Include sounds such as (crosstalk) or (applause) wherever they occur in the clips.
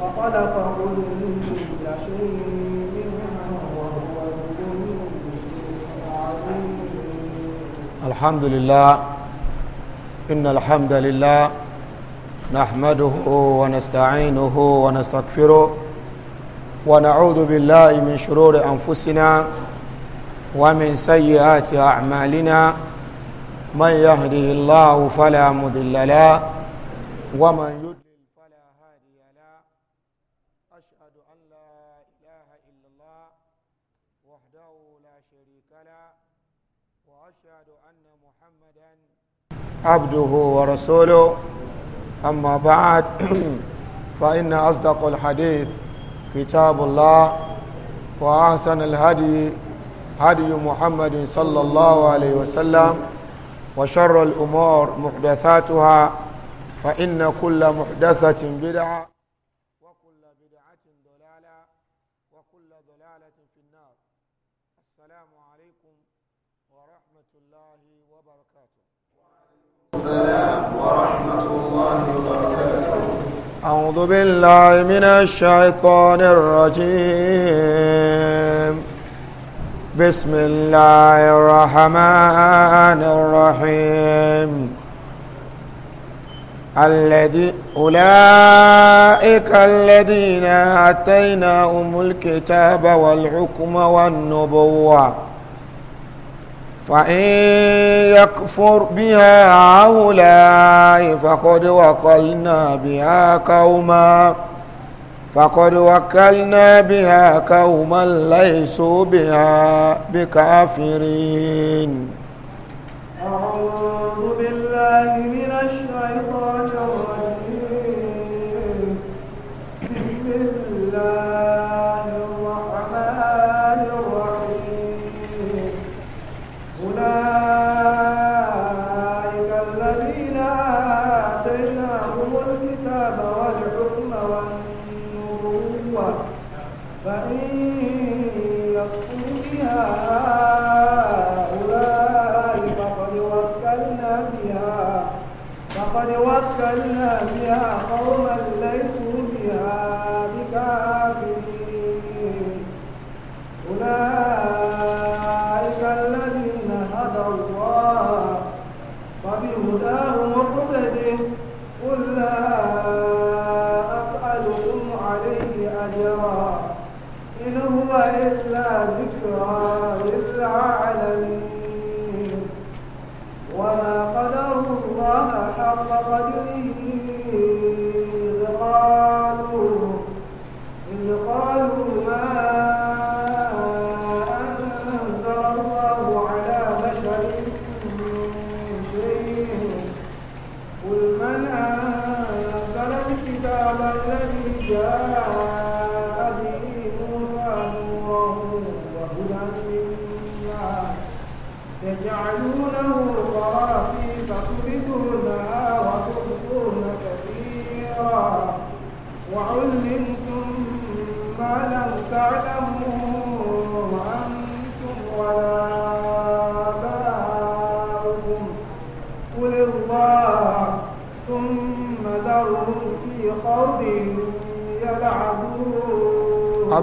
وخلق كل شيء وهو الحمد لله إن الحمد لله نحمده ونستعينه ونستغفره ونعوذ بالله من شرور أنفسنا ومن سيئات أعمالنا من يهده الله فلا مضل له ومن يد عبده ورسوله أما بعد فإن أصدق الحديث كتاب الله وأحسن الهدي هدي محمد صلى الله عليه وسلم وشر الأمور محدثاتها فإن كل محدثة بدعة أعوذ بالله من الشيطان الرجيم بسم الله الرحمن الرحيم الذي أولئك الذين آتيناهم الكتاب والحكم والنبوة فإن يكفر بها هؤلاء فقد وكلنا بها قوما فقد وكلنا بها قوما ليسوا بها بكافرين أعوذ بالله من الشيطان الرجيم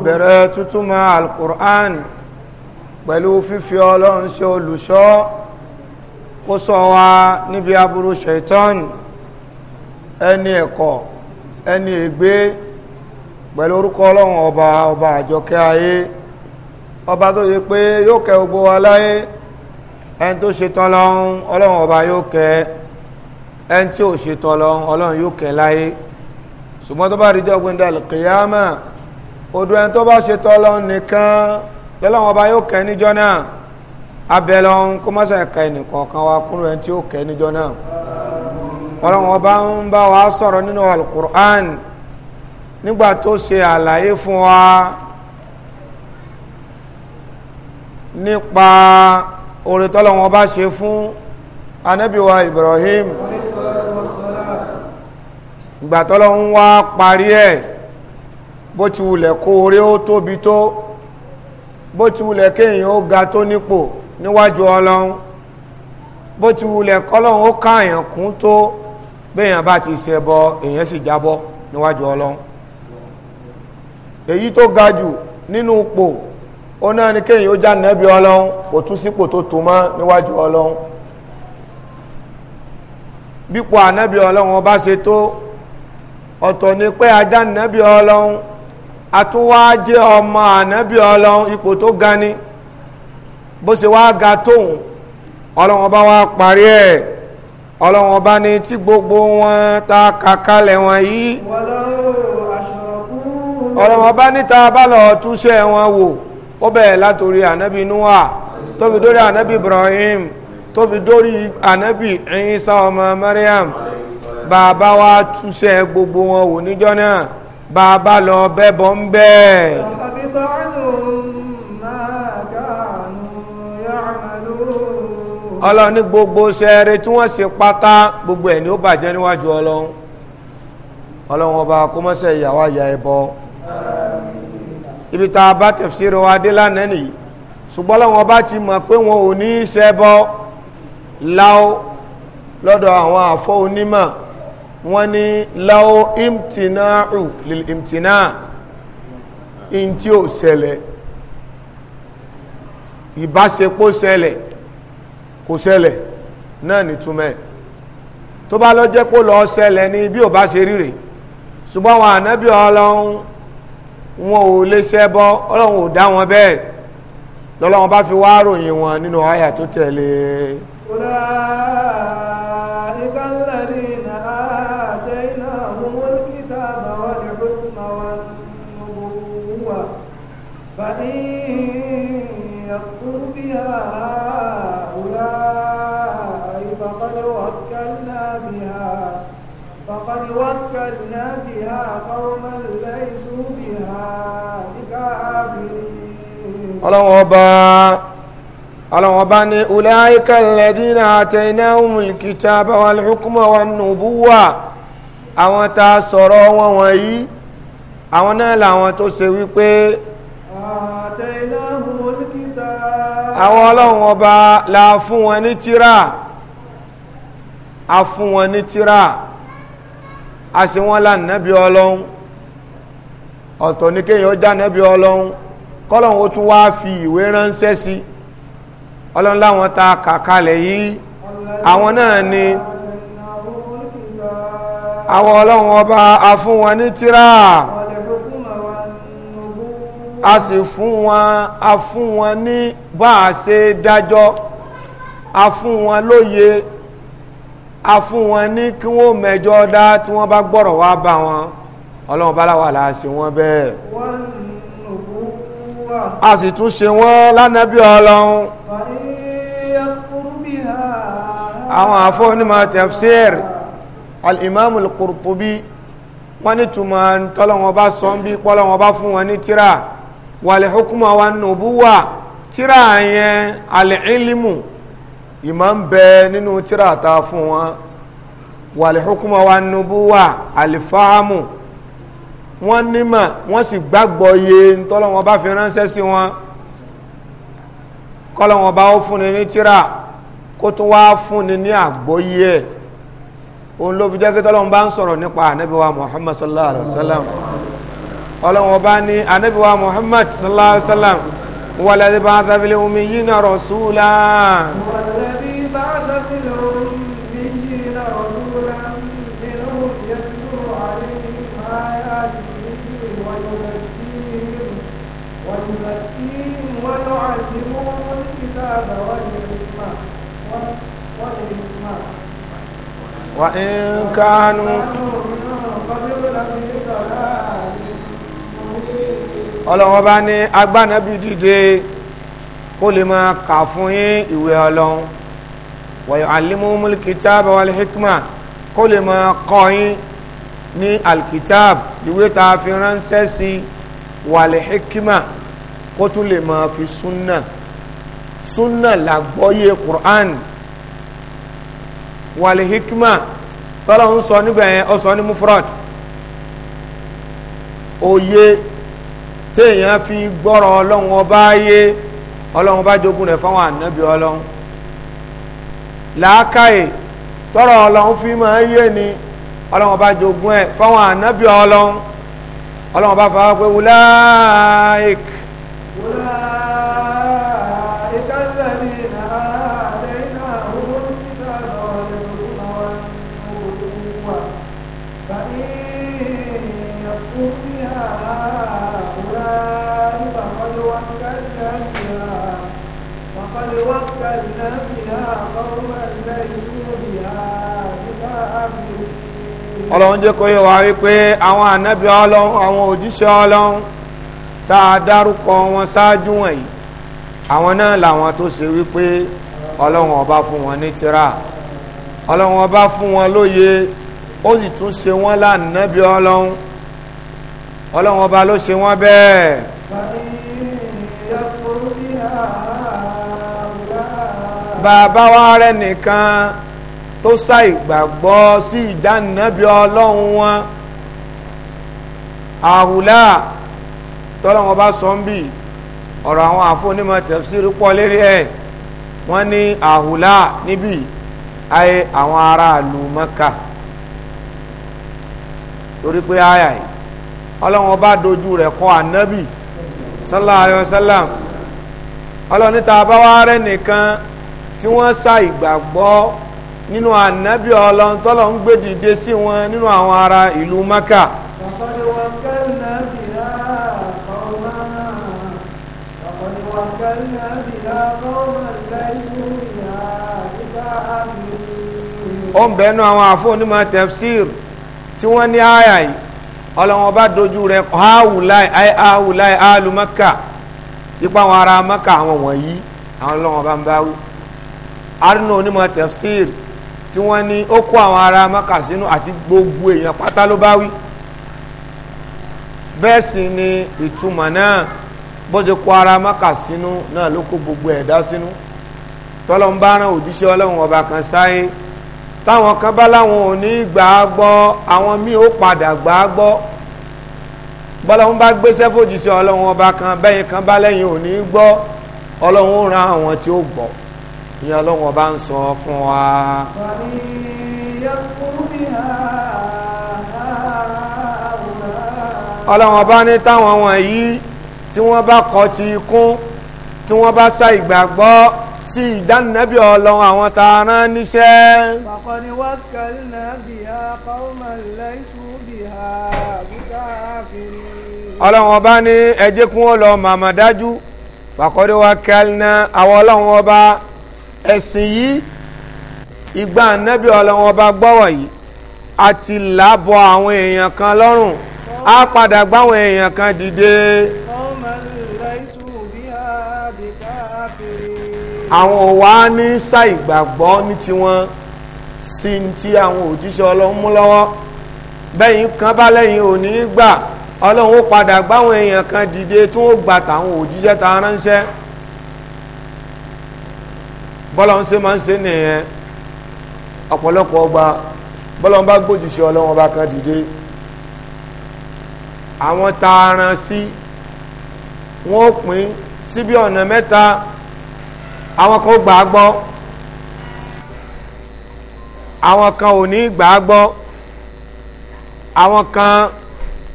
bẹ̀rẹ̀ tútúmọ̀ alukur'an pẹ̀lú fífi ọlọ́run ṣe olùṣọ́ kó ṣọ́ wa níbi aburú ṣaitan ẹni ẹ̀kọ́ ẹni ègbé pẹ̀lú orúkọ ọlọ́run ọba ọba àjọkẹ́ ayé ọba tó yẹ pé yóò kẹ́ gbogbo wa láyé ẹni tó ṣetán lọ́hún ọlọ́run ọba yóò kẹ́ ẹni tí ò ṣetán lọ́hún ọlọ́run yóò kẹ́ láyé ṣùgbọ́n tó bá rí jọ́gbìn dàlù odò ẹni tó bá ṣe tọ́lọ nìkan lọ́lọ́wọ́n ọba yóò kẹ́ níjọ́ náà abẹ́lọ́hún kó mọ́sà ẹ̀ka ẹnìkọ̀ọ̀kan wa kúrò ẹni tí ó kẹ́ níjọ́ náà ọlọ́wọ́n ọba ń bá wa sọ̀rọ̀ nínú alukur'an nígbà tó ṣe àlàyé fún wa nípa oore tọ́lọ́wọ́n ọba ṣe fún anábìwa Ibrahim ìgbà tọ́lọ́wọ́n wa parí ẹ̀ bó ti wulẹ̀ kó orí ó tóbi tó bó ti wulẹ̀ kéèyàn ó ga tó nípò níwájú ọlọ́run bó ti wulẹ̀ kọ́lọ́run ó káàyàn kún tó béèyàn bá ti ṣẹbọ èèyàn sì jábọ́ níwájú ọlọ́run èyí tó ga jù nínú ipò ó náà ni kéèyàn ó já nẹ́bí ọlọ́run kò tún sípò tó tó mọ́ níwájú ọlọ́run bípo ànẹ́bí ọlọ́run ọba ṣe tó ọ̀tọ̀ ni pé ajá nẹ́bí ọlọ́run àtúnwá jẹ́ ọmọ ànábì ọlọ́run ipò tó ga ni bó ṣe wá ga tóun ọlọ́run ọba wá parí ẹ̀ ọlọ́run ọba ní tí gbogbo wọn ta kàkálẹ̀ wọn yìí ọlọ́run ọba níta abálọ̀ túnṣe wọn wò ó bẹ̀rẹ̀ látòrí ànábì Nuwa tó dórí ànábì Ibrahim tó fi dórí ànábì Isa ọmọ Maryam bàbá wa túnṣe gbogbo wọn wò níjọ́ náà bàbá lọ bẹ́bọ̀ ń bẹ́ ọlọ́run ní gbogbo sẹ́ẹ̀rẹ̀ tí wọ́n ṣe pátá gbogbo ẹ̀ ní ó bàjẹ́ níwájú ọlọ́run ọlọ́run ọba kó mọ́sẹ̀ ìyàwó àyà ẹ̀bọ ibi tá a bá tẹ̀síre wa dé lánàá nìyí ṣùgbọ́n ọlọ́run ọba ti mọ̀ pé wọn ò ní í ṣẹbọ láó lọ́dọ̀ àwọn àfọ onímọ̀ wọ́n ní láwọ́ imtina'u lil imtina in tí ó ṣẹlẹ̀ ìbáṣepọ̀ ṣẹlẹ̀ kò ṣẹlẹ̀ náà nìtumẹ̀ tó bá lọ jẹ́ kó lọ ṣẹlẹ̀ ní bí ò bá ṣe ríre ṣùgbọ́n àwọn ànábì ọlọ́run wọn ò lè ṣẹbọ ọlọ́run ò dá wọn bẹ́ẹ̀ lọ́lọ́run bá fi wá ròyìn wọn nínú àyà tó tẹ̀lé. ọlọ́run e. قوما ليسوا بها بكافرين الله أبا الله أبا أولئك الذين آتيناهم الكتاب والحكم والنبوة àwọn tá a sọ̀rọ̀ wọn wọ̀nyí àwọn náà làwọn tó ṣe wípé àwọn ọlọ́run ọba la fún wọn ní tírà a fún wọn ní tírà àsìwọ́n lánàbí ọlọ́run ọ̀tọ̀ ní kéèyàn ó jánàbí ọlọ́run kọ́lọ̀n ó tún wáá fi ìwé ránṣẹ́ sí ọlọ́run láwọn ta kàkalẹ̀ yìí àwọn náà ni àwọn ọlọ́run ọba a fún wọn ní tírà a sì fún wọn a ní bá a ṣe dájọ́ a lóye a fún wọn ní kí wọ́n mẹjọ dá tí wọ́n bá gbọ́rọ̀ wá bá wọn ọlọ́run bá láwà láà ṣe wọ́n bẹ́ẹ̀ a sì tún ṣe wọ́n lánàbí ọlọ́run àwọn àfọ́nímọ̀ tafsir al-imam al ní túmọ̀ tọ́lọ́wọ́n bá sọ ń bí pọ́lọ́wọ́n bá fún wọn ní tíra wal hukma wan nubuwa tíra yẹn al-ilmu ìmọ̀ ń bẹ nínú tíráta fún wọn wàlẹ̀húkúmọ̀ wa nubúwà àlìfáàmù wọ́n nímọ̀ wọ́n sì gbàgbọ́ iye tọ́lọ́wọ́n bá fi ránṣẹ́ sí wọn kọ́lọ́wọ́n bá ó fúnni ní tíra kó tún wá fúnni ní àgbọ́yé ẹ̀ òun ló fi jẹ́ kí tọ́lọ́wọ́n bá ń sọ̀rọ̀ nípa ànábíwá Muhammad sallallahu alaihi wa sallam ọlọ́wọ́n bá ní ànábíwá Muhammad sallallahu alaihi wa sallam wàlẹ́dẹ́ bá ń sáfẹ́lẹ́ omi yìí náà rọ̀ súlá. وإن كانوا ọlọ́run ọba ní agbánábí dìde kó lè máa kà fún yín ìwé ọlọ́run wọ̀yọ̀ alimuhumul kitab wal hikma kó lè máa kọ́ yín ní alkitab ìwé tá fi ránṣẹ́ sí wal kó tún lè máa fi súnà súnà làgbọ́yé Qur'an wàlẹ̀ hikma tọ́lá ń sọ nígbà yẹn ọ sọ ní mufrad òye téèyàn fi gbọ́rọ̀ ọlọ́run ọba yé ọlọ́run bá jogún rẹ̀ fáwọn ànábì ọlọ́run làákàyè tọ́rọ̀ ọlọ́run fi máa yé ni ọlọ́run bá jogún ẹ̀ fáwọn ànábì ọlọ́run ọlọ́run bá fà á pé wùláìkì. ọlọ́run jẹ́ kó yé wa wípé àwọn ànábì ọlọ́run àwọn òjíṣẹ́ ọlọ́run tá a dárúkọ wọn ṣáájú wọ̀nyí àwọn náà làwọn tó ṣe wípé ọlọ́run ọba fún wọn ní tírà ọlọ́run ọba fún wọn lóye ó sì tún ṣe wọ́n lánàbì ọlọ́run ọlọ́run ọba ló ṣe wọ́n bẹ́ẹ̀. bàbá wa rẹ nìkan tó ṣàìgbàgbọ́ sí ìdáninábí ọlọ́run wọn àhùlá tọ́lọ́wọ́n bá sọ ń bì ọ̀rọ̀ àwọn àfọ́nímọ̀ tẹ̀síìrì pọ̀ lérí ẹ̀ wọ́n ní àhùlá níbí ayé àwọn aráàlú mọ́kà torí pé àyà yìí ọlọ́run bá dojú rẹ̀ kọ ànábì sallallahu alayhi wa sallam ọlọ́run níta bá wá rẹ̀ nìkan tí wọ́n ṣàìgbàgbọ́ nínú ànábì ọlọ́run tọ́lọ́ ń gbé dìde sí wọn nínú àwọn ará ìlú maka ó ń bẹ̀ẹ́nu àwọn àfún onímọ̀ tefsir tí wọ́n ní àyà yìí ọlọ́wọ́n bá dojú rẹ̀ áwùláì áwùláì áàlù ipa àwọn ará maka àwọn wọ̀nyí àwọn ọlọ́wọ́n bá ń báwí arínú onímọ̀ tefsir tí wọ́n ní ó kó àwọn ará mọ́kà sínú àti gbogbo èèyàn pátá ló bá wí bẹ́ẹ̀ sì ni ìtumọ̀ náà bó ṣe kó ará mọ́kà sínú náà ló kó gbogbo ẹ̀dá sínú tọ́lọ́n bá rán òjíṣẹ́ ọlọ́run ọba kan sáyé táwọn kan bá láwọn ò ní gbà á gbọ́ àwọn míì ó padà gbà á gbọ́ bọ́lọ́run bá gbéṣẹ́ fòjíṣẹ́ ọlọ́run ọba kan bẹ́yìn kan bá lẹ́yìn ò ní gbọ́ ọlọ́run ó ran àwọn tí ó gbọ́ ìyẹn ọlọ́run ọba ń sọ fún wa. ọlọ́run ọba ní táwọn wọ̀nyí tí wọ́n bá kọ̀ ti kún tí wọ́n bá sa ìgbàgbọ́ sí ìdánilẹ́bí ọlọ́run àwọn tá a rán níṣẹ́. fàkọ́ni wákàlínà bíhá kọ́ọ̀mà lẹ́sùn bíhá bùkà àfìrí. ọlọ́run ọba ní ẹjẹ́ kún ó lọ màmá dájú fàkọ́ni wákàlínà àwọn ọlọ́run ọba ẹ̀sìn yìí ìgbà ànábì ọlọ́wọ́n bá gbọ́wọ̀ yìí àti làbọ̀ àwọn èèyàn kan lọ́rùn á padà gbáwọn èèyàn kan dìde àwọn òwá ní ṣàìgbàgbọ́ ní tiwọn sí ti àwọn òjíṣẹ́ ọlọ́run mú lọ́wọ́ bẹ́yìn kan bá lẹ́yìn òní gbà ọlọ́run ó padà gbáwọn èèyàn kan dìde tí gbà tàwọn òjíṣẹ́ ta ránṣẹ́ bọ́lá ń ṣe máa ń ṣe nìyẹn ọ̀pọ̀lọpọ̀ ọgbà bọ́lá ń bá gbójúṣe ọlọ́wọ́n bá kan dìde àwọn taaran sí wọ́n ó pín síbi ọ̀nà mẹ́ta àwọn kan gbà á gbọ́ àwọn kan ò ní gbà á gbọ́ àwọn kan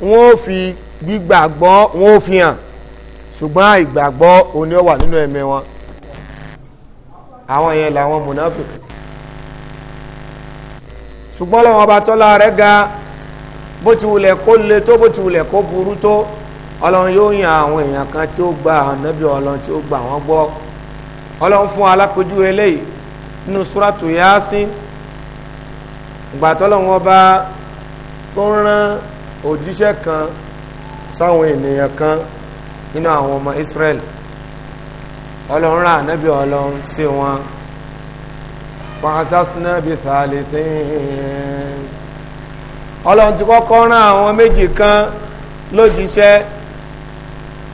wọ́n ó fi gbígbàgbọ́ wọ́n ó fi hàn ṣùgbọ́n àìgbàgbọ́ òní ó nínú ẹ̀mí wọn. àwọn yẹn làwọn mùnáfíkì ṣùgbọ́n lọ́wọ́ ọba tọ́lá rẹ̀ ga bó ti wulẹ̀ kó le tó bó ti wulẹ̀ kó burú tó ọlọ́run yóò yan àwọn èèyàn kan tí ó gba ànábì ọlọ́run tí ó gba wọ́n gbọ́ ọlọ́run fún alákojú eléyìí nínú súrátù yásín ìgbà tọ́lọ́run ọba tó ń rán òjíṣẹ́ kan sáwọn ènìyàn kan nínú àwọn ọmọ Israẹli ọlọ́run rán ànábì ọlọ́run sí wọn pàṣásínà bíi thalithin ọlọ́run ti kọ́kọ́ rán àwọn méjì kan lójíṣẹ́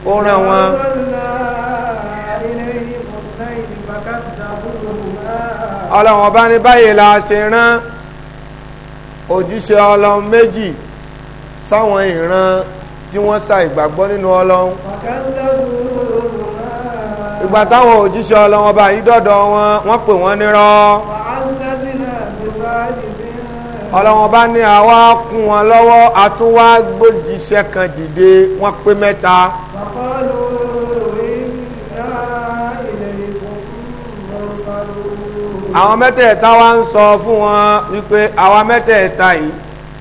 ó rán wọn. ọlọ́run ọba ní báyìí la ṣe rán òjíṣẹ́ ọlọ́run méjì sáwọn ìran tí wọ́n sa ìgbàgbọ́ nínú ọlọ́run. wàkàndà ìgbà táwọn òjíṣẹ́ ọlọ́wọ́n bá yí dọ́dọ̀ wọn wọ́n pè wọ́n nírọ́ ọlọ́wọ́n bá ní àwa kún wọn lọ́wọ́ àtúwá gbójíṣẹ́ kan dìde wọ́n pé mẹ́ta àwọn mẹ́tẹ̀ẹ̀ta wá ń sọ fún wọn wípé àwa mẹ́tẹ̀ẹ̀ta yìí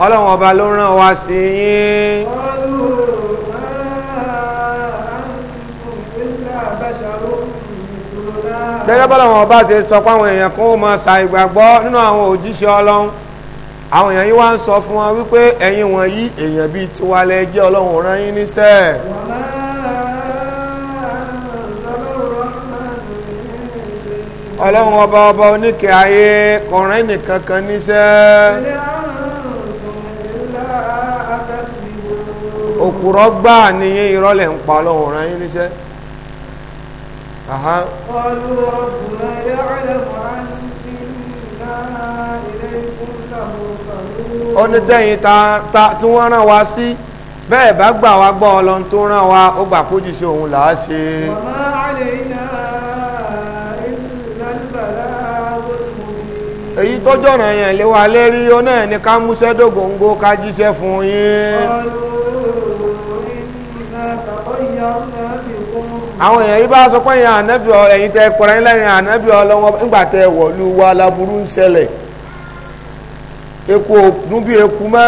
ọlọ́wọ́n ọba ló rán wa sí yín. gẹ́gẹ́ bọ́lá wọn bá ṣe sọ fáwọn èèyàn kó o máa ṣàìgbàgbọ́ nínú àwọn òjíṣẹ́ ọlọ́run àwọn èèyàn yìí wá ń sọ fún wọn wípé ẹ̀yin wọ̀nyí èèyàn bíi tiwalẹ̀ jẹ́ ọlọ́run rán yín níṣẹ́. ọlọ́run ọba ọba oníkẹ́ ayé kọ̀ọ̀rán nìkan kan níṣẹ́. òkùrọ̀ gbà nìyẹn ìrọ̀lẹ̀ ń pa ọlọ́run rán yín níṣẹ́. أها قالوا ربنا يعلم أننا إليكم لمرسلون ó ní tẹ́yìn ta ta tí wọ́n rán wa sí bẹ́ẹ̀ bá gbà wá gbọ́ ọlọ́run tó rán wa ó gbà kó jìṣẹ́ òun là á ṣe. èyí tọ́jọ́ ọ̀ràn yẹn lé lérí ó náà ní ká múṣẹ́ dògòǹgò ká jíṣẹ́ fún yín. àwọn èèyàn yìí bá sọ pé ẹ̀yin ànábì ọ ẹ̀yin tẹ kọ̀ọ̀rọ̀ yín lẹ́yìn ànábì ọlọ́wọ́ nígbà tẹ wọ̀lú wa laburú ń ṣẹlẹ̀ eku òdún bí eku mọ́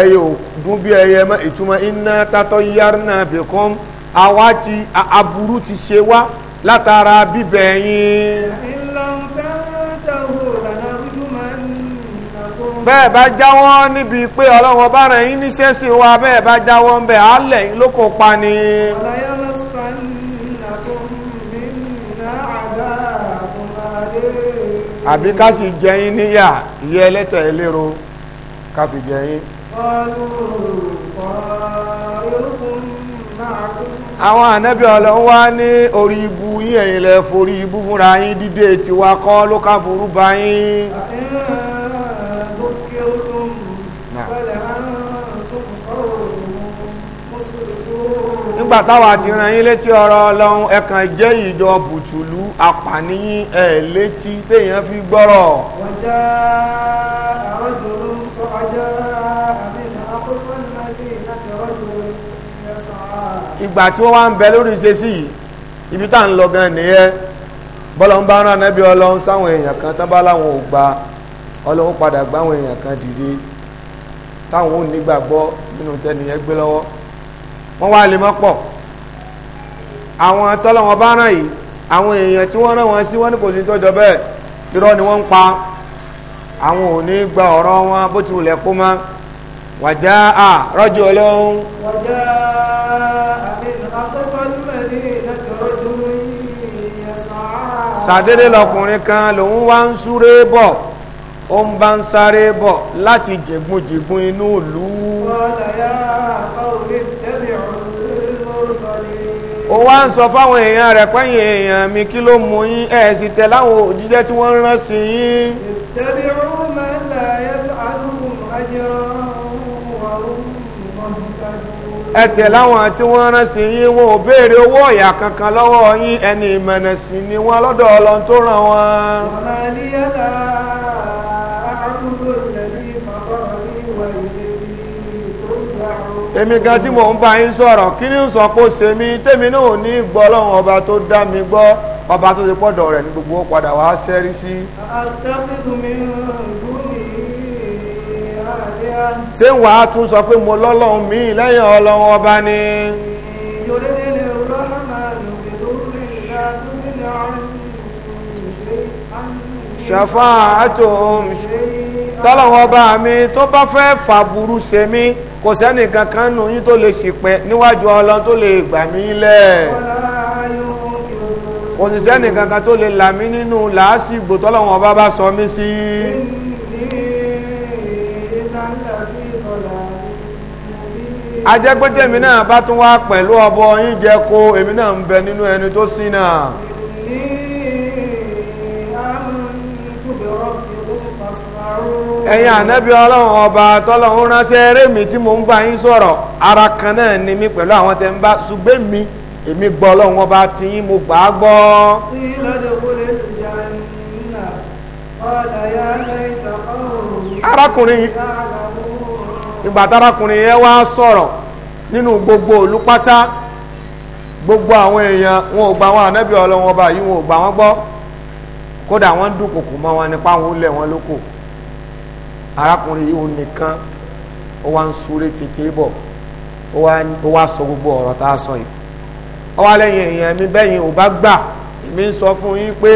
ẹyẹ òdún bí ẹyẹ mọ́ ìtumọ̀ iná tatọ́ yárínà bìkan àwa ti aburú ti ṣe wá látara bíbẹ̀ yín. bẹ́ẹ̀ bá jáwọ́ níbi pé ọlọ́wọ́ bá rẹ̀ yín níṣẹ́ sí wa bẹ́ẹ̀ bá jáwọ́ ń bẹ̀ á lẹ̀ yín lóko pa ni. ọ̀la yẹn àbí ká sì jẹyìn níyà ìyẹ́ ẹlẹ́tẹ̀ ẹlẹ́ro ká fi jẹyìn àwọn ànábì ọlọ́run wá ní orí ibu yín ẹ̀yin forí ibu fúnra yín dídé tiwa kọ́ ló ká burú bá yín. nígbà táwa ti ràn yín létí ọ̀rọ̀ ọlọ́run ẹ̀kan jẹ́ ìjọ bùtùlù apàniyín ẹ̀ létí téèyàn fi gbọ́rọ̀. wọ́n já àwọn ìṣòro ń sọ ọjọ́ àbí àkóso ìlànà ìlànà ọjọ́ ìyẹn ìgbà tí wọ́n wá ń bẹ lórí ìṣesí ibi tá à ń lọ gan nìyẹn bọ́lá ń bá rán anábì ọlọ́run sáwọn èèyàn kan tán bá láwọn ò gba ọlọ́run padà gbáwọn èèyàn kan dìde táwọn ò nígbàgbọ́ nínú tẹ́niyẹn gbé lọ́wọ́ wọ́n wá lè mọ́ pọ̀ àwọn tọ́lọ́wọ́n bá ràn yìí àwọn èèyàn tí wọ́n rán wọn sí wọ́n ní kò sí tọ́jọ́ bẹ́ẹ̀ irọ́ ni wọ́n ń pa àwọn ò ní gba ọ̀rọ̀ wọn bó ti wùlẹ̀ kó mọ́ wàjá à rọ́jò olóhùn. wàjá sàdédé lọkùnrin kan lòun wá ń súré bọ̀ ó ń bá ń sáré bọ̀ láti jẹ̀gbọ̀jẹ̀gbọ̀ inú ìlú. wọ́n lọ yá. ó wá ń sọ fáwọn èèyàn rẹ̀ pẹ́yìn èèyàn mi kí ló mú yín ẹ̀ sì tẹ̀ láwọn òjíṣẹ́ tí wọ́n rán sí yín. tẹ̀lé ọ̀rọ̀ máa ń la ẹ̀sán àdúgbò ajẹ́rọ̀ ẹ láwọn tí wọ́n rán sí yín wọn ò béèrè owó ọ̀yà kankan lọ́wọ́ yín ẹni ìmọ̀nà sí ni wọ́n lọ́dọ̀ Ọlọ́run tó ràn wọ́n. ọ̀nà ìlú yẹn èmi gan tí mò ń bá yín sọ̀rọ̀ kí ni sọ kó ṣe mí tèmi náà ní gbọ́ ọlọ́run ọba tó dá mi gbọ́ ọba tó ti pọ̀dọ̀ rẹ̀ ní gbogbo padà wá sẹ́rí sí. ṣé wàá tún sọ pé mo lọ́lọ́run mi lẹ́yìn ọlọ́run ọba ni. ṣàfáà àtòhùn tọ́lọ́run ọba mi tó bá fẹ́ fàbùrù ṣe mí kò sẹ́ni kankan nù yín tó lè ṣìpẹ̀ níwájú ọlọ́run tó lè gbà mí lẹ̀ kò sì sẹ́ni kankan tó lè là mí nínú làásìgbò tọ́lọ́wọ́n ọba bá sọ mí sí. ajẹ́pẹ́tẹ̀mí náà bá tún wá pẹ̀lú ọbọ yín kó èmi náà ń bẹ nínú ẹni tó ṣìnà. ẹ̀yin ànábì ọlọ́run ọba tọ́lọ́run ránṣẹ́ rémi tí mò ń bá yín sọ̀rọ̀ ara kan náà ni mí pẹ̀lú àwọn tẹ́ ń bá ṣùgbọ́n mi èmi gbọ́ ọlọ́run ọba tí yín mo gbà á gbọ́. arákùnrin ìgbà tárakùnrin yẹn wá sọ̀rọ̀ nínú gbogbo ìlú pátá gbogbo àwọn èèyàn wọn ò gba àwọn ànábì ọlọ́run ọba yìí wọn ò gbà wọ́n gbọ́ kódà wọ́n ń dúnkòkò mọ́ wọn nípa àwọn olè wọn lóko arákùnrin yìí òun nìkan ó wá ń súré tètè bọ̀ ó wá sọ gbogbo ọ̀rọ̀ tá a sọ yìí ó wá lẹ́yìn èèyàn mi bẹ́yìn ò bá gbà èmi ń sọ fún yín pé.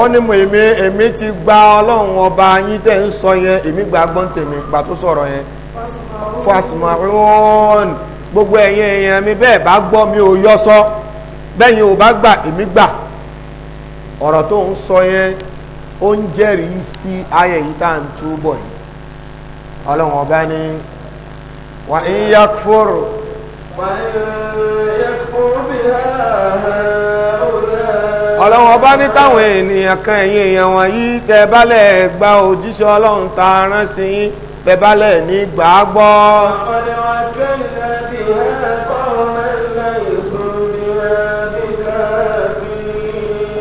ó ní mo èmi èmi ti gba ọlọ́run ọba yín tẹ̀ ń sọ yẹn èmi gba gbọ́n tèmi gbà tó sọ̀rọ̀ yẹn fasimarun gbogbo ẹ̀yin èèyàn mi bẹ́ẹ̀ bá gbọ́ mi ò yọ sọ bẹ́yìn ò bá gbà èmi gbà. ọ̀rọ̀ tó ń sọ yẹn ó ń jẹ́rìí sí ayé yìí tá à ń túbọ̀ yìí ọlọ́run ọba ni wà ń yakfuru. wà ń ọlọ́run ọba ní táwọn ènìyàn kan ẹ̀yìn èèyàn wọ̀nyí tẹ balẹ̀ gba òjíṣẹ́ ọlọ́run tá a rán sí yín tẹ balẹ̀ ní gbàgbọ́. ọ̀pọ̀lọpọ̀ ọjọ́ ìlẹ̀.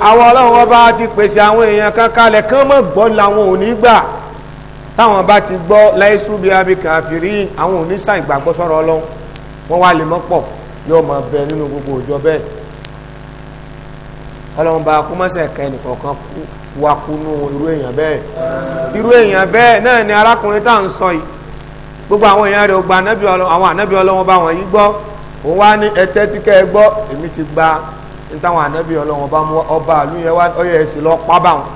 àwọn ọlọ́run ọba ti pèsè àwọn èèyàn kan kalẹ̀ kán mọ̀ gbọ́ làwọn ò ní gbà táwọn bá ti gbọ́ láìsú bíi abika àfìrí àwọn ò ní sàn ìgbàgbọ́ sọ̀rọ̀ ọlọ́run wọ́n wá lè mọ́pọ̀ yóò mọ̀ bẹ nínú gbogbo òjọ bẹ́ẹ̀ ọlọ́run bá kú mọ́sẹ̀ kẹ́ nìkọ̀ọ̀kan wá kúnú irú èèyàn bẹ́ẹ̀ irú èèyàn bẹ́ẹ̀ náà ni arákùnrin tá à ń sọ yìí gbogbo àwọn èèyàn rẹ̀ gba àwọn ànábì ọlọ́run bá wọn yìí gbọ́ òun wá ní ẹtẹ́ tí kẹ́ ẹ gbọ́ èmi ti gba nítawọn ànábì ọlọ́wọ́n bá mú ọba àlùyẹ wá ọyẹ ẹ̀sìn lọ pa bá wọn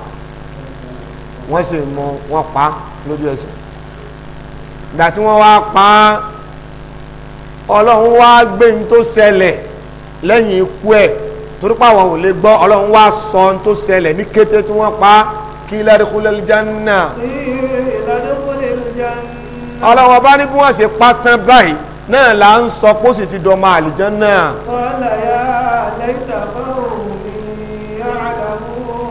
wọ́n sì mú wọn pa lójú ẹsẹ̀ ìgbà tí wọ́n wá pa ọlọ́run wá gbé ní tó ṣẹlẹ̀ lẹ́yìn ikú ẹ̀ torí pàwọn ò lè gbọ́ ọlọ́run wá sọ ní tó ṣẹlẹ̀ ní kété tí wọ́n pa kí lẹ́díkúlẹ̀ jánà ọlọ́run ọba ní bí wọ́n ṣe pa tán báyìí náà là ń sọ pósìtì dọ́mọ àlìjánà. ọ̀la ẹ̀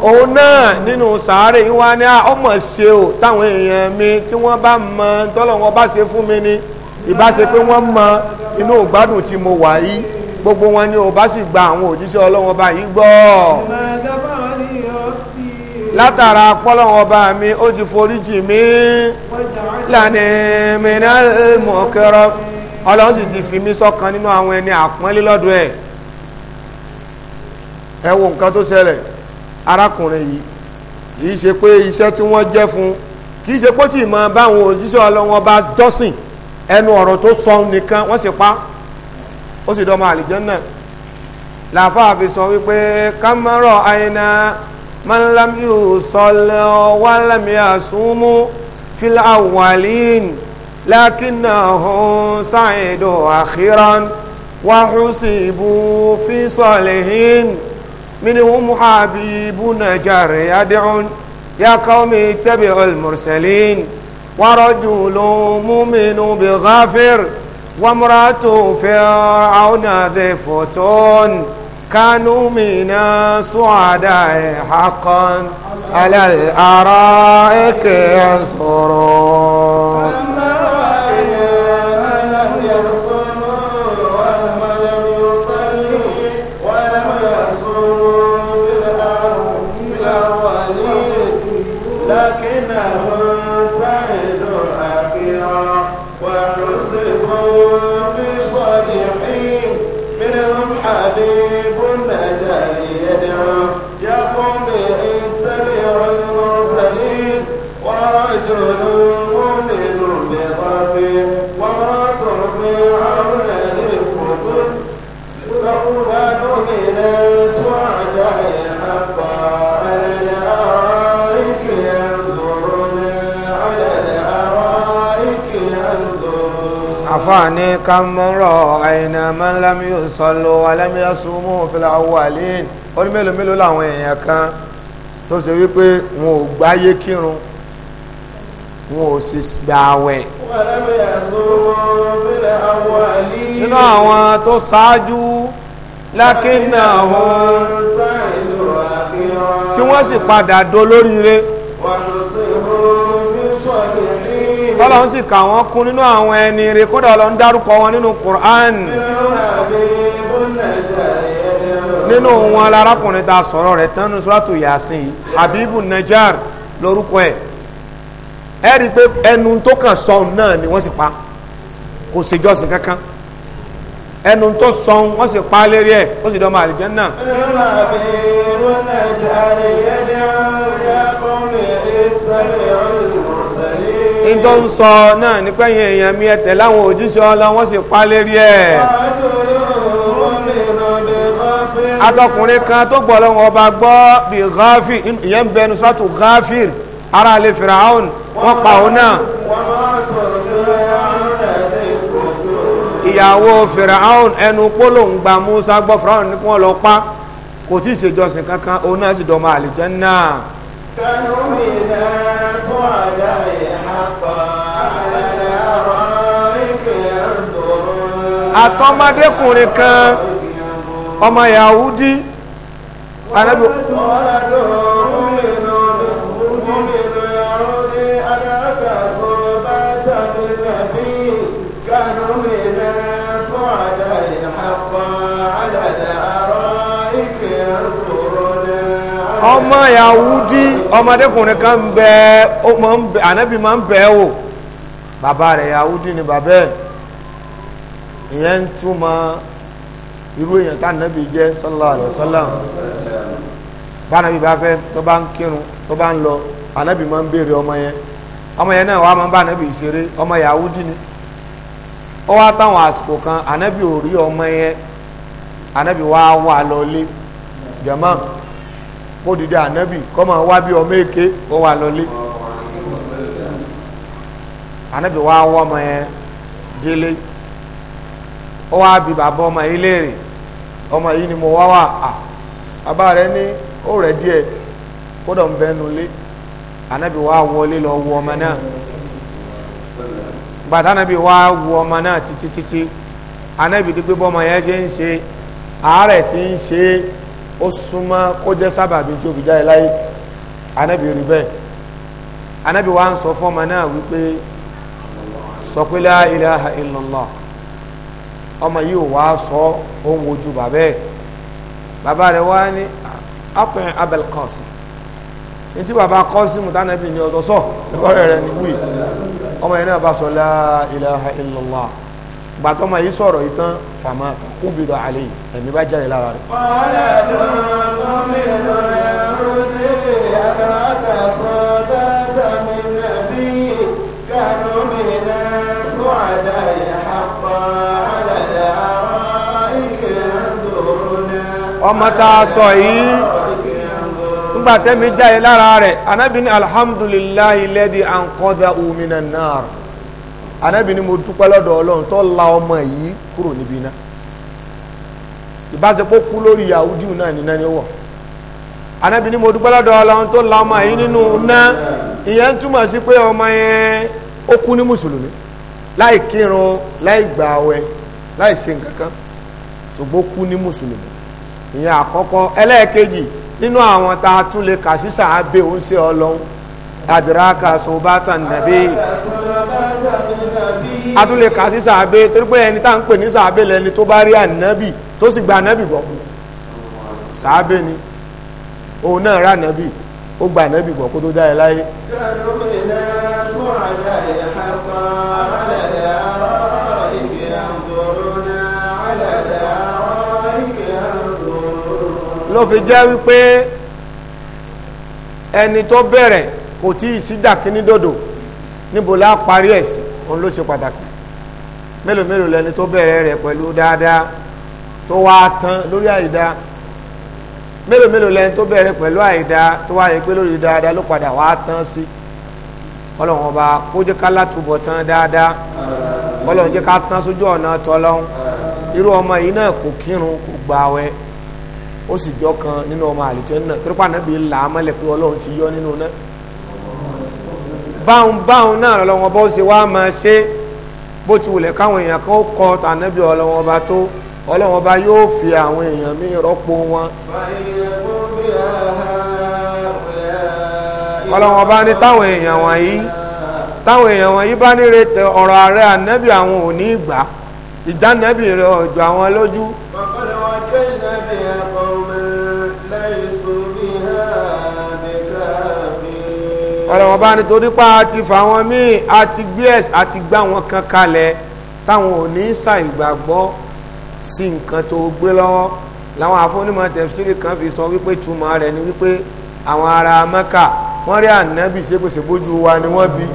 òun náà nínú sàárè yìí wá ní ọmọ ah, ṣe o táwọn èèyàn mi tí wọ́n bá mọ tọ́lọ́wọ́n bá ṣe fún mi ni ìbá ṣe pé wọ́n mọ inú ìgbádùn tí mo wà yìí gbogbo wọn ni ò bá sì gba àwọn òjíṣẹ́ ọlọ́wọ́n bá yìí gbọ́ látara pọ́lọ́wọ́n bá mi ó ti foríjì mi lánàá mìíràn mọ̀kẹ́rọ́ ọlọ́run sì ti fi mí sọ́kan nínú àwọn ẹni àpọ́nlé lọ́dọ̀ ẹ wo nǹkan tó ṣẹlẹ̀ arákùnrin yìí kì í ṣe pé iṣẹ́ tí wọ́n jẹ́ fún kì í ṣe pé tí ìmọ̀ báwọn òjíṣẹ́ ọlọ́wọ́n bá jọ́sìn ẹnu ọ̀rọ̀ tó sọ nìkan wọ́n sì pa ó sì dọ́mọ àlìjànnà làáfàá fi sọ wípé kámẹ́rọ̀ àyìnà mọ́nlámíù sọlẹ̀ wàlámì àsúnmú fílà wàlíìn lákínà hùn sáyẹ̀dọ̀ àkírán fi sọlẹ̀ منهم حبيب نجار يدعون يا قوم اتبعوا المرسلين ورجل مؤمن بغافر وامرأة فرعون ذي فتون كانوا من سعداء حقا على الأرائك ينصرون àfáà ní kámọ́rọ̀ àìnà mọ́lámi sọlọ alámíyá súnmọ́ òfìlà awàlín ó ní mélòó mélòó làwọn èèyàn kan tó ṣe wípé wọn ò gbáyé kírun wọn ò sì gbà àwẹ̀ nínú àwọn tó ṣáájú lákínà ọ̀hún tí wọ́n sì padà dolóríire wọ́n lọ sí tọ́lọ́ ń sì kà wọ́n kún nínú àwọn ẹni rẹ̀ kódà lọ ń dárúkọ wọn nínú Qur'an nínú wọn alárakùnrin ta sọ̀rọ̀ rẹ̀ tán ní Yasin Habibu Najar lórúkọ ẹ̀ ẹ rí i pé ẹnu tó kàn sọ̀hún náà ni wọ́n sì pa kò ṣèjọ́sìn kankan ẹnu tó sọ̀hún wọ́n sì pa lérí ẹ̀ ó sì dọ́mọ àlìjẹ́ náà. in tó ń sọ náà ní pẹ́yìn èèyàn mi ẹ̀tẹ̀ láwọn òjíṣẹ́ ọlọ́ wọ́n sì pa lérí ẹ̀ atọkùnrin kan tó gbọ́ lọ́wọ́ ọba gbọ́ bí gáfír ìyẹn ń bẹnu sọ́tù gáfír ara lè fìràhùn wọ́n pa òun náà ìyàwó fìràhùn ẹnu pólòǹ gba Musa gbọ́ fìràhùn ní kí wọ́n lọ pa kò tí ì ṣèjọsìn kankan òun náà sì dọ̀mọ àlìjẹ́ náà. kẹ́hìn mi náà sún àdá ìyá àtọmọdékùnrin kan ọmọ yahudi anabi. ọmọ yahudi ọmọdékùnrin kan ń bẹ anabi máa ń bẹ ẹ bàbá rẹ yahudi ni bàbá ẹ ìyẹn ń túmọ̀ irú èèyàn tá ànábì jẹ́ sallallahu alaihi wasallam bánabi bá fẹ́ tó bá ń kírun tó bá ń lọ ànábì máa ń béèrè ọmọ yẹn ọmọ yẹn náà máa ń bá ṣeré ọmọ yahudi ni ó wá táwọn àsìkò kan ò rí ọmọ yẹn wá kó dìde ànábì kọ́ máa wá bí ọmọ èké kó wà lọlé ànábì wá wọ́ ọmọ yẹn délé ó wá bí bàbá ọmọ yìí léèrè ọmọ yìí ni mo wá wà á bàbá rẹ ní ó rẹ̀ díẹ̀ kódà ń bẹ́ẹ̀ nulé ànábì wá wọlé lọ wọ ọmọ náà gbàtà ànábì wá wọ ọmọ náà títí títí ànábì dípé yẹn ṣe ń ṣe àárẹ̀ ti ń ó súnmọ́ kó jẹ́ sábàbí tó fi jáde láyé anábì rí bẹ́ẹ̀ anábì wa ń sọ fún ọmọ náà wípé sọ pé la ilaha illallah ọmọ yìí ò wá sọ òun ojú bàbá ẹ̀ bàbá rẹ̀ wá ní akọ̀yìn abel Qasim ntí baba Qasim tánàbì ní ọ̀sọ̀sọ̀ ẹ̀kọ́ rẹ̀ rẹ̀ ní wíì ọmọ yẹn náà bá sọ la ilaha illallah gbàtọ́ ma yí sọ̀rọ̀ yìí tán fàmà kú bìrọ àlè ẹ̀mí bá jáde lára rẹ̀. ọ̀rẹ́ tó ń bọ́ mi lọ ẹ̀rù ní ẹ̀rọ àtàsán dáadáa mi nàbí kánú mi náà sún àdá ìhàpá àdàdà àwọn ìkẹyàndòrò náà. ọmọ tá a sọ yìí nígbà tẹ́mi jáde lára rẹ̀ anábìíní alhamdulillahi lẹ́dí àǹkọ́dà òmìnira náà anabi ni mo dúpẹ́ lọ́dọ̀ ọlọ́run tó la ọmọ yìí kúrò níbi iná ìbáṣepọ̀ kú lórí yahudi náà ní náà ni ó wọ̀ anabi ni mo dúpẹ́ lọ́dọ̀ ọlọ́run tó la ọmọ yìí nínú iná ìyẹn túmọ̀ sí pé ọmọ yẹn ó kú ní mùsùlùmí láì kírun láì gbààwẹ̀ láì ṣe nǹkan kan ṣùgbọ́n kú ní mùsùlùmí ìyẹn àkọ́kọ́ ẹlẹ́ẹ̀kejì nínú àwọn tá a tún lè kà sí sàábé òun ṣe ọlọ́run adraka sobatan nabi atúlẹ̀ kà sí sàábé torí pé ẹni tá ń pè ní sàábé lẹni tó bá rí ànábì tó sì gba ànábì gbọ́ sàábé ni òun náà rà ànábì ó gba ànábì gbọ́ kó tó dá ẹ láyé. ló jẹ́ wípé ẹni tó bẹ̀rẹ̀ kò tí ì sí dòdò níbo la parí ẹ̀ sí òun ló ṣe pàtàkì mélòó mélòó lẹni tó bẹ̀rẹ̀ rẹ̀ pẹ̀lú dáadáa tó wá tán lórí àìdá mélòó mélòó lẹni tó bẹ̀rẹ̀ pẹ̀lú àìdá tó wá yẹ pé lórí dáadáa ló padà wá tán sí ọlọ́run ọba kó jẹ́ ká látúbọ̀ tán dáadáa ọlọ́run jẹ́ ká tán sójú ọ̀nà tọ́lọ́hún irú ọmọ yìí náà kò kírun kò gbààwẹ̀ ó sì jọ kan nínú ọmọ àlùjẹ́ náà torípàá náà bí làámọ́lẹ̀ pé ọlọ́run ti yọ nínú náà báwọn báwọn náà lọ́wọ́ bó ṣe wá máa ṣe bó ti wulẹ̀ káwọn èèyàn kan kọ́ tànẹ́bí ọlọ́wọ́ bá tó ọlọ́wọ́ bá yóò fi àwọn èèyàn mi rọ́pò wọn. ọlọ́wọ́ bá ní táwọn èèyàn wọ̀nyí táwọn èèyàn wọ̀nyí bá ní retẹ ọ̀rọ̀ ààrẹ ànẹ́bí àwọn ò ní ìgbà ìdánẹ́bí rẹ̀ ọ̀jọ̀ àwọn lójú. ọlọ́wọ́n bá ní torí pa àti fàwọn míì àti gbs àti gbá wọn kan kalẹ̀ táwọn ò ní ṣàìgbàgbọ́ sí nǹkan tó gbé lọ́wọ́ làwọn àfọ́nímọ̀ tẹ̀síìrì kan fi sọ wípé túmọ̀ rẹ̀ ni wípé àwọn ará Mẹ́kà wọ́n rí ànábì ṣégbèsègbójú wa ni wọ́n bí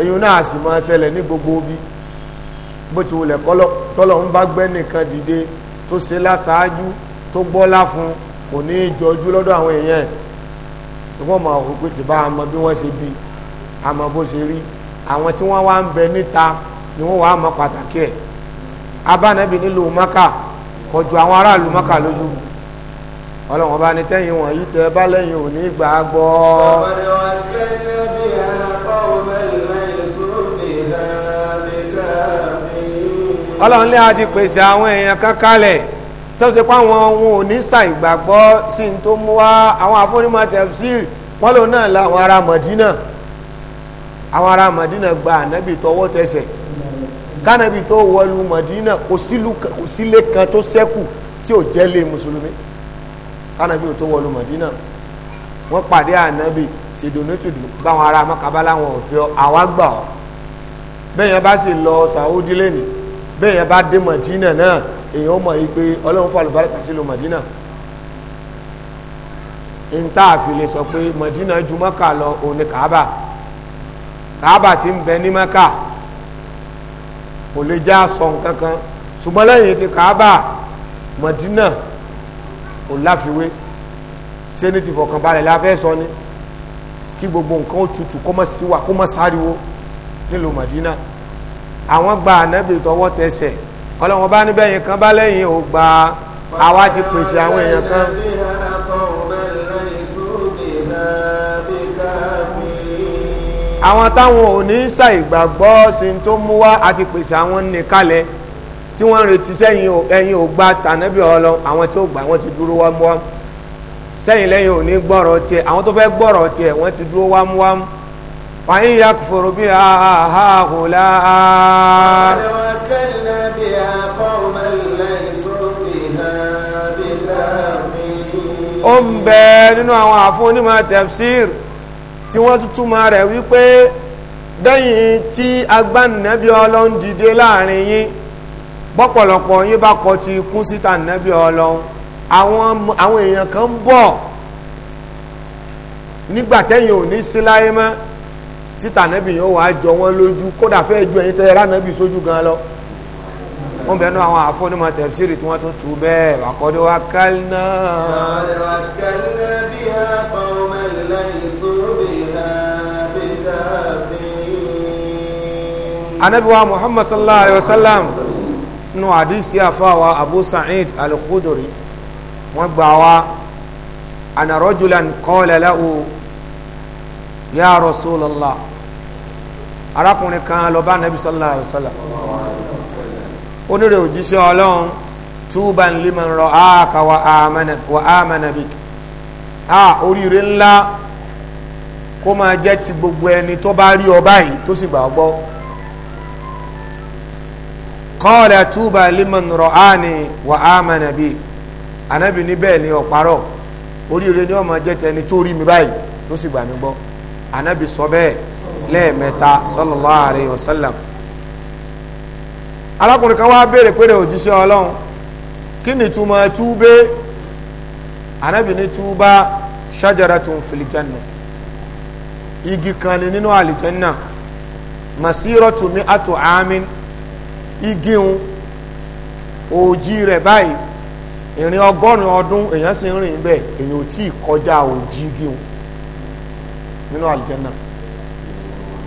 eyín náà sì máa ṣẹlẹ̀ ní gbogbo bí bó ti wulẹ̀ kọ́lọ̀ ń bá gbẹ́ nìkan dìde tó ṣe láṣáájú tó gbọ́lá fún kò ní í jọjú lọ́dọ̀ àwọn èèyàn ẹ̀ tí wọ́n máa wò pé tí bá àmọ́ bí wọ́n ṣe bí àmọ́ bó ṣe rí àwọn tí wọ́n wá ń bẹ níta ni wọ́n wà á mọ pàtàkì ẹ̀ abánabi nílùú maka kọjú àwọn aráàlú maka lójú ọlọ́run ọba ní tẹ́yìn wọ̀nyí tẹ́ bá lẹ́yìn òní gbàgbọ́. ọ̀pọ̀lọpọ̀ àti ọlọ́run ní a pèsè àwọn èèyàn kan kalẹ̀ tọ́sí pé àwọn ohun òní ṣàìgbàgbọ́ sí ní tó mú wá àwọn afọ́nímọ̀ tẹ̀síìrì wọ́n lò náà láwọn ará mọ̀dínà àwọn ará mọ̀dínà gba ànábì tọwọ́ tẹsẹ̀ kánàbì tó wọlú mọ̀dínà kò sílé kan tó ṣẹ́kù tí ò jẹ́ lé mùsùlùmí kánàbì tó wọlú mọ̀dínà wọ́n pàdé ànábì tìdùnútìdù báwọn ará mọ́kábálá wọn ò fi àwọn gbà ọ́ bẹ́ẹ̀ yẹn bá sì lọ sàúdí lẹ́nìí bẹ́ẹ̀ yẹn bá dé mọ̀dínà náà èèyàn mọ̀ yìí pé ọlọ́run fà lùbáríkà sí lu Madina níta àfilè sọ pé Madina ju Mọ́kà lọ òun ni Kaaba Kaaba ti ń bẹ ní Mọ́kà kò lè já sọ nǹkan kan ṣùgbọ́n lẹ́yìn ti Kaaba Madina kò láfiwé ṣé ní ti fọkànbalẹ̀ la fẹ́ sọ ni kí gbogbo nǹkan ó tutù kó má síwà kó má sáriwo nílùú Madina àwọn gba ànábì tọwọ́ tẹsẹ̀ ọlọ́run bá níbẹ̀ yẹn kan bá lẹ́yìn ò gba àwa ti pèsè àwọn èèyàn kan. àwọn táwọn ò ní ṣàìgbàgbọ́ sí tó mú wá àti pèsè àwọn nìkalẹ̀ tí wọ́n ń retí sẹ́yìn ẹ̀yìn ò gba tànẹ́bí ọlọ àwọn tí ó gbà wọ́n ti dúró wámúwámú sẹ́yìn lẹ́yìn ò ní gbọ́rọ̀ tiẹ̀ àwọn tó fẹ́ gbọ́rọ̀ tiẹ̀ wọ́n ti dúró wámúwámú. وإن يكفر بها هؤلاء وتوكلنا بها قوما ليسوا بها بكافرين ó ń bẹ nínú àwọn àfúnímọ̀ tafsir tí wọ́n tútúmọ̀ rẹ̀ wípé dẹ́yìn tí agbánàbí ọlọ́run dìde láàrin yín bọ́pọ̀lọpọ̀ yín bá kọ̀ ti kú síta nàbí ọlọ́run àwọn èèyàn kan ń bọ̀ nígbà tẹ́yìn ò ní sí láyé mọ́ títà nẹ́bì yóò wá jọ wọ́n lójú kódà fẹ́ ju ẹ̀yin tẹ́ ra nẹ́bì sójú gan lọ wọ́n bẹ̀rẹ̀ náà àwọn àfọ́nímọ̀ tẹ̀síìrì tí wọ́n tún tú bẹ́ẹ̀ àkọ́dé wa kálínà. anabiwa muhammad sallallahu alayhi wa sallam nu hadisi afawa abu sa'id al-khudri wọ́n gbà wá ana rajulan qala lahu arákùnrin kan lọ bá nàbí sallallahu alaihi wasallam onírè òjíṣẹ́ ọlọ́run túbàn liman ra'aka wa amana bik a oríire ńlá kó máa jẹ́ ti gbogbo ẹni tó bá rí ọ báyìí tó sì gbà ọ gbọ́ qala túbà liman ra'ani wa amana bik anábì níbẹ̀ ni ọ̀parọ̀ oríire ni ó máa jẹ́ tẹni tó rí mi báyìí tó sì gbà mí gbọ́ anábì sọ bẹ́ẹ̀ lẹ́ẹ̀mẹ́ta sallallahu alayhi wa sallam alákùnrin kan wá béèrè pé òjíṣẹ́ ọlọ́run kí ni túmọ̀ túbé anábì ní túbá shajaratun fil janna igi kan ni nínú àlìjẹ́nà masiratu mi'atu amin igi ń òjì rẹ̀ báyìí ìrìn ọgọ́rin ọdún èèyàn sì ń rìn bẹ́ẹ̀ èèyàn ò tí ì kọjá òjì igi nínú àlìjẹ́nà. No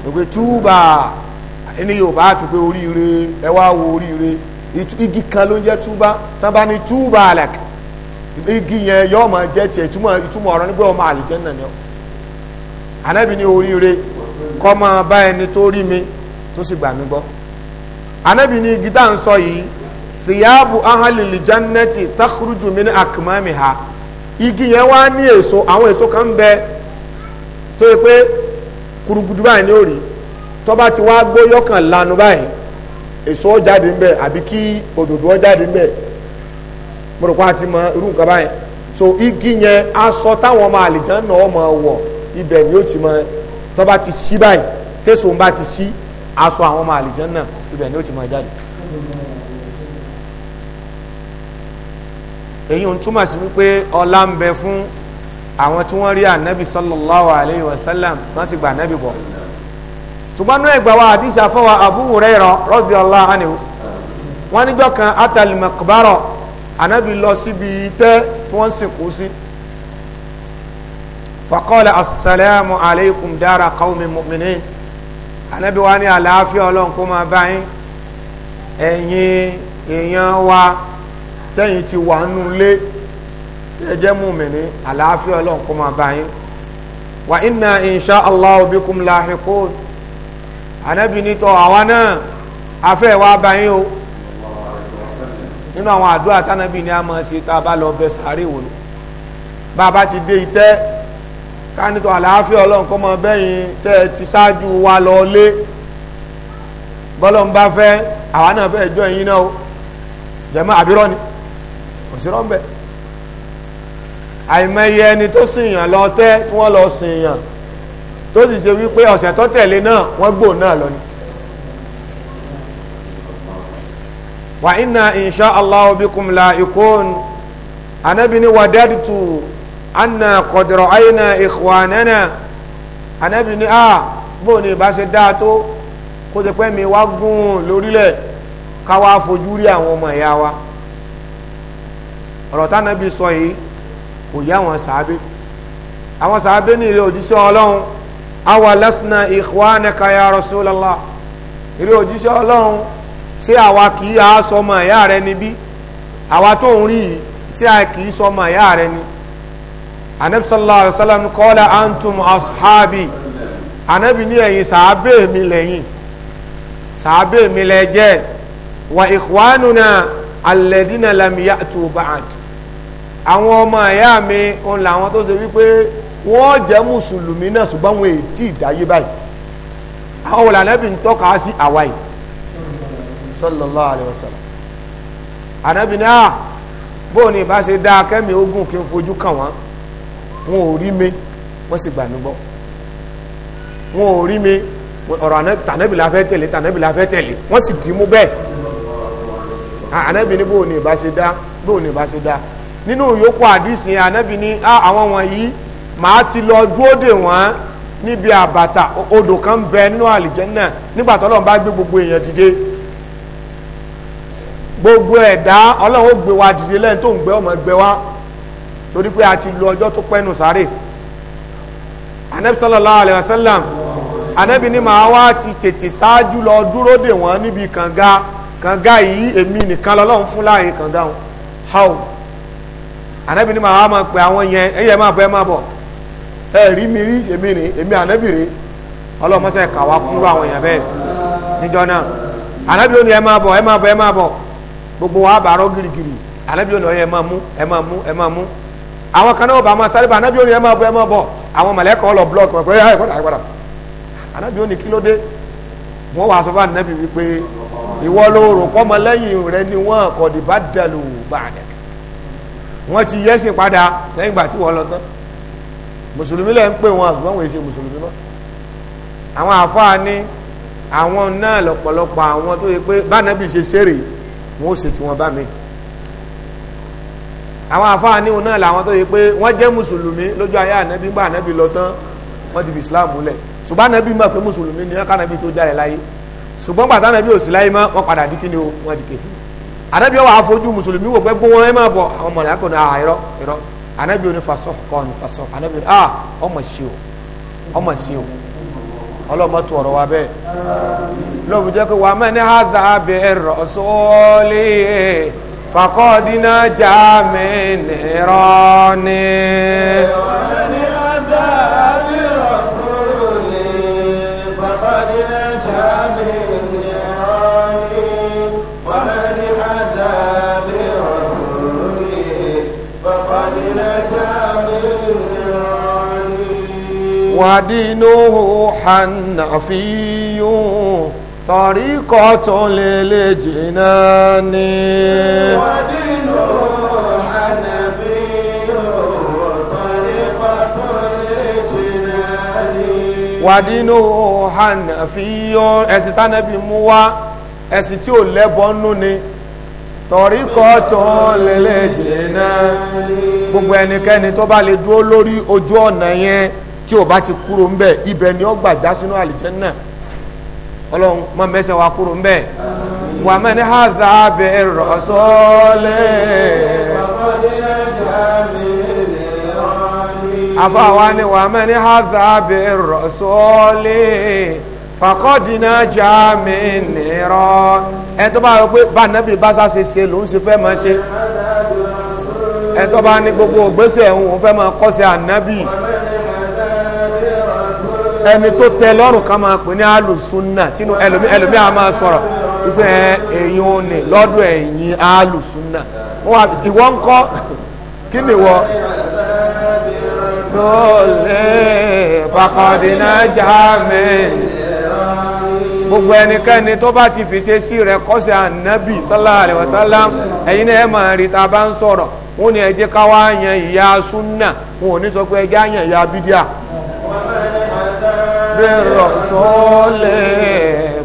ògbé túbà ní yorùbá àti pé oríire ẹ wá wo oríire igi kan ló ń jẹ́ túbà ní túbà igi yẹn yóò máa jẹ́ tiẹ̀ nígbà ọmọ ọ ànábì ní oríire kọ́ máa bá ẹni tó rí mi tó sì gbà mí ní igi tá à ń sọ yìí ahalili igi yẹn wá ní èso àwọn èso kan bẹ tó kurugudu báyìí ní òrì tọ́ba ti wá gbó yọkàn lanu báyìí èso jáde ń bẹ àbí kí òdòdó jáde ń bẹ mo rò pé a ti mọ irú nǹkan báyìí so igi yẹn aṣọ táwọn ọmọ àlìján náà ọmọ wọ̀ ibẹ̀ ni ó ti mọ tọ́ba ti sí báyìí tẹ̀sọ̀ ń bá ti sí aṣọ àwọn ọmọ àlìján náà ibẹ̀ ni ó ti mọ jáde. èyí ń túmọ̀ sí wípé ọlá ń bẹ fún àwọn tí wọ́n rí ànábì sallallahu alayhi wa sallam wọ́n sì gba ànábì bọ̀ ṣùgbọ́n náà ìgbà wa àdìsí àfọwọ́ Abu Hurairah radiyallahu anhu wọ́n níjọ́ kan atal maqbara ànábì lọ síbi tẹ́ tí wọ́n sì kú sí faqala assalamu alaykum dara qawmin mu'minin ànábì wa ní àlàáfíà ọlọ́run máa bá ẹ̀yin èèyàn wa tẹ́yìn ti wà nù lé ẹjẹ́ mùmìnì àlàáfíà ọlọ́run kó máa bá yín wa inna insha allah bikum lahiqun anabi nítọ́ àwa náà afẹ́ wa bá yín o nínú àwọn àdúrà tánàbí ni a máa ṣe tá a bá lọ bẹ sàárè wò ló bá a bá ti dé itẹ́ ká nítọ́ àlàáfíà ọlọ́run kó máa bẹ́yìn tẹ́ ẹ ti ṣáájú wa lọ lé bọ́lọ́n bá àwa náà fẹ́ jọ ẹ̀yin náà o jẹ̀mọ́ àbírọ́ ni òṣèrọ́ ń bẹ́ẹ̀ àìmọye ẹni tó sìnyàn lọ tẹ́ tí wọ́n lọ sìnyàn tó sì ṣe wípé ọ̀sẹ̀ tó tẹ̀lé náà wọ́n gbò náà lọ ni. wà iná insha allah bikum la ikun anabi ni wadaditu anna kọdọrọ aina ikhwanana anabi ni a bóun ni ìbá ṣe dáa tó kó ṣe pẹ́ mi wá gùn lórílẹ̀ káwá fojú rí àwọn ọmọ ìyá wa ọ̀rọ̀ tánàbí sọ yìí kò yá àwọn sàábé àwọn sàábé ní ilé òjíṣẹ́ ọlọ́run awa lasna ikhwanaka ya rasulallah ilé òjíṣẹ́ ọlọ́run ṣé àwa kì í aṣọmọ ẹ̀yà rẹ níbí àwa tó ń rí yìí ṣé a kì í sọmọ ẹ̀yà rẹ ni anabi sallallahu alayhi wa sallam qala antum ashabi anabi ní ẹ̀yin sàábé mi lẹ́yìn sàábé mi lẹ́jẹ́ wa ikhwanuna alladhina lam ya'tu àwọn ọmọ ẹ̀yà mi òun làwọn tó ṣe wípé wọ́n jẹ́ mùsùlùmí náà ṣùgbọ́n wọn èdè ìdáyé báyìí àwọn olànàbì ń tọ́ka sí àwa yìí sallallahu alayhi wa sallam ànàbì náà ah, bóun ni ìbá ṣe dá kẹ́mi ogun kí n fojú kàn wọ́n wọn ò rí mi wọ́n sì gbà mí gbọ́ wọn ò rí mi ọ̀rọ̀ tànàbì la fẹ́ tẹ̀lé tànàbì la fẹ́ tẹ̀lé wọ́n sì dì í mú bẹ́ẹ̀ ànàbì ní bóun ni ìbá ṣe dá bóun ni ìbá ṣe dá nínú yòókù àdìsí ànábì ní àwọn wọ̀nyí màá ti lọ dúró dè wọ́n níbi àbàtà odò kan bẹ nínú àlìjẹ́nà nígbà tọ́lọ́run bá gbé gbogbo èèyàn dìde gbogbo ẹ̀dá ọlọ́run ó gbé wa dìde lẹ́yìn tó ń gbé ọmọ gbé wa torí pé a ti lo ọjọ́ tó pẹ́nu sáré anabi sallallahu alayhi wa sallam anabi ni màá wá ti tètè ṣáájú lọ dúró dè wọ́n níbi kànga kànga yìí èmi nìkan lọ́lọ́run fún kànga wọn ànábì ni màá máa pè àwọn yẹn ẹ̀yẹ máa bọ́ ẹ máa bọ̀ ẹ rí mi rí èmi rè èmi ànábì rè ọlọ́mọṣẹ́ kàwá kúrò àwọn èèyàn bẹ́ẹ̀ níjọ náà ànábì ló ní ẹ máa bọ̀ ẹ máa bọ̀ ẹ máa bọ̀ gbogbo wa bàárọ̀ girigiri ànábì ló ní ọyẹ ẹ máa mú ẹ máa mú ẹ máa mú àwọn kan náà bá máa sáré bá ànábì ló ẹ máa bọ̀ ẹ máa bọ̀ àwọn mọ̀lẹ́kọ̀ ọlọ blọọkì ọ̀pẹ́ ẹ gbọ́dọ̀ àgbàdà ànábì ló ní kí ló dé wọ́n wàá sọ fún wípé ìwọ ló rẹ ni wọ́n kọ̀ dìbà dẹ̀lù bàdẹ̀k wọ́n ti yẹ́sìn padà lẹ́yìn ìgbà tí wọ́n lọ tán mùsùlùmí lẹ́ ń pè wọn àgbọ̀n wọ́n ṣe mùsùlùmí mọ́ àwọn àfáà ní àwọn náà lọ́pọ̀lọpọ̀ àwọn tó yẹ pé bánábì ṣe ṣeré wọn ó ṣe tí wọ́n bá mi àwọn àfáà ní òun náà làwọn tó yẹ pé wọ́n jẹ́ mùsùlùmí lójú ayé ànábì gbà ànábì lọ tán wọ́n ti fi islam múlẹ̀ ṣùgbọ́n ànábì mọ̀ pé mùsùlùmí ni wọ́n kánábì tó jáde láyé ṣùgbọ́n gbàtà ànábì ò sí láyé mọ́ wọ́n padà di kíni o wọ́n di kékeré anabi wa afojú mùsùlùmí wò gbẹgbó wọn ẹ máa bọ àwọn mọlẹ akọ náà irọ́ anabi oní fasọ kọni fasọ anabi oní ah ọmọ ṣe o ọmọ ṣe o ọlọmọ tó ọ̀rọ̀ wa bẹ́ẹ̀ lọbi jẹ kó wà mẹ ní hadha bi rasuli fakọdínà jàmínirọ ni. ودينه حنفي طريقة للجنان ودينه حنفي طريقة للجنان ودينه حنفي ẹ̀sìn tánàbí mú wá ẹ̀sìn tí ò lẹ́bọ nú ni tọ̀ríkọ́ tó lẹ́lẹ́jẹ̀ náà gbogbo ẹnikẹ́ni tó bá lè dúró lórí ojú ọ̀nà yẹn tí o bá ti kúrò ńbẹ ibẹ ni ó gbà já sínú náà Ọlọ́run má mẹsẹ wa kúrò ńbẹ wà mẹni haza bẹ àbá wa ni wà mẹni haza bẹ rọsọlẹ fàkọ́dínà já mi ẹ tó bá rọ pé ṣe ṣe lòún ẹ tó bá ní gbogbo òun fẹ́ máa ẹni tó tẹ lọ́rùn ká máa pè ní alùsùnà tínú ẹlòmí ẹlòmí a máa sọ̀rọ̀ ìfẹ́ ẹ̀yin ò ní lọ́dọ̀ ẹ̀yin alùsùnà ìwọ ń kọ́ kí ni wọ́ sọ́ọ̀lẹ̀ bàkàndínà jáàmẹ́ gbogbo ẹnikẹ́ni tó bá ti fi ṣe sí rẹ̀ kọ́sẹ̀ ànábì sallallahu alaihi wasallam ẹ̀yin náà ẹ̀ máa rí ta bá ń sọ̀rọ̀ wọn ni ẹ jẹ́ ká wá yan ìyá súnà wọn ò ní sọ pé ẹ jẹ́ àyàn ìyá bídíà بالرسول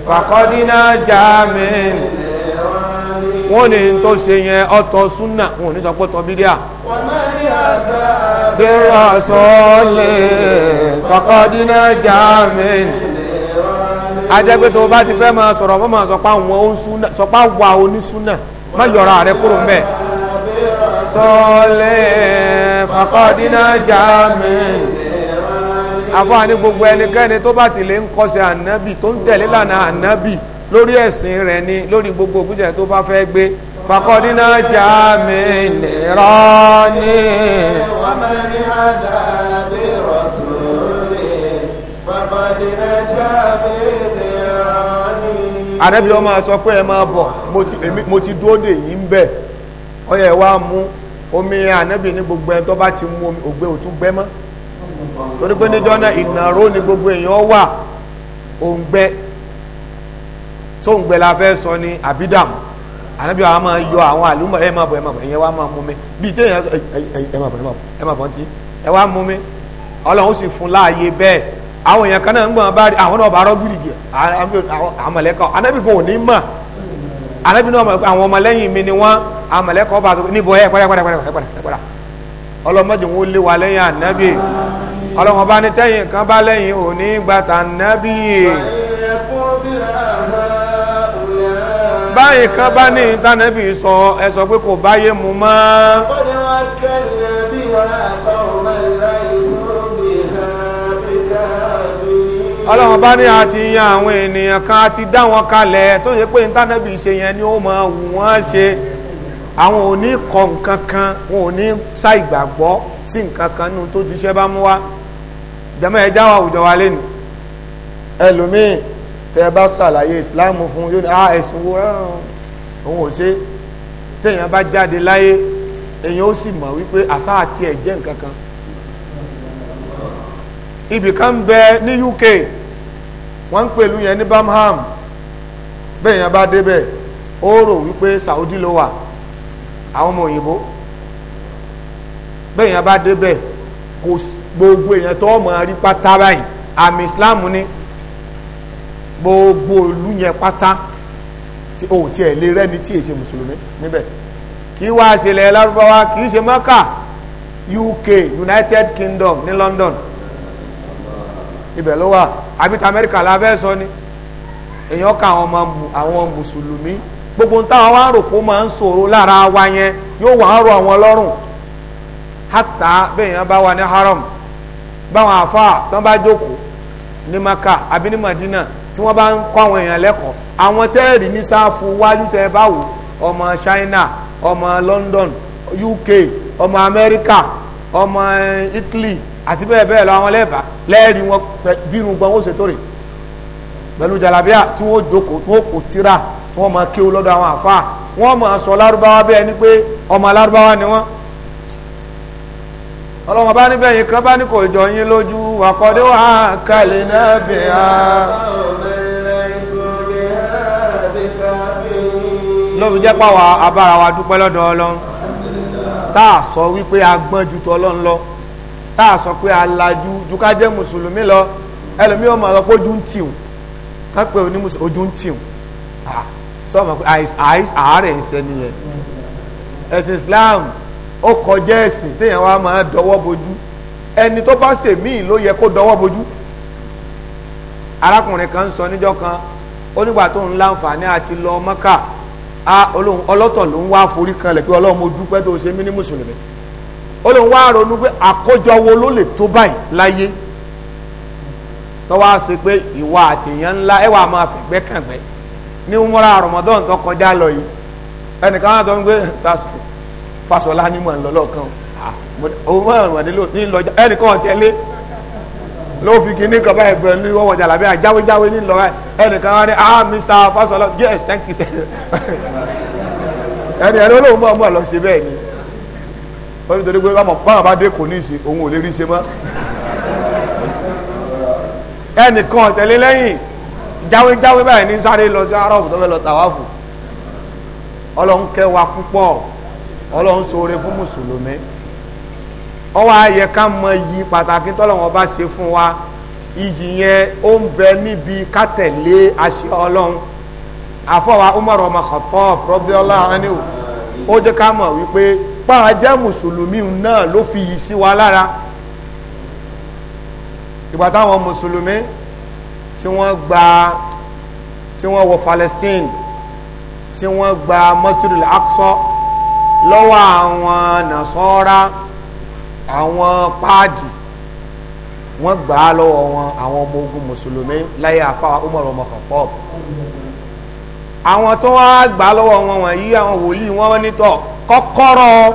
فقد نجا من wọ́n ní tó ṣe yẹn ọ̀tọ̀ súnà wọ́n ní sọ pé tọ́ bídíà. بالرسول فقد نجا من ajẹ́gbé tó bá ti fẹ́ máa sọ̀rọ̀ mọ́ máa sọpá wọn sọpá wà má yọra rẹ kúrò mbẹ. sọlẹ̀ fàkọ́dínà jáàmì. àfáà ní gbogbo ẹnikẹ́ni tó bá ti lè ń kọsẹ̀ ànábì tó ń tẹ̀lé lànà ànábì lórí ẹ̀sìn rẹ̀ ni lórí gbogbo òkúta tó bá fẹ́ gbé fakọ́dínà jà mí nìrọ́ ní. wọ́n ọmọ sọ pé ẹ máa bọ̀ mo ti dè ọ yẹ wá mú omi ní gbogbo tó bá ti torí pé níjọ́ náà ìnàró ni gbogbo èèyàn wà òǹgbẹ sóǹgbẹ la fẹ́ sọ ni abidam ànábì wa máa yọ àwọn àlùmọ̀ ẹ máa bọ̀ ẹ máa bọ̀ ìyẹn wa máa mú mi bíi téèyàn ẹ máa bọ̀ ẹ máa bọ̀ ẹ máa bọ̀ ẹ mú mi ọlọ́run sì fún láàyè bẹ́ẹ̀ àwọn èèyàn kan náà ń gbọ́n bá rí ni wọ́n àmọ̀lẹ́kọ̀ bá níbo ọlọ́mọdé wọn ọlọ́run ọba ní tẹ́yìn kan bá lẹ́yìn òní gbàtà nábì báyìí kan bá ní ìtànẹ́bì sọ ẹ sọ pé kò báyé mu mọ́ ọlọ́run bá ní àti yan àwọn ènìyàn kan àti dá wọn kalẹ̀ tó yẹ pé ìtànẹ́bì ṣe yẹn ni ó mọ wù wọ́n ṣe àwọn ò wọn ò ní ṣàìgbàgbọ́ sí nǹkan kan nínú tó jíṣẹ́ bá mú wá jẹ́mọ́ ẹ jáwọ́ àwùjọ wa lẹ́nu ẹlòmíì tẹ́ bá ṣàlàyé ìsìláàmù fún yóò ní a ah, ẹ̀sìn wo rárán òun ò ṣe téèyàn bá jáde láyé èèyàn ó sì mọ̀ wípé àṣà àti ẹ̀ nǹkan kan ibì kan bẹ ní UK wọ́n ń pèlú yẹn ní Birmingham bẹ́ẹ̀ yẹn bá débẹ̀ ó rò wípé Saudi ló wà àwọn ọmọ òyìnbó bẹ́ẹ̀ yẹn bá débẹ̀ kò gbogbo èèyàn tó mọ̀ rí pátá báyìí àmì islam ni gbogbo ìlú yẹn pátá tí o tiẹ̀ lè rẹ́ni tí èsè mùsùlùmí níbẹ̀ kí wá ṣẹlẹ̀ lárúbáwá kì í ṣe mọ́kà uk united kingdom ní london ibẹ̀ ló wà àbíta amẹ́ríkà la fẹ́ sọ ni èèyàn ka àwọn ọmọ àwọn mùsùlùmí gbogbo táwọn wá rò pé ó máa ń ṣòro lára wa yẹn yóò wà á rọ àwọn lọ́rùn hata bẹ́ẹ̀ yẹn bá wà ní haram báwọn afa tí wọ́n bá jókòó ní maka àbí ní madina tí wọ́n bá ń kọ́ àwọn èèyàn lẹ́kọ̀ọ́ àwọn tẹ́ẹ̀rì ní sáfù wájú tẹ́ ẹ bá wò ọmọ china ọmọ london uk ọmọ america ọmọ eh, italy àti bẹ́ẹ̀ bẹ́ẹ̀ lọ àwọn lẹ́ẹ̀bà lẹ́ẹ̀rí wọn bírun gbọ́n ó ṣe tó rè pẹ̀lú jalabia tí wọ́n jókòó tí wọ́n kò tíra tí wọ́n máa kéwú lọ́dọ̀ àwọn àfa wọ́n máa sọ lárúbáwá bẹ́ẹ̀ ni pé ọmọ lárúbáwá ni wọ́n ọlọ́wọ́n bá níbẹ̀ yìí kan bá ní kò jọ yín lójú wàkọ́dé wà kálí náà bẹ̀ á. lóbi jẹ́ pàwọ́ abára wa dúpẹ́ lọ́dọ̀ ọlọ́run tá a sọ wípé a gbọ́n ju tọ́lọ́n lọ tá a sọ pé a lajú ju ká jẹ́ mùsùlùmí lọ ẹlòmí ò máa lọ pé ojú ń tì ò ká pé oní mùsùlùmí ojú ń tì ò sọ ma pé àárẹ̀ ń sẹ́ni yẹn ẹ̀sìn Islam. ó kọjá ẹ̀sìn téèyàn wá máa dọwọ́ bojú ẹni tó bá ṣe míì ló yẹ kó dọwọ́ bojú arákùnrin kan sọ níjọ́ kan ó tó ń láǹfààní àti lọ mọ́kà á ọlọ́tọ̀ ló ń wá forí kanlẹ̀ pé ọlọ́run mo dúpẹ́ tó mùsùlùmí wá ronú pé àkójọ wo lè tó báyìí láyé tọ́wọ́ á ṣe pé ìwà àtìyàn ńlá máa ní kọjá lọ yìí ẹnìkan á tọ́ Fáṣọlá ní mọ̀ ńlọ́lọ́ ah, kan òun mọ̀ ìwọ̀n ní lọ́jà ẹnìkan tẹ́lẹ̀ ló fi kíní kan báyìí bẹ̀rẹ̀ ní wọ́wọ́ jà lábẹ́ àjáwéjáwé ní lọ́ra ẹnìkan wá ní ah Mr Fáṣọlá yes thank you sir (laughs) ẹni ẹni olóhùn mọ̀ mọ̀ lọ sí bẹ́ẹ̀ ni ó ní torí pé báwọn bá dé kò ní ìsìn òun ò lè rí ṣe mọ́ ẹnìkan tẹ̀lé lẹ́yìn jáwéjáwé báyìí ní sáré lọ sí arọ́bù tó fẹ́ lọ tàwáfù ọlọ́run kẹ́ wa púpọ̀ ọlọ́run ṣoore fún mùsùlùmí ọwọ́ ayẹ ká mọ iyì pàtàkì tọ́lọ́wọ́n bá ṣe fún wa iyì yẹn ó ń bẹ níbi ká tẹ̀lé àṣẹ ọlọ́run àfọwà Umar ọmọ Khattab radiyallahu anhu ó jẹ́ ká mọ̀ wípé páà jẹ́ mùsùlùmí náà ló fi yìí sí wa lára ìgbà táwọn mùsùlùmí tí wọ́n gba tí wọ́n wọ Palestine tí wọ́n gba Masjidul Aqsa lọ́wọ́ àwọn nàṣọ́ra àwọn páàdì wọ́n gbà á lọ́wọ́ wọn àwọn ọmọ ogun mùsùlùmí láyé apá Umar ọmọ Khattab àwọn tó wá gbà á lọ́wọ́ wọn wọ̀nyí àwọn wòlíì wọn nítọ̀ kọ́kọ́rọ́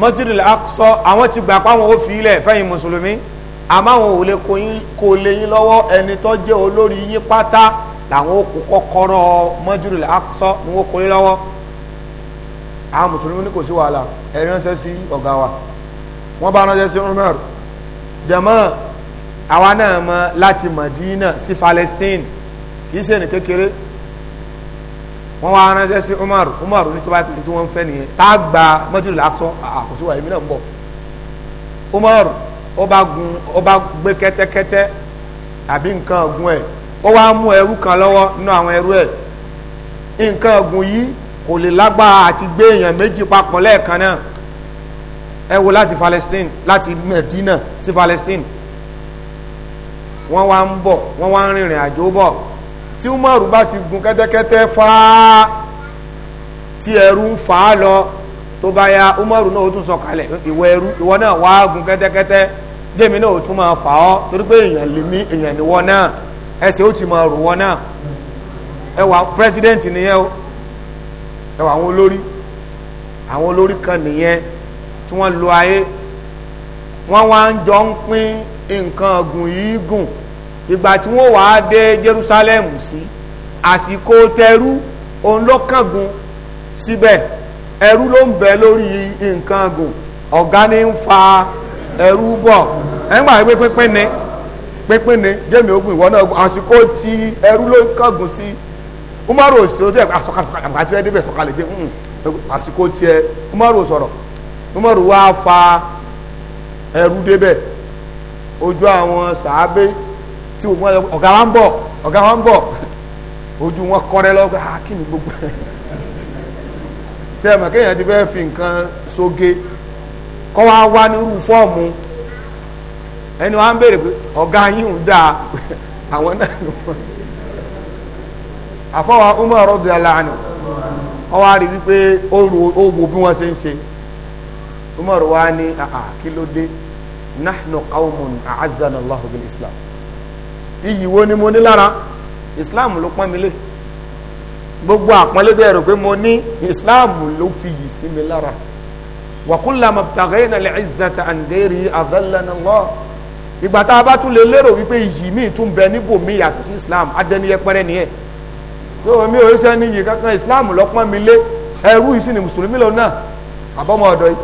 Masjid al-Aqsa àwọn ti gbà pé àwọn ò fi ilẹ̀ fẹ́yìn mùsùlùmí àmọ́ àwọn ò lè kó lé yín lọ́wọ́ ẹni tó jẹ́ olórí yín pátá làwọn ò kọ́kọ́rọ́ Masjid al ni wọ́n kó lé lọ́wọ́ àwọn mùsùlùmí ní kò sí wàhálà ẹ ránṣẹ́ sí ọ̀gá wa wọ́n bá ránṣẹ́ sí Umar jẹ̀mọ́ àwa náà mọ láti Madina sí Palestine kì í ṣe ní kékeré wọ́n wá ránṣẹ́ sí Umar Umar ní tó bá pè tí wọ́n ń fẹ́ nìyẹn tá a gba mọ́tò làásán àkóso wa èmi náà ń bọ̀ Umar ó bá gun ó bá gbé kẹ́tẹ́kẹ́tẹ́ àbí nǹkan ọ̀gùn ẹ̀ ó wá mú ẹrú kan lọ́wọ́ nínú àwọn ẹrú ẹ̀ nǹkan ọ̀gùn yìí kò lè lágbára àti gbé èèyàn méjì papọ̀ lẹ́ẹ̀kan náà ẹ wo láti Palestine láti Medina sí Palestine wọ́n wá ń bọ̀ wọ́n wá ń rìnrìn àjò bọ̀ tí Umaru bá ti gun kẹ́tẹ́kẹ́tẹ́ fáá tí ẹrú ń fà á lọ tó bá ya Umaru náà ó tún sọ̀kalẹ̀ ìwọ ẹrú ìwọ náà wá gun kẹ́tẹ́kẹ́tẹ́ jẹ́mi náà ó tún máa fà ọ́ torí pé èèyàn lè mí èèyàn ni wọ́n náà ẹsẹ̀ ó ti máa rò wọ́n náà ẹ pírẹsidẹ́ǹtì nìyẹn o ẹwà àwọn olórí àwọn olórí kan nìyẹn tí wọ́n lo ayé wọ́n wá ń jọ ń pín nǹkan ọ̀gùn yìí gùn ìgbà tí wọ́n wàá dé Jerusalem sí àsìkò tẹrú òun ló kángun síbẹ̀ ẹrú ló ń bẹ lórí nǹkan ọ̀gùn ọ̀gá ní ń fa ẹrú bọ̀ ẹ̀ńgbà wípé pínpín ni pínpín ni jẹ́mi ogun ìwọ náà àsìkò tí ẹrú ló kángun sí umaru òsòrò tó yẹ àti fẹ́ débẹ̀ sọ̀kalẹ̀ pé hmm, àsìkò tiẹ̀ umaru sọ̀rọ̀ umaru wá fa ẹrú débẹ̀ ojú àwọn sàábé tí wọ́n ọ̀gá wa ń bọ̀ ọ̀gá wa ń bọ̀ (laughs) ojú wọn kọ́rẹ́ lọ́gbà ah, kí ni gbogbo ẹ̀ sẹ́ẹ̀mọ̀ (laughs) kéèyàn ti fẹ́ fi nǹkan sóge kọ́ wa wá nírú fọ́ọ̀mù ẹni wa ń béèrè pé ọ̀gá yín ń dáa (laughs) àwọn náà ló wọ́n àfọwà Umar radiyallahu anhu wọ́n wá rí wípé ó wo bí wọ́n ṣe ń ṣe Umar wá ní àà kí ló dé nahnu qawmun a'azzana Allahu bil Islam iyì wo ni mo ní lára Islam ló pọ́n mi lé gbogbo àpọ́nlé bẹ́ẹ̀ rò pé mo ní Islam ló fi yìí sí mi lára wa kullama btaghayna al-izzata an ìgbà tá a bá tún lè lérò wípé iyì míì tún bẹ níbòmíì yàtọ̀ sí Islam adẹniyẹpẹrẹ nìyẹn tó omi ò ṣe níyì kankan islam lọ́pọ́n mi lé ẹrú yìí sì ni mùsùlùmí lòun náà àbọ̀mọ ọ̀dọ́ yìí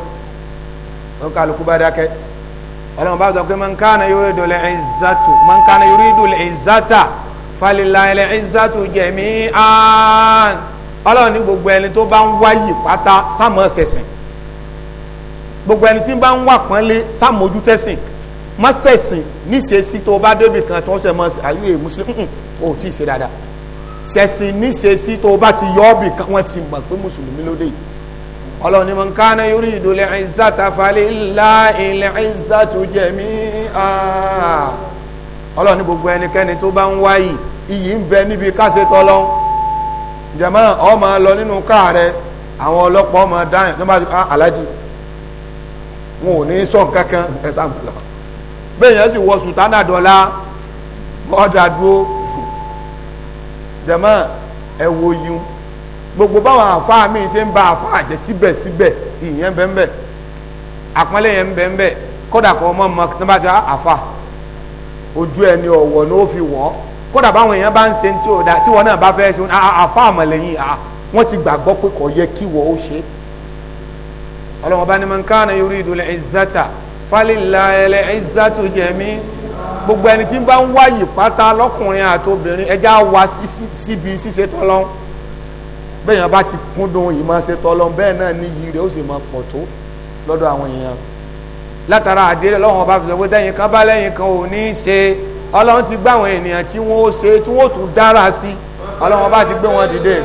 wọn kálukú bá dákẹ́ ọlọ́run bá sọ pé man kana yuridu al-izzata man kana yuridu al-izzata falillahi al-izzatu jami'an ọlọ́run ní gbogbo ẹni tó bá ń wáyì pátá sámọ̀ ṣẹ̀sìn gbogbo ẹni tí ń bá ń wà pọ́nlé sámójú mọ́sẹ̀sìn níṣẹ́sí tó bá débì kan tó ń sẹ́ mọ́ ayé mùsùlùmí (laughs) ò tí ì ṣe dáadáa sẹ̀sìn níṣẹ́sí tó o bá ti yọ ọ́ bì kan wọ́n ti mọ̀ pé mùsùlùmí ló dé yìí ni mo ń ká náà yorí ìdòlẹ̀ ẹ̀ǹzá tafalé ńlá ilẹ̀ ẹ̀ǹzá tó jẹ mí ọlọ́run ní gbogbo ẹnikẹ́ni tó bá ń wáyì iyì ń bẹ níbi káṣe tọ́lọ́ jẹ̀mọ́ ọmọ lọ nínú káà rẹ àwọn ọlọ́pàá ọmọ dáhùn ní bá ti ah, alájì wọn ò ní sọ kankan ẹ̀sán bẹ́ẹ̀ yẹn sì wọ sùtánà dọ́là bọ́ọ̀dà dúró jẹ̀mọ́ ẹ wo yun gbogbo báwọn àfáà mi ṣe ń ba àfáà jẹ síbẹ̀síbẹ̀ ìyẹn bẹ́ẹ̀ àpọ́nlé yẹn bẹ́ẹ̀ bẹ́ẹ̀ kódà kọ́ ọmọ mọ tó bá jẹ àfáà ojú ẹni ọ̀wọ̀ ni ó fi wọ́ kódà báwọn èèyàn bá ń ṣe tí wọn náà bá fẹ́ ṣe àfáà mọ̀lẹ́yìn wọ́n ti gbàgbọ́ pé kò yẹ kí wọ́n ó ṣe ọlọ́mọba ni man kana yuridu al-izzata falillahi al gbogbo ẹni tí ń bá ń wáyì pátá lọ́kùnrin àti obìnrin ẹja wá síbi ṣíṣe tọ́lọ́ bẹ́ẹ̀ yẹn bá ti kúndùn ìmọ̀ ṣe tọ́lọ́ bẹ́ẹ̀ náà ní iyì rẹ̀ ó sì máa pọ̀ tó lọ́dọ̀ àwọn èèyàn látara àdéhùn lọ́wọ́n bá fi sọ pé dẹ́yìn kan bá lẹ́yìn kan ò ní í ṣe ọlọ́run ti gbá àwọn ènìyàn tí wọ́n ó ṣe tí wọ́n ó tún dára sí ọlọ́run bá ti gbé wọn dìde.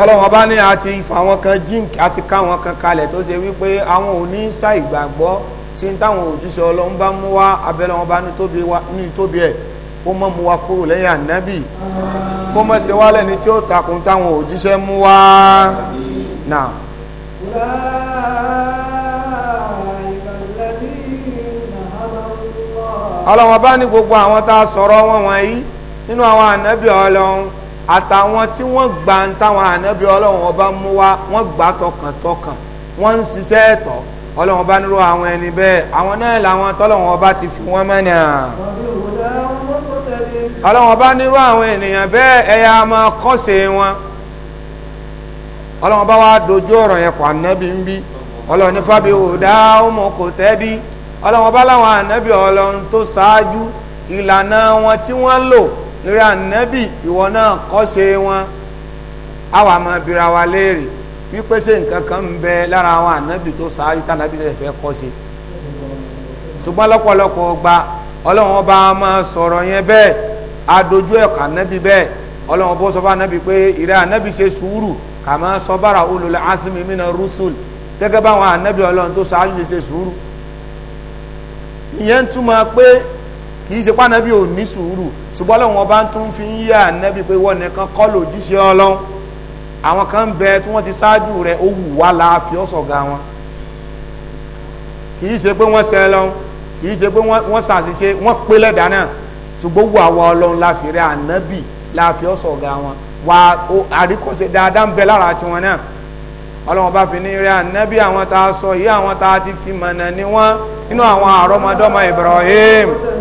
ọlọ́run ọba ní àti fàwọn kan jíǹkì àti káwọn kan kalẹ̀ tó ṣe wípé àwọn ò ní ṣàìgbàgbọ́ sí táwọn òjíṣẹ́ ọlọ́run bá mú wá abẹ́lẹ́ wọn bá ní ìtóbi ẹ̀ kó mọ́ mu wa kúrò lẹ́yìn ànábì kó mọ́ ṣe wálẹ̀ ní tí ó takùn táwọn òjíṣẹ́ mú wá náà. ọlọ́run ọba ní gbogbo àwọn tá a sọ̀rọ̀ wọn wọ̀nyí nínú àwọn ànábì ọlọ́run àtàwọn tí wọ́n gba ń táwọn ànábì ọlọ́run ọba mú wá wọ́n gbà tọkàntọkàn wọ́n ń ṣiṣẹ́ ẹ̀tọ́ ọlọ́run ọba nírò àwọn ẹni bẹ́ẹ̀ àwọn náà làwọn tọ́lọ́run ọba ti fi wọ́n mẹ́nà. ọlọ́run ọba nírò àwọn ènìyàn bẹ́ẹ̀ ẹ̀yà máa kọ́ṣe wọn ọlọ́run ọba wa dojú ọ̀rọ̀ yẹn kọ́ ànábì ń bí ọlọ́run ní fábí òdà ọmọ kò tẹ́ bí ọlọ́run ọba láwọn ànábì ọlọ́run tó ṣáájú ìlànà wọn tí wọ́n lò lórí ànábì ìwọ náà kọ́ṣe wọn awa máa bira wa léèrè wípé ṣé nǹkan kan ń bẹ lára àwọn ànábì tó ṣáájú tànábì tó fẹ́ kọ́ṣe ṣùgbọ́n lọ́pọ̀lọpọ̀ gba ọlọ́run ọba máa sọ̀rọ̀ yẹn bẹ́ẹ̀ adojú ẹ̀kọ́ ànábì bẹ́ẹ̀ ọlọ́run bó sọ fún ànábì pé ìrẹ́ ànábì ṣe sùúrù kàmá sọ́bàrà olùlẹ̀ asimi mina rusul gẹ́gẹ́ ànábì ọlọ́run tó ṣe sùúrù ìyẹn túmọ̀ pé kìí ṣe pànàbí ò ní sùúrù ṣùgbọ́n lọ́wọ́n ọba tún fi ń yà nẹ́bí pé wọ́n nìkan kọ́ lòjíṣẹ́ ọlọ́run àwọn kan ń bẹ tí wọ́n ti ṣáájú rẹ̀ ó wù wá la fi ọ́ sọ̀gá wọn kìí ṣe pé wọ́n ṣe lọ́n kìí ṣe pé wọ́n ṣàṣìṣe wọ́n pé lẹ́dàá náà ṣùgbọ́n wù àwa ọlọ́run la fi rẹ̀ ànábì la fi ọ́ sọ̀gá wọn wà àríkọ́ṣe dáadáa ń bẹ lára Ibrahim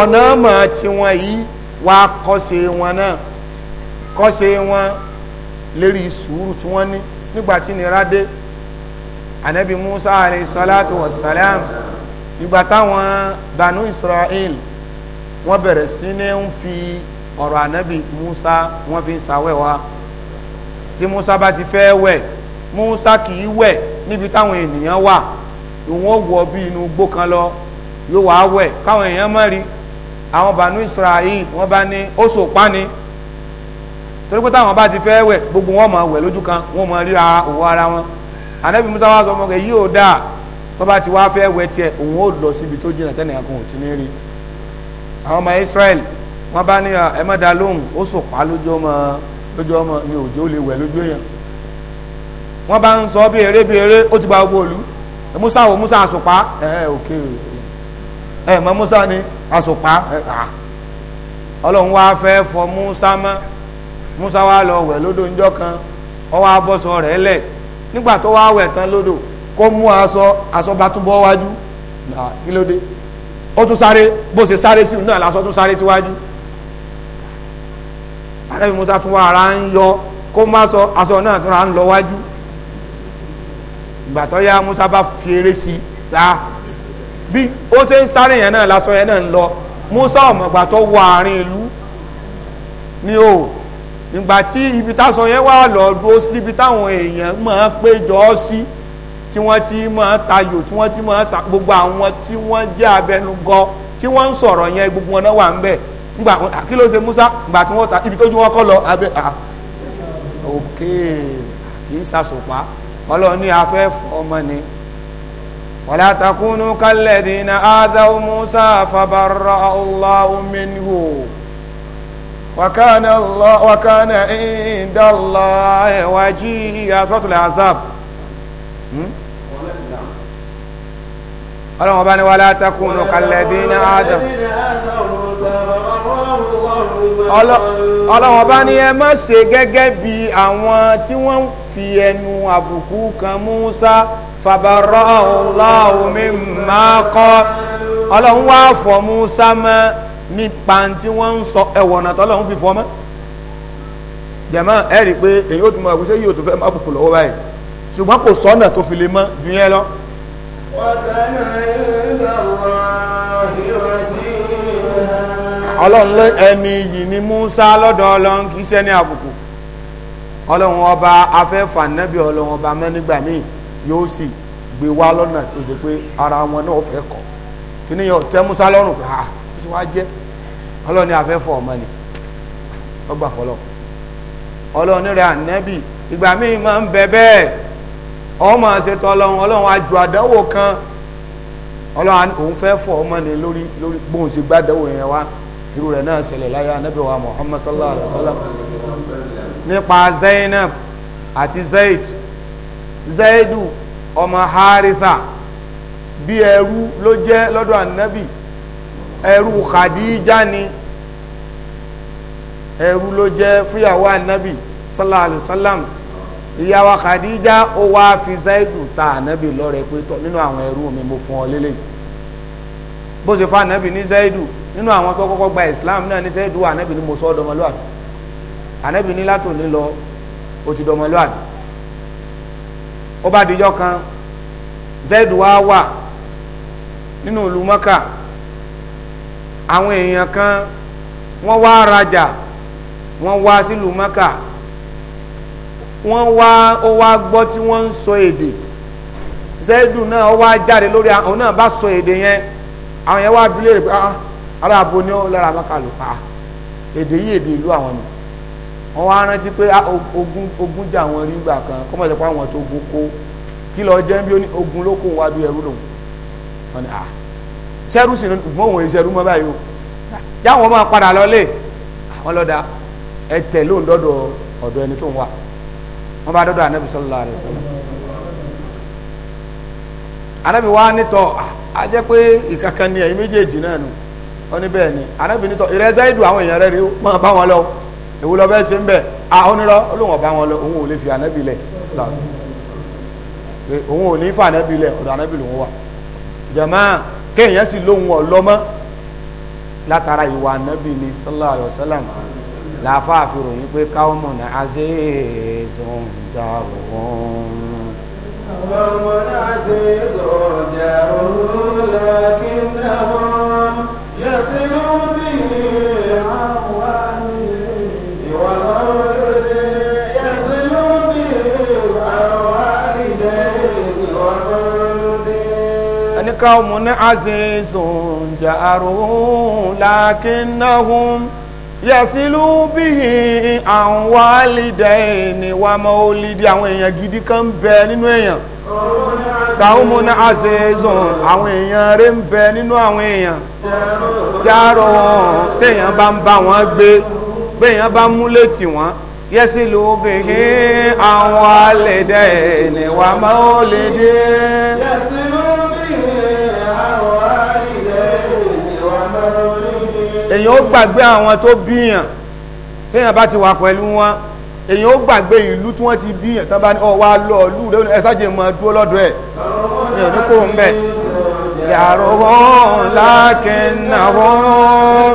ọ̀nà mọ̀ tiwọn yìí wá kọ́ṣe wọn náà kọ́ṣe wọn lérí sùúrù tí wọ́n ní nígbà tí nira dé anabi musa alayhi salatu wa salam ìgbà táwọn banu israel wọ́n bẹ̀rẹ̀ sí ní ń fi ọ̀rọ̀ anabi musa wọ́n fi ń sàwẹ̀ wá tí musa bá ti fẹ́ wẹ̀ musa kì í wẹ̀ níbi táwọn ènìyàn wà ìwọ́n wọ̀ bí inú igbó kan lọ yóò wá wẹ̀ káwọn èèyàn má rí i àwọn bànú israel wọn bá ní ó sòpá torí pé táwọn bá ti fẹ́ wẹ̀ gbogbo wọn máa wẹ̀ lójú kan wọn máa ríra òwò ara wọn anabi musa wa sọ ọmọkẹ yìí ò dà ti wá fẹ́ wẹ̀ tiẹ̀ òun ò lọ síbi tó jìnnà kan ò ti àwọn ọmọ israel bá ní lóhùn lójú asòpá ẹ̀ka ọlọ́run wá fẹ́ fọ Musa mọ́ Musa wá lọ wẹ̀ lódò ńjọ́ kan ó wá bọ́sọ rẹ̀ lẹ̀ nígbà tó wá wẹ̀ tán lódò kó mú aṣọ aṣọ bá tún bọ́ wájú kí ló dé ó tún sáré bó ṣe sáré sí náà lásán tún sáré síwájú àdàbí Musa tún wá ara ń yọ kó má sọ aṣọ náà tún ra ń lọ wájú ìgbà tó yá Musa bá fi eré sí i láà bí ó ṣe ń sáré yẹn náà lásán yẹn náà ń lọ Musa ọ̀mọ̀gbà tó wọ àárín ìlú ni o ìgbà tí ibi táṣọ yẹn wà lọ dúró níbi táwọn èèyàn máa péjọ sí tí wọ́n ti máa tayò tí wọ́n ti máa sa gbogbo àwọn tí wọ́n jẹ́ abẹnugọ tí wọ́n ń sọ̀rọ̀ yẹn gbogbo wọn náà wà ń bẹ̀ nígbà kí ló ṣe Musa ìgbà tí wọ́n ta ibi tójú wọn kọ́ lọ abẹ́ à òkè kì í ṣàṣùpá ọlọ́run ní afẹ́ ọmọ ni. Okay ولا تكونوا كالذين آذوا موسى فبرأ الله منه وكان الله وكان عند الله وجيها سورة العذاب ọlọ́run ọba ni wàlá takùn kalẹ̀dí ní adam ọlọ́run ọba ni ẹ má ṣe gẹ́gẹ́ bí àwọn tí wọ́n fi ẹnu àbùkù kan Musa fàbàrọ̀ ọ̀làwọ̀ mi máa kọ́ ọlọ́run wá fọ̀ Musa mọ́ nípa tí wọ́n ń sọ ẹ̀wọ̀n náà tọ́lọ́run fi fọ́ mọ́ jẹ̀mọ́ ẹ rí i pé èyí ó tún máa gbèsè yìí ó tún fẹ́ máa bùkù lọ́wọ́ báyìí ṣùgbọ́n kò sọ́nà tó fi lè mọ́ ju yẹn lọ. ọlọ́run ẹni yìí ni Musa lọ́dọ̀ ọlọ́run kì í ṣe ní àbùkù ọlọ́run ọba afẹ́fà nẹ́bí ọlọ́run ọba mẹ́nígbà míì yóò sì gbé wá lọ́nà tó ṣe pé ara wọn náà fẹ́ kọ́ kíní yọ tẹ́ musa lọ́rùn pé ah ó wá jẹ́ ọlọ́ni afẹ́fọ́ ọmọ ni ọgbà fọlọ́ ọlọ́ni rẹ̀ ànẹ́bì ìgbà míì máa ń bẹ bẹ́ẹ̀ ọmọ ṣètò ọlọ́run ọlọ́run kan ọlọ́run òun fẹ́ ọmọ ni lórí lórí bóun ṣe gbàdánwò yẹn wá irú náà wa Muhammad sallallahu alayhi wa sallam nípa Zainab zaidu ọmọ haritha bí ẹrú ló jẹ́ lọ́dọ̀ ànábì ẹrú khadija ni ẹrú ló jẹ́ fúyàwó ànábì sallallahu alayhi wa sallam ìyàwó khadija ó wá fi zaidu ta ànábì lọ́rẹ pé tọ́ nínú àwọn ẹrú mi mo fún ọ lélẹ̀ bó ṣe fún ànábì ní zaidu nínú àwọn tó kọ́kọ́ gba islam náà ní zaidu ànábì ni mo sọ ọ́ dọmọlúwàbí ànábì ní látòun ní lọ ó ti dọmọlúwàbí ó bá dijọ́ kan zaidu wa wà nínú ìlú mọ́kà àwọn èèyàn kan wọ́n wá rajà wọ́n wá sílùú mọ́kà wọ́n wá ó wá gbọ́ tí wọ́n ń sọ èdè zaidu náà ó wá jáde lórí àwọn náà bá sọ èdè yẹn àwọn yẹn wá bilé rẹ̀ pé ah, ah, ara àbò ni ó lára mọ́kà lò pa ah, èdè yìí èdè ìlú àwọn nù wọ́n wá rántí pé ah, ogun ogun jà wọ́n rí gbà kan kọ́mọ̀ ìjọba àwọn tó gun kó kí lọ jẹ́ bí ogun ló kó wá bí ẹrú lòun wọ́n ní à ah, sẹ́rù sì mọ́ òun ìṣẹ́rú mọ́ báyìí o yáwọn máa padà lọlé àwọn lọ́dà ẹ tẹ̀ lóun dọ́dọ̀ ọ̀dọ̀ ẹni tó ń wà wọ́n bá dọ́dọ̀ anabi sallallahu alaihi wasallam anabi wa nítọ̀ a jẹ́ pé ìkankan ni ẹ̀yin méjèèjì náà nù wọ́n ní bẹ́ẹ̀ ni anabi nítọ̀ ìrẹsẹ́ ìdù àwọn èèyàn rẹ̀ rí máa bá wọn lọ́wọ́ èwo lọ bẹ́ẹ̀ ṣe ń bẹ̀ àwọn onírọ́ olóhùn ọ̀bá wọn lọ òun ò lè fi ànábì lẹ̀ lọ́sùn òun ò ní fà ànábì lẹ̀ ọ̀dọ̀ ànábì lòun wà jẹ̀mọ́ kéèyàn sì lóhùn ọ̀lọ́mọ́ látara ìwà ànábì ni sallallahu alaihi wasallam làáfà àfihàn yìí pé káwọn mọ̀ ní azẹ́ẹ̀ẹ́sọ̀ ń dà wọ́n. àwọn ọmọ náà ṣe é sọ قوم عزيز جارون لكنهم yasilu bihi àwọn wàlídẹ́ẹ̀ni wa mọ́lídìí àwọn èèyàn gidi kan ń bẹ nínú èèyàn sàúmù ní àṣẹ́sùn àwọn èèyàn rẹ̀ ń bẹ nínú àwọn èèyàn járọ̀ téèyàn bá ń bá wọn gbé béèyàn bá mú létí wọn yasilu bihi àwọn wàlídẹ́ẹ̀ni wa mọ́lídìí. èyàn ó gbàgbé àwọn tó bíyàn téèyàn bá ti wà pẹ̀lú wọn èyàn ó gbàgbé ìlú tí wọ́n ti bíyàn tán bá ní ọwọ́ lọ lù lẹ́nu ẹ̀sájì mọ̀ dúró lọ́dọ̀ ẹ̀ mi ò ní kó ń bẹ̀ yàrá òun lákẹ́ńnà òun.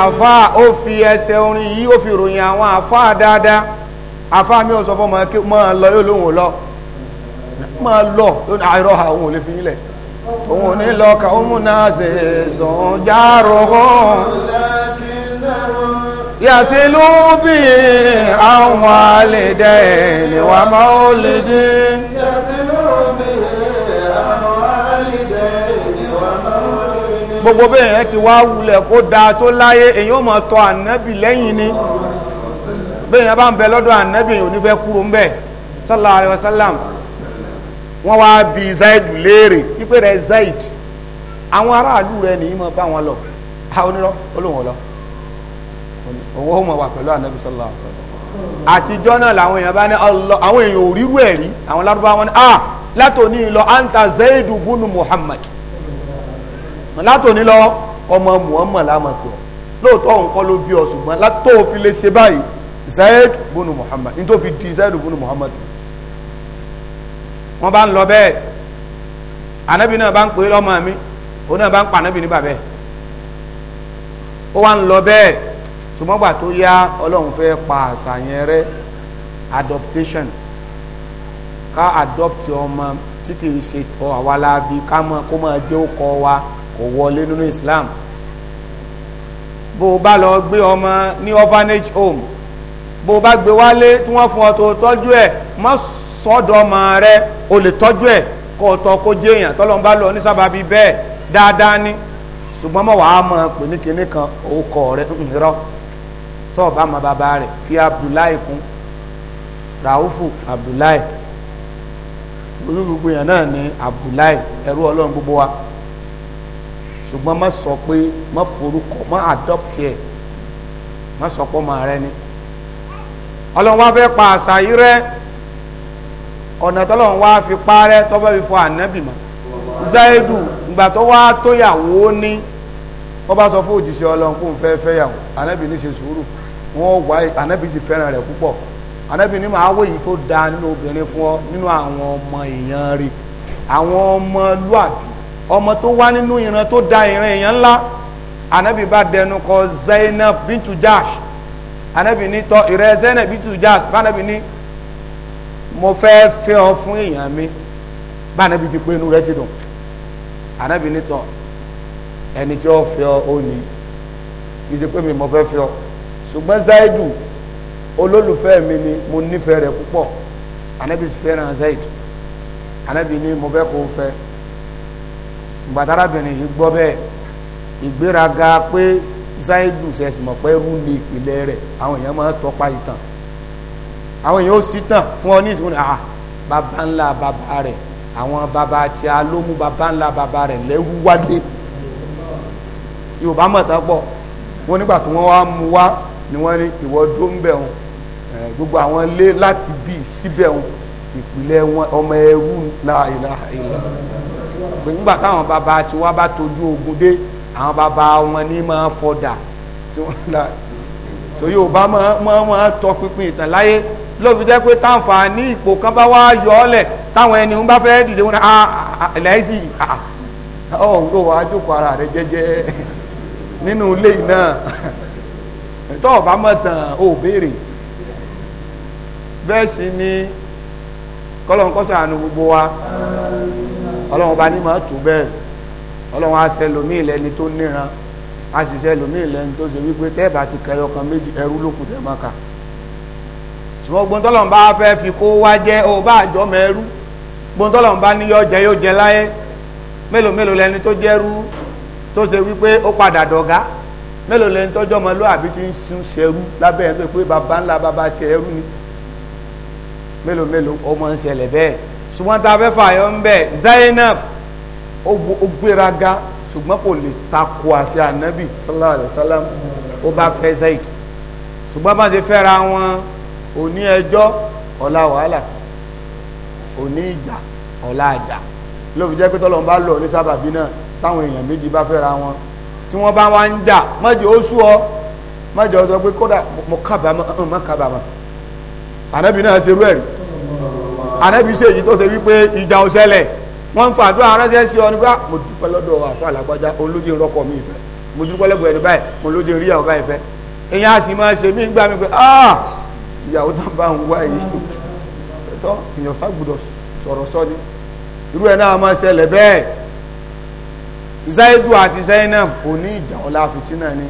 àfá ó fi ẹsẹ̀ orin yìí ó fi ròyìn àwọn àfá dáadáa àfá mi ò sọ fún mọ́ lọ yóò lóhun lọ mọ́ lọ àìrọ́ àwọn olè fi ilẹ̀ òun ní lọ ka ó mú náà ṣe sàn járò hàn yàsí ló bí àwọn àlè dẹ́ ẹ̀lẹ́wà máa ó lè dín yàsí gbogbo bẹ́ẹ̀ yẹn ti wá wulẹ̀ kó da tó láyé èyàn mọ̀ tọ ànábì lẹ́yìn ni bẹ́ẹ̀ yẹn bá ń bẹ lọ́dọ̀ ànábì èyàn ò ní fẹ́ kúrò ń bẹ̀ sallallahu alayhi wa sallam wọ́n wá bi zaid léèrè ipe rẹ̀ zaid àwọn aráàlú rẹ̀ nìyí mọ̀ bá wọn lọ àwọn onírọ̀ olóhùn lọ owó ó mọ̀ wà pẹ̀lú ànábì sallallahu àtijọ́ náà làwọn èèyàn bá ní ọlọ àwọn èèyàn ò rírú ẹ̀rí àwọn lárúbáwọn ní ah látòní lọ anta zaidu bunu muhammad látòní lọ ọmọ muhammad lámàpẹ ọ lóòótọ́ òun kọ́ ló bí ọ ṣùgbọ́n látó fi lè ṣe báyìí zayed bunu muhammad ní tó fi di zayed bunu muhammad wọ́n bá ń lọ bẹ́ẹ̀ anabi náà bá ń pè é lọ́mọ mi òun náà bá ń pa anabi ní bàbẹ́ ó wá ń lọ bẹ́ẹ̀ sùmọ́gbà tó yá ọlọ́run fẹ́ pa àṣà yẹn adoptation ká adopt ọmọ tí kìí ṣe tọ́ àwa la ká mọ kó máa jẹ́ ó kọ́ wa kò wọlé nínú Islam bó o bá lọ gbé ọmọ ní orphanage home bó o bá gbé wálé tí wọ́n fún ọ tó tọ́jú ẹ̀ má sọ́dọ̀ ọmọ rẹ o lè tọ́jú ẹ̀ kó o tọ́ kó jẹ́ èèyàn tọ́lọ́n bá lọ ní sábàbí bẹ́ẹ̀ dáadáa ni ṣùgbọ́n mọ̀ wàá mọ̀ pé ní kinní kan orúkọ rẹ nírọ́ mm, tó o bá mọ bàbá rẹ fi Abdullahi kún Raufu Abdullahi olúgbogbo yẹn náà ni Abdullahi ẹrú Ọlọ́run gbogbo wa ṣùgbọ́n má sọ pé má forúkọ má adopt ẹ̀ má sọ pé ọmọ rẹ ni ọlọ́run wá fẹ́ pa àṣà yìí rẹ ọ̀nà tọ́lọ́run wá fi parẹ́ tọ́fẹ́ fi fọ ànábì mọ́ zaidu ìgbà tó wá tóyàwó ní wọ́n bá sọ fún òjíṣẹ́ ọlọ́run kó n fẹ́ fẹ́yàwó ànábì ní ṣe sùúrù wọ́n wá ànábì sì fẹ́ràn rẹ̀ púpọ̀ ànábì ní màá wòye tó da nínú obìnrin fún ọ nínú àwọn ọmọ èèyàn rẹ̀ àwọn ọmọlúàbí ọmọ tó wá nínú ìran tó da ìran èèyàn ńlá anabi bá dẹnu kọ zainab bintu jash anabi ní tọ ìrẹ zainab bintu jash bánabi ní mo fẹ́ fẹ́ ọ fún èèyàn mi bánabi ti pé inú rẹ ti dùn anabi ní tọ ẹni tí ó fẹ́ ọ ó ní ìdí pé mi mo fẹ́ fẹ́ ọ ṣùgbọ́n zaidu olólùfẹ́ mi ni mo nífẹ̀ẹ́ rẹ̀ púpọ̀ anabi fẹ́ràn zaid anabi ní mo fẹ́ kó o fẹ́ ọ gbàtàràbìnrin yìí gbọ́ bẹ́ẹ̀ ìgbéraga pé zaidu sẹ̀sìn mọ̀ pé rú ni ìpìlẹ̀ rẹ̀ àwọn èèyàn máa tọpa ìtàn àwọn èèyàn ó sì tàn fún ọ ní ìsìnkú ah bàbá ńlá bàbá rẹ̀ àwọn bàbá tí a ló mú bàbá ńlá bàbá rẹ̀ lẹ́rú wálé yorùbá mọ̀tàn pọ̀ wọ́n nígbà tí wọ́n wá mú wá ni wọ́n ní ìwọ dúró ń bẹ̀ wọn eh, gbogbo àwọn ilé láti bí síbẹ̀ wọn ìpìlẹ̀ wọn ọmọ ẹrú náà ìlà ìlà pé nígbà táwọn bàbá tí wọ́n bá tójú ogun dé àwọn bàbá wọn ní máa fọdà tí wọ́n la so yorùbá máa máa tọpinpin ìtàn láyé lóbi jẹ́ pé táǹfààní ipò kan bá wá yọ ọ́ lẹ̀ táwọn ẹni ń bá fẹ́ dìde wọn lẹ́sì ọ̀ ló wàá jókòó ara rẹ̀ jẹ́jẹ́ (laughs) nínú ilé náà (laughs) tó o bá mọ̀ tán o béèrè bẹ́ẹ̀ sì ni kọ́lọ̀ ń gbogbo wa ọlọ́run ọba ní máa tù bẹ́ẹ̀ ọlọ́run á ṣe lómi ìlẹ́ni tó níran á sì ṣe lómi ìlẹ́ni tó ṣe wípé tẹ́ẹ̀bà ti kẹyọ kan méjì ẹrú lókun tẹ́ẹ̀ máa kà ṣùgbọ́n gbọ́ntọ́lọ́n bá fẹ́ fi kó wá jẹ́ ó bá àjọ mẹ́rú gbọ́ntọ́lọ́n bá ní yóò yóò jẹ láyé mélòó mélòó lẹni tó jẹ́rú tó ṣe wípé ó padà dọ̀gá mélòó lẹni tọ́jọ́ ọmọlúwàbí ti ń sun ṣẹrú lábẹ́ ẹ̀ pé baba ńlá baba ti ẹrú ni mélòó mélòó ọmọ ń ṣẹlẹ̀ bẹ́ẹ̀ ṣùgbọ́n tá a fẹ́ fààyàn ń bẹ̀ Zainab ó gbéraga ṣùgbọ́n kò lè takò àṣẹ ànábì sallallahu alayhi wa sallam ó bá fẹ́ Zaid ṣùgbọ́n bá ṣe fẹ́ra wọn òní ẹjọ́ ọ̀la wàhálà òní ìjà ọ̀la àjà ló fi jẹ́ pé tọ́lọ́run bá lọ ní sábàbí náà táwọn èèyàn méjì bá fẹ́ra wọn tí wọ́n bá wá ń jà mọ́jọ ó sú ọ mọ́jọ sọ pé kódà mo kábàámọ̀ mo kábàámọ̀ ànábì náà ṣerú ẹ̀rí ànábì ṣe èyí tó ṣe wípé ìjà ò ṣẹlẹ̀ wọ́n ń fàdúrà aránṣẹ́ sí ọ nígbà mo dúpẹ́ lọ́dọ̀ àfọ àlàgbájá olóde rọkọ mi ìfẹ́ mo dúpẹ́ lẹ́gbẹ̀ẹ́ ẹni báyìí mo lóde rí àwọn báyìí fẹ́ ìyẹn a sì máa ṣe mí gbà mí pé ah ìyàwó tó bá ń wá yìí tọ́ ìyàn ságbùdọ̀ sọ̀rọ̀ sọ ni irú ẹ̀ náà máa ṣẹlẹ̀ bẹ́ẹ̀ zaidu àti zainab kò ní ìjà ọlá fìtínà ni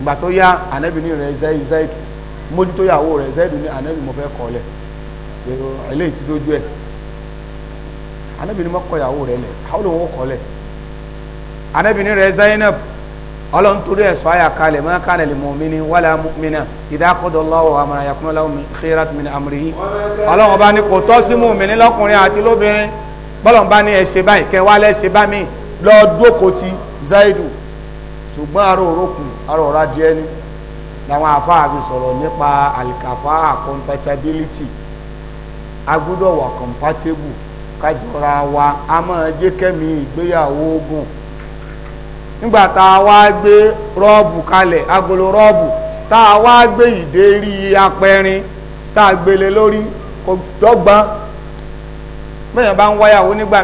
ìgbà tó yá ànábì ní rẹ̀ zaidu mójútó ìyàwó rẹ̀ zaidu ní ànábì mo fẹ́ kọ́ lẹ̀ eléyìí ti dójú ẹ̀ anabi ni mọ́kọ́ ìyàwó rẹ̀ lẹ̀ àwọn olùwọ́ kọ́ lẹ̀ anabi ni rẹ̀ Zainab ọlọ́ntorí ẹ̀sọ́ àyà kalẹ̀ ma kana lil mu'mini wala mu'mina idha qadallahu wa amran yakunu lahum khiyaratu min amrihi ọlọ́wọ́n bá ní kò tọ́ sí mùmíní lọ́kùnrin àti lóbìnrin bọ́lọ̀ bá ní ẹ̀ṣẹ̀ báyìí kẹwàá lẹ́ṣẹ̀ bá mi lọ Zaidu ṣùgbọ́n aró agụdọwa wà compatible kájọra wa a máa jẹ́ kẹ́mi ìgbéyàwó ogun nígbà tá a wá gbé kalẹ̀ agolo rọọbù tá a wá gbé ìdérí apẹrin tá a gbélé lórí kò dọ́gbọ́n bá ń wáyàwó nígbà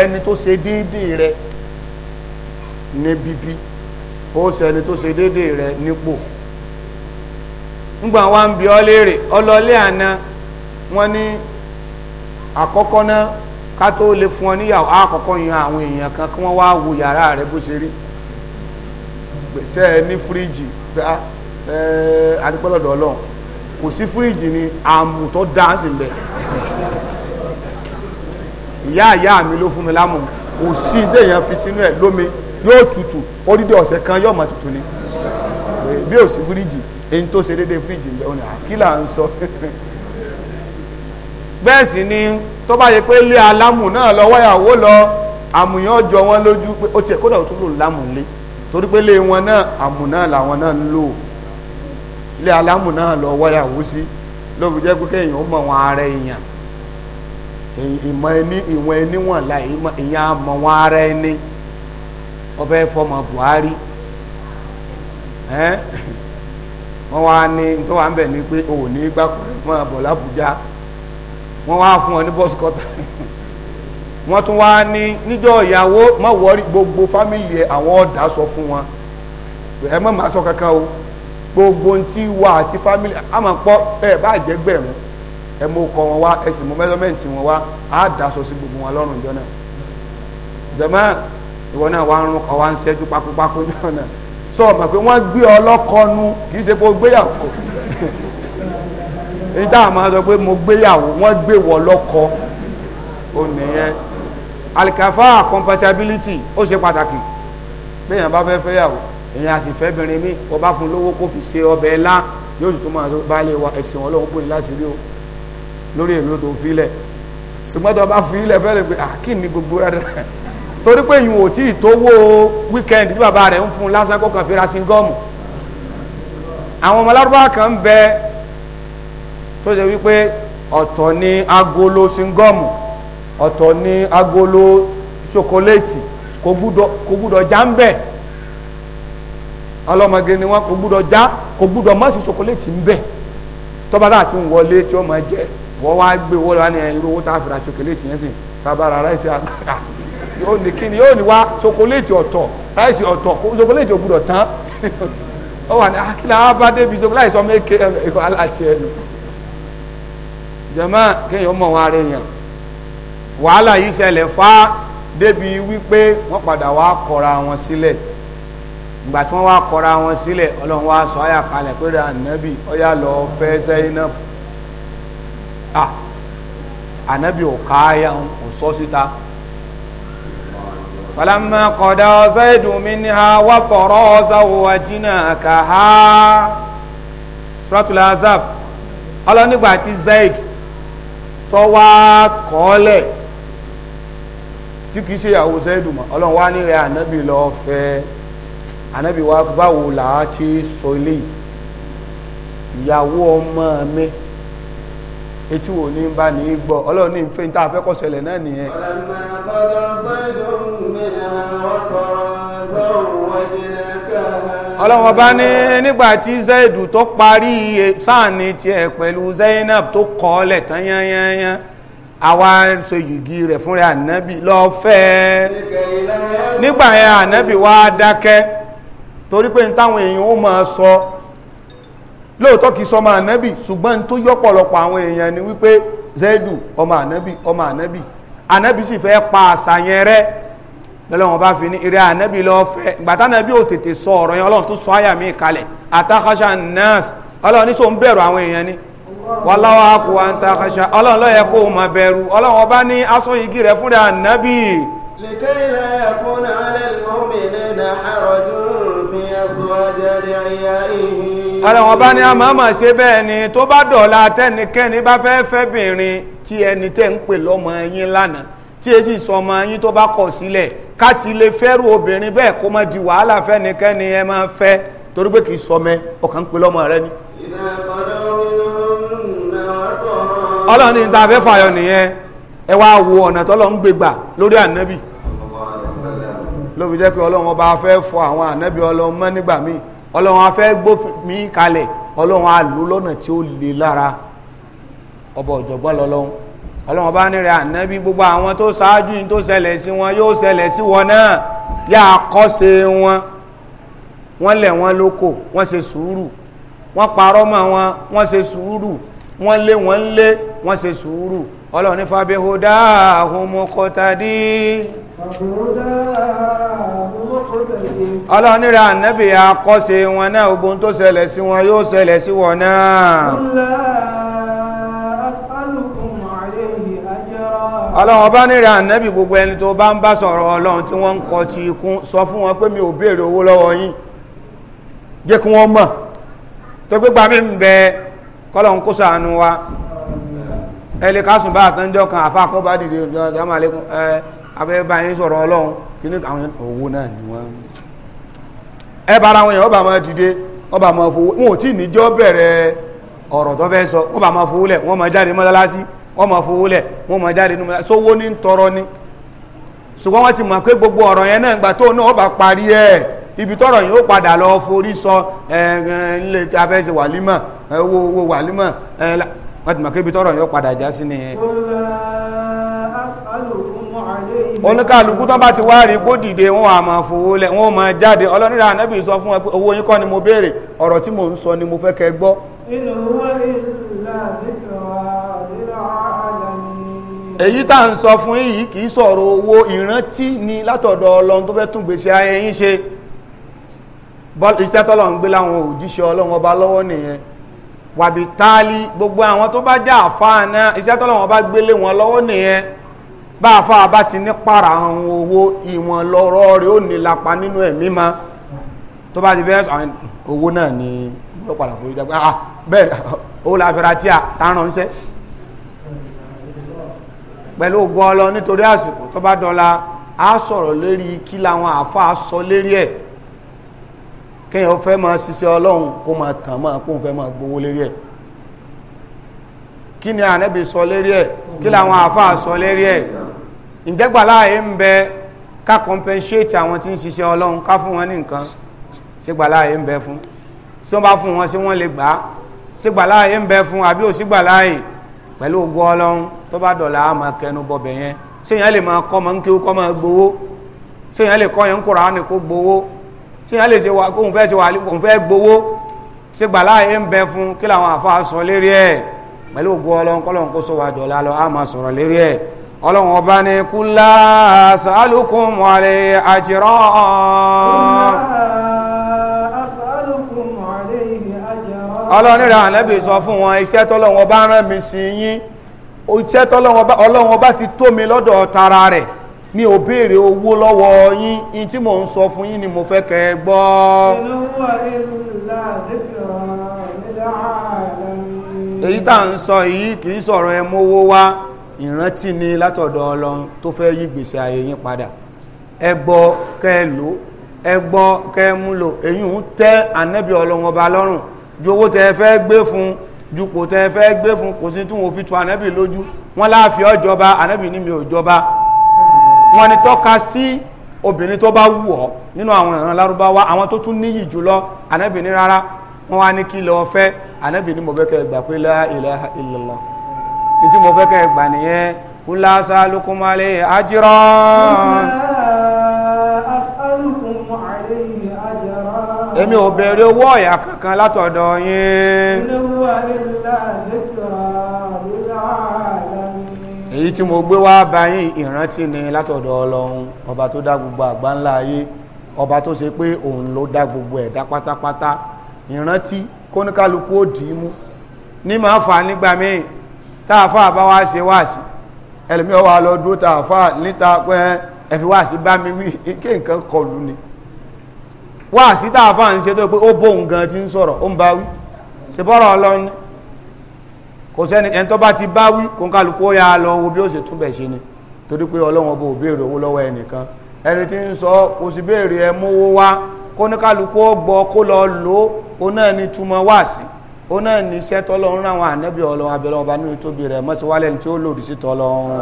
ẹni tó ṣe déédéé rẹ ní bíbí ó ṣe ẹni tó ṣe déédéé rẹ nípò nígbà ń bi ọ léèrè àná wọ́n ní àkọ́kọ́ náà ká tó lè fún ọ níyàwó àkọ́kọ́ yan àwọn èèyàn kan kí wọ́n wá wo yàrá rẹ bó ṣe rí gbèsè ní fíríjì adúpẹ́lọ́dọ̀ ah, ọlọ́run kò sí fíríjì ni àmù tó dáǹsì ń bẹ ìyá ìyá mi ló fún mi lámù kò sí déèyàn fi sínú ẹ̀ lómi yóò tutù odidi ọ̀sẹ̀ kan yóò máa tutù ni bí ò sí fíríjì èyí tó ṣe déédéé fíríjì ń bẹ ó ní àkílà ń sọ (laughs) bẹ́ẹ̀ sì ni tó bá yẹ pé lé alámù náà lọ́wọ́ ìyàwó lọ àmùyàn jọ wọn lójú pé ó tiẹ̀ kódà tó lò lámù lé torí pé lé wọn náà àmù náà làwọn náà ń lò lé alámù náà lọ́wọ́ ìyàwó sí ló jẹ́ pé kéèyàn ó mọ̀ wọn ara èèyàn ìmọ̀ ẹni ẹni wọ̀n la ìyẹn àmọ̀ wọn ara ẹni ọbẹ̀ fọmọ Buhari wọ́n wá ní tó wà ń bẹ̀ ni pé òun ní gbàkúrẹ́ wọ́n wá fún ọ ní bọ́ọ̀sì kọ́tà wọ́n tún wá ní níjọ́ ìyàwó má wọ́rí gbogbo fámìlì ẹ̀ àwọn ọ̀dà sọ fún wọn ẹ má má sọ kankan o gbogbo tí wà àti fámìlì àmọ́ pọ́ ẹ bá jẹ́ gbẹ̀rún ẹ mú kọ wọn wá ẹ sì mú mẹ́sọ́mẹ́ǹtì wọn wá á dà sọ sí gbogbo wọn lọ́rùn ìjọ náà jẹ̀mọ́ ìwọ náà wá ń rún ọ wá ń ṣẹ́jú pákópákó náà sọ ma pé wọ́n gbé ọ lọ́kọ́nu kì í ṣe pé gbéyàwó ní táwọn máa sọ pé mo gbéyàwó wọ́n gbé wọ lọ́kọ ó nìyẹn alikafa compatibility ó ṣe pàtàkì bẹ́ẹ̀ yẹn bá fẹ́ fẹ́yàwó èèyàn àti fẹ́bìnrin mi wọ́n bá fún lówó kó fi ṣe ọbẹ̀ ńlá yóò sì tún máa tó baálé wa ẹ̀sìn wọn lọ́wọ́ pòyìn láti rí o lórí èlò tó fi lẹ̀ ṣùgbọ́n tó bá fi ilẹ̀ fẹ́ lè pe àkín ní gbogbo rẹ̀ (laughs) torí pé ìyún tí ì tówó weekend tí bàbá rẹ̀ ń fún lásán kó kàn fi ra sí gọ́ọ̀mù àwọn ọmọ lárúbáwá kan ń bẹ tó ṣe wípé ọ̀tọ̀ ni agolo ṣingọ́mù ọ̀tọ̀ ni agolo ṣokoléètì kò gbúdọ̀ já ń bẹ̀ ọlọ́mọge ni wọ́n kò gbúdọ̀ já kò gbúdọ̀ mọ́sí ṣokoléètì ń bẹ̀ tọ́ba ti ń wọlé tí ó máa wọ́n wá gbé owó lọ́wọ́ ní irú owó tá a ṣokoléètì yẹn ráìsì àgbà yóò ní kíni yóò ní wá ṣokoléètì ọ̀tọ̀ ráìsì ọ̀tọ̀ (laughs) jẹ̀mọ́ kéèyàn mọ̀ wọn ara èèyàn wàhálà yìí ṣẹlẹ̀ fá débi wípé wọ́n padà wá kọra wọn sílẹ̀ ìgbà tí wọ́n wá kọra wọn sílẹ̀ ọlọ́run wá sọ ayà kalẹ̀ pé ànábì ọyá lọ fẹ́ Zainab ah ànábì ò ká ayà ò sọ síta falamma qada Zaidun minha wa tara zawajnakaha suratul azab ọlọ́run nígbà tí tọ́wá kọ́ọ́lẹ̀ tí kìí ṣe ìyàwó Zaidu mọ́ ọlọ́run wá ní rẹ̀ ànábì lọ fẹ́ ànábì wá báwo làá á ti sọ ilé ìyàwó ọmọ mi etí wo ní bá ní gbọ́ ọlọ́run ní ìfẹ́ ní náà nìyẹn. ni ọlọ́run ọba ní nígbà tí zaidu tó parí sáàni tiẹ̀ pẹ̀lú zainab tó kọ́ ọ́ lẹ̀ tán yányányán àwa ṣe yìgì rẹ̀ fúnra ànábì lọ́ọ́ fẹ́ nígbà yẹn ànábì wá dákẹ́ torí pé táwọn èèyàn ó máa sọ lóòótọ́ kìí sọ ọmọ ànábì ṣùgbọ́n tó yọ́pọ̀lọpọ̀ àwọn èèyàn ni wípé zaidu ọmọ ànábì ọmọ ànábì ànábì sì fẹ́ pa àṣà yẹn rẹ́ lọ́lọ́wọ́n bá fi ní eré ànábì lọ́ọ́ fẹ́ gbàtà ànábì ò tètè sọ ọ̀rọ̀ yẹn ọlọ́run tún sọ àyà mi kalẹ̀ àtàkàṣà nọ́ọ̀sì ọlọ́run ní sọ ń bẹ̀rù àwọn èèyàn ni wàláwà kò wá ń takàṣà ọlọ́run lọ́yẹ kó o máa bẹ̀rù ọlọ́run ọba ní aṣọ igi rẹ̀ fúnra ànábì. lè kéèlà ẹ̀kún náà lẹ́lọ́mì nínú àròjù fi ẹ̀sùn ọjọ́ ọlọ́wọ́n bá ní àmàmà ṣe bẹ́ẹ̀ ni tó bá dọ̀la tẹ́nikẹ́ni bá fẹ́ tí ẹni tẹ́ ń pè yín tó bá kọ̀ sílẹ̀ ká ti lè fẹ́rù obìnrin bẹ́ẹ̀ kó di wàhálà fẹ́nikẹ́ni ẹ máa fẹ́ torí pé kì í ọkàn ń rẹ ni. ọlọ́run ní ta fàyọ nìyẹn ẹ wá wo ọ̀nà tọ́lọ́ ń gbégbà lórí ànábì ló jẹ́ pé ọlọ́run ọba fẹ́ fọ àwọn ànábì ọlọ́run mọ́ nígbà míì ọlọ́run afẹ́ mi kalẹ̀ ọlọ́run lọ́nà tí ó le lára ọba ọ̀jọ̀gbọ́n ọlọ́run bá nírẹ̀ ànábì gbogbo àwọn tó ṣáájú tó ṣẹlẹ̀ sí wọn yóò ṣẹlẹ̀ sí wọn náà yà á kọ́ṣe wọn wọ́n lẹ̀ wọ́n lóko wọ́n ṣe sùúrù wọ́n parọ́ mọ́ wọn wọ́n ṣe sùúrù wọ́n lé wọ́n lé wọ́n ṣe sùúrù ọlọ́run ní fàbí hódà àhùnmọ́kọ́tàdí. ọlọ́run ní ra ànábì àkọ́ṣe wọn náà ogun tó ṣẹlẹ̀ sí wọn yóò ṣẹlẹ̀ sí wọn náà ọlọ́run ọba ní rẹ̀ ànẹ́bì gbogbo ẹni tó bá ń bá sọ̀rọ̀ ọlọ́run tí wọ́n ń kọ ti ikún sọ fún wọn pé mi ò béèrè owó lọ́wọ́ yín jẹ́ kí wọ́n mọ̀ tó gbégbá mi ń bẹ kọ́lọ̀n kó sàánú wa ẹlẹ́ kásùn bá àtànjọ́ kan àfa kó bá dìde ọjọ́ àlékún ẹ abẹ́ yín sọ̀rọ̀ ọlọ́run kí ní àwọn owó náà ni wọ́n ẹ bára wọn yẹn ọba máa dìde ọba máa fowó wọn ò tí ì níjọ́ bẹ̀rẹ̀ ọ̀rọ̀ tó fẹ́ sọ ọba máa fowó lẹ̀ wọ́n máa jáde mọ́lá lásì wọ́n máa fowó lẹ̀ wọ́n máa jáde nínú sówó ní tọrọ ni ṣùgbọ́n wọ́n ti mọ̀ pé gbogbo ọ̀rọ̀ yẹn náà gbà tó náà ó bá parí ẹ̀ ibi tọrọ yìí ó padà lọ forí sọ ilé abẹ́ ṣe wàlímọ̀ owó owó wàlímọ̀ wọ́n ti mọ̀ pé ibi tọrọ yìí ó padà já sí nìyẹn. oníkàlùkù tó bá ti wá rí kó dìde ni mo béèrè ọ̀rọ̀ tí mo fẹ́ gbọ́. inú èyí tá ń sọ fún yìí kìí sọ̀rọ̀ owó ìrántí ni látọ̀dọ̀ ọlọ́run tó fẹ́ tún gbèsè ayé yín ṣe iṣẹ́ tọ́lọ̀ ń gbé láwọn òjíṣẹ́ ọlọ́run ọba lọ́wọ́ nìyẹn wàbí táálí gbogbo àwọn tó bá já àfáà náà iṣẹ́ tọ́lọ̀ wọn bá gbé wọn lọ́wọ́ nìyẹn bá àfáà bá ti ní para àwọn owó ìwọ̀n lọ́rọ́ rẹ̀ ó ní lapa nínú ẹ̀mí ma tó bá ti fẹ́ owó náà ni ó padà forí dàgbà ah, bẹ́ẹ̀ owó la fẹ́ra tí a tààràn pẹ̀lú ògùn ọlọ nítorí àsìkò tó bá dọ́la á sọ̀rọ̀ lérí kí làwọn àáfàá sọ lérí ẹ̀ kéèyàn fẹ́ máa ṣiṣẹ́ ọlọ́run kó máa tàn máa kó fẹ́ máa gbowó lérí ẹ̀ kí ni ànábì sọ lérí ẹ̀ kí làwọn àáfàá sọ lérí ẹ̀ ǹjẹ́gbà láàyè ń bẹ ká compensate àwọn tí ń ṣiṣẹ́ ọlọ́run ká fún wọn ní nǹkan ṣégbà láàyè ń bẹ fún tí wọ́n bá fún wọn sí wọ́n lè gbà á ṣégbà láàyè ń bẹ fún àbí òṣìgbà láàyè pẹ̀lú ogun ọlọ́run tó bá dọ̀la á máa kẹnu bọ̀bẹ̀ yẹn séèyàn lè máa kọ́ máa ń kéwú kọ́ máa gbowó séèyàn lè kọ́ yẹn ń kóra ni kó gbowó séèyàn lè ṣe wà kó òun fẹ́ ṣe wà òun fẹ́ gbowó ṣe gbàlá yẹn ń bẹ fún kí làwọn àfa sọ lérí ẹ̀ pẹ̀lú ogun ọlọ́run kọ́lọ́run kó sọ wà dọ̀la lọ á máa sọ̀rọ̀ lérí ẹ̀ ọlọ́run ọba ni kúlá sàálùkùn mọ̀lẹ́ àjẹrọ́ ọ̀ọ́ ọlọ́nira ànábì sọ fún wọn iṣẹ́ tọ́lọ́wọ́n bá rán mi sí yín iṣẹ́ tọ́lọ́wọ́n bá ti tó mi lọ́dọ̀ tara rẹ̀ ní ò béèrè owó lọ́wọ́ yín in tí mò ń sọ fún yín ni mo fẹ́ kẹ́ ẹ gbọ́. èyí tá à ń sọ yìí kì í sọ̀rọ̀ ẹ mówó wá ìrántí ni látọ̀dọ̀ ọlọ́run tó fẹ́ yí gbèsè ayé yín padà ẹ gbọ́ kẹ́ ẹ lò ẹ gbọ́ kẹ́ ẹ múlò èyí ń tẹ́ ànábì ọlọ́run ọba lọ́rùn ju owó tẹ́ fẹ́ gbé fún ju kò tẹ́ fẹ́ gbé fún kò sí tí wọ́n fi tu ànábì lójú wọ́n láàfi ọjọba ànábì ní mi ò jọba wọ́n ní tọ́ka sí obìnrin tó bá wù ọ́ nínú àwọn ìran lárúbáwá àwọn tó tún níyì jùlọ ànábì ní rárá wọ́n wá ní kí lọ fẹ́ ànábì ní mo fẹ́ kẹ́ gbà pé la ilaha illallah ní tí mo fẹ́ kẹ́ gbà nìyẹn kula salukum alayhi ajran. as'alukum alayhi èmi ò béèrè owó ọ̀yà kankan látọ̀dọ̀ yín èyí tí mo gbé wá báyìí ìrántí ni látọ̀dọ̀ ọlọ́run ọba tó dá gbogbo ayé ọba tó ṣe pé òun ló dá gbogbo ẹ̀dá pátápátá ìrántí kóníkálukú ó dì í mú ní máa fà nígbà míì táàfà bá wá ṣe wáàsí ẹlòmíọ́ táàfà níta pé mi wí nǹkan wá sí tààfà ń ṣe tó pé ó bóun gan ti ń sọ̀rọ̀ ó ń bá wí ṣe bọ́rọ̀ ọlọ́ni kò sẹ́ni ẹni tó bá ti bá wí kó ń kálukú ó yá lọ wo bí ó ṣe túbẹ̀ ṣe ni torí pé ọlọ́wọ́n bò béèrè owó lọ́wọ́ ẹnìkan ẹni tí ń sọ kò sì béèrè ẹ mówó wá kó ní kálukú ó gbọ́ kó lọ lò ó náà ni túmọ̀ wá sí ó náà ní iṣẹ́ tọ́lọ́run ráwọn ànábì ọlọ́run abẹ́lọ́wọ́n bá nínú tóbi rẹ̀ mọ́síwálẹ̀ tí ó lòdì sí tọ́lọ́run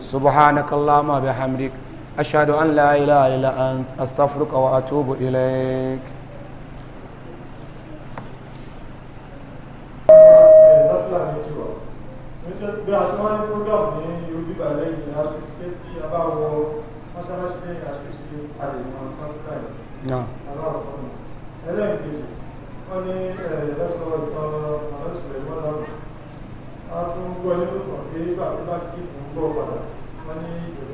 subhanakallahumma bihamdik أشهد أن لا إله إلا أنت أستغفرك وأتوب إليك No. wọ́n ní ẹ̀rọ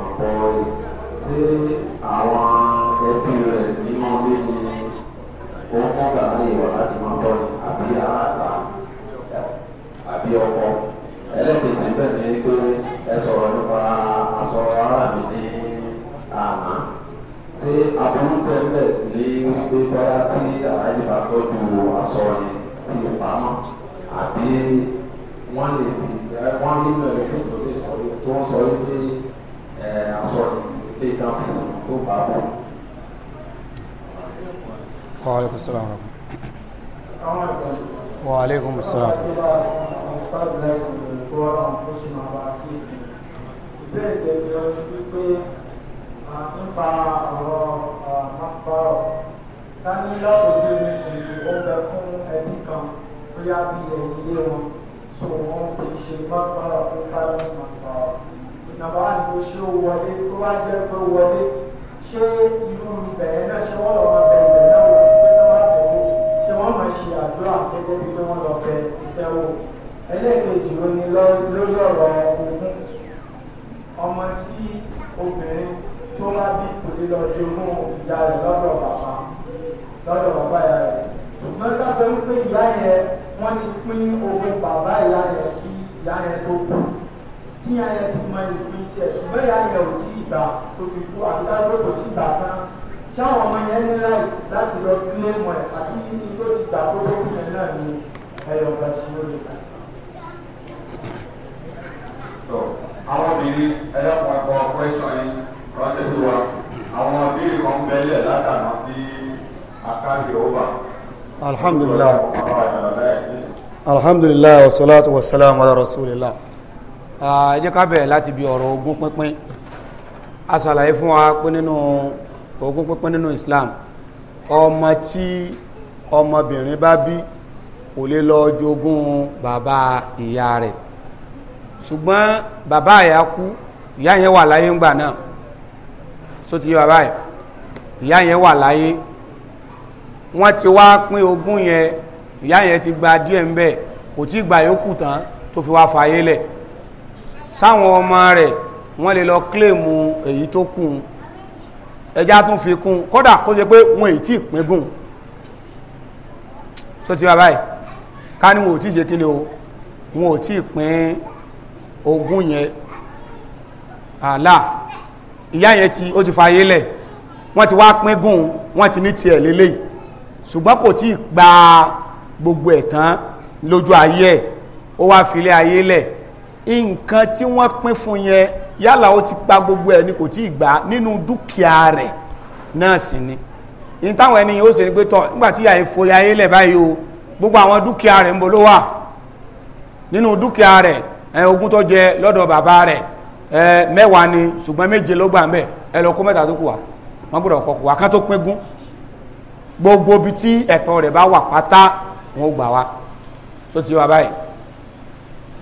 akọrin tí àwọn ni wọ́n kọ́ gbàgbé ìwà láti máa bọ́ ni àbí aláàbá àbí ọkọ ẹlẹ́gbẹ̀ẹ́ ni pé ẹ sọ̀rọ̀ nípa asọ̀rọ̀ ara mi ní àná tí aburú tẹ́lẹ̀ ní wípé báyà tí aláàjì bá tọ́jú aṣọ yẹn sí ìpamọ́ wọ́n lè fi wọ́n nínú tó ń sọ wípé pay down so powerful. وعليكم السلام ورحمة الله وعليكم السلام nípa ọ̀rọ̀ àpapọ̀ tani látòjú ní sí ó bẹ fún ẹbí kan bóyá bí ẹ̀yìn ilé wọn tó wọ́n fi ṣe pápá ọ̀pọ̀ káyọ̀ máa pa ọ̀rọ̀ nàbà wà ní ṣé ó wọlé tó wá jẹ́ pé ó wọlé ṣé irú ibẹ̀ náà ṣé wọ́n lọ máa bẹ ibẹ̀ náà wò tí pé tó bá bẹ̀ wò ṣé wọ́n máa ṣe àdúrà gẹ́gẹ́ bí pé wọ́n lọ bẹ ìfẹ́ wò ẹlẹ́ẹ̀kejì ó ní lórí ọ̀rọ̀ ogún ọmọ tí obìnrin tó bá bí kò lè lọ jogún ìyá rẹ̀ lọ́dọ̀ bàbá lọ́dọ̀ bàbá ìyá rẹ̀ ṣùgbọ́n ká sọ wípé ìyá yẹn wọ́n ti pín ogún bàbá ìyá yẹn kí ìyá yẹn tó kú tí ayẹ ti mọ ìpín tiẹ̀ ṣùgbọ́n ìyá yẹn ò tí ì gbà kú àbí táwọn kò tí ì gbà ṣé àwọn ọmọ yẹn ní right láti lọ kílé mọ ẹ àbí ní tó ti gbà tó tó kún yẹn náà ni ẹyọ ọgbà sí lórí ká. àwọn obìnrin ẹlẹ́kùn ẹ̀kọ́ question yín ránṣẹ́ sí wa àwọn ìbéèrè kan bẹ́lẹ̀ látàná tí akáàbì ọba. alhamdulilayi alhamdulilayi wa salatu wa salam ala rasulillah ẹ jẹ́ ká bẹ̀rẹ̀ láti bi ọ̀rọ̀ ogún pínpín a ṣàlàyé fún wa pé nínú ogún pínpín nínú Islam ọmọ tí ọmọbìnrin bá bí kò lè lọ jogún bàbá ìyá rẹ̀ ṣùgbọ́n bàbá ìyá kú ìyá yẹn wà láyé ńgbà náà só ti yé bàbá yẹn ìyá yẹn wà láyé wọ́n ti wá pín ogún yẹn ìyá yẹn ti gba díẹ̀ ńbẹ̀ kò tí ì gbà yókù tán tó fi wá fàyè lẹ̀ sáwọn ọmọ rẹ̀ wọ́n lè lọ kílèmù èyí tó kún ẹjá tún fi kún kódà kó ṣe pé wọn èyí tí ìpín gùn só ti wá báyìí ká ní wọn ò tí ì ṣe kí ni o wọn ò tí pín ogún yẹn àlà ìyá yẹn tí ó ti fàyé lẹ̀ wọ́n ti wá pín gùn wọ́n ti ní tiẹ̀ lélẹ́yìí ṣùgbọ́n kò tí gba gbogbo ẹ̀ lójú ayé ẹ̀ ó wá filé ayé lẹ̀ nǹkan tí wọ́n pín fún yẹn yálà ó ti pa gbogbo ẹ̀ ni kò tí ì gbà nínú dúkìá rẹ̀ náà sì ni ní táwọn ẹni ó ṣe ni pé tọ́ nígbà tí àyè foyà ayé lẹ̀ báyìí o gbogbo àwọn dúkìá rẹ̀ ń bo wà nínú dúkìá rẹ̀ ẹ ogún tó jẹ lọ́dọ̀ bàbá rẹ̀ ẹ mẹ́wàá ni ṣùgbọ́n méje ló gbà ń bẹ̀ ẹ lọ kó mẹ́ta tó kù wá wọ́n gbọ́dọ̀ kọkù wá kán tó pín gún gbogbo ibi tí ẹ̀tọ́ rẹ̀ bá wà pátá wọn ó gbà wá só ti wá báyìí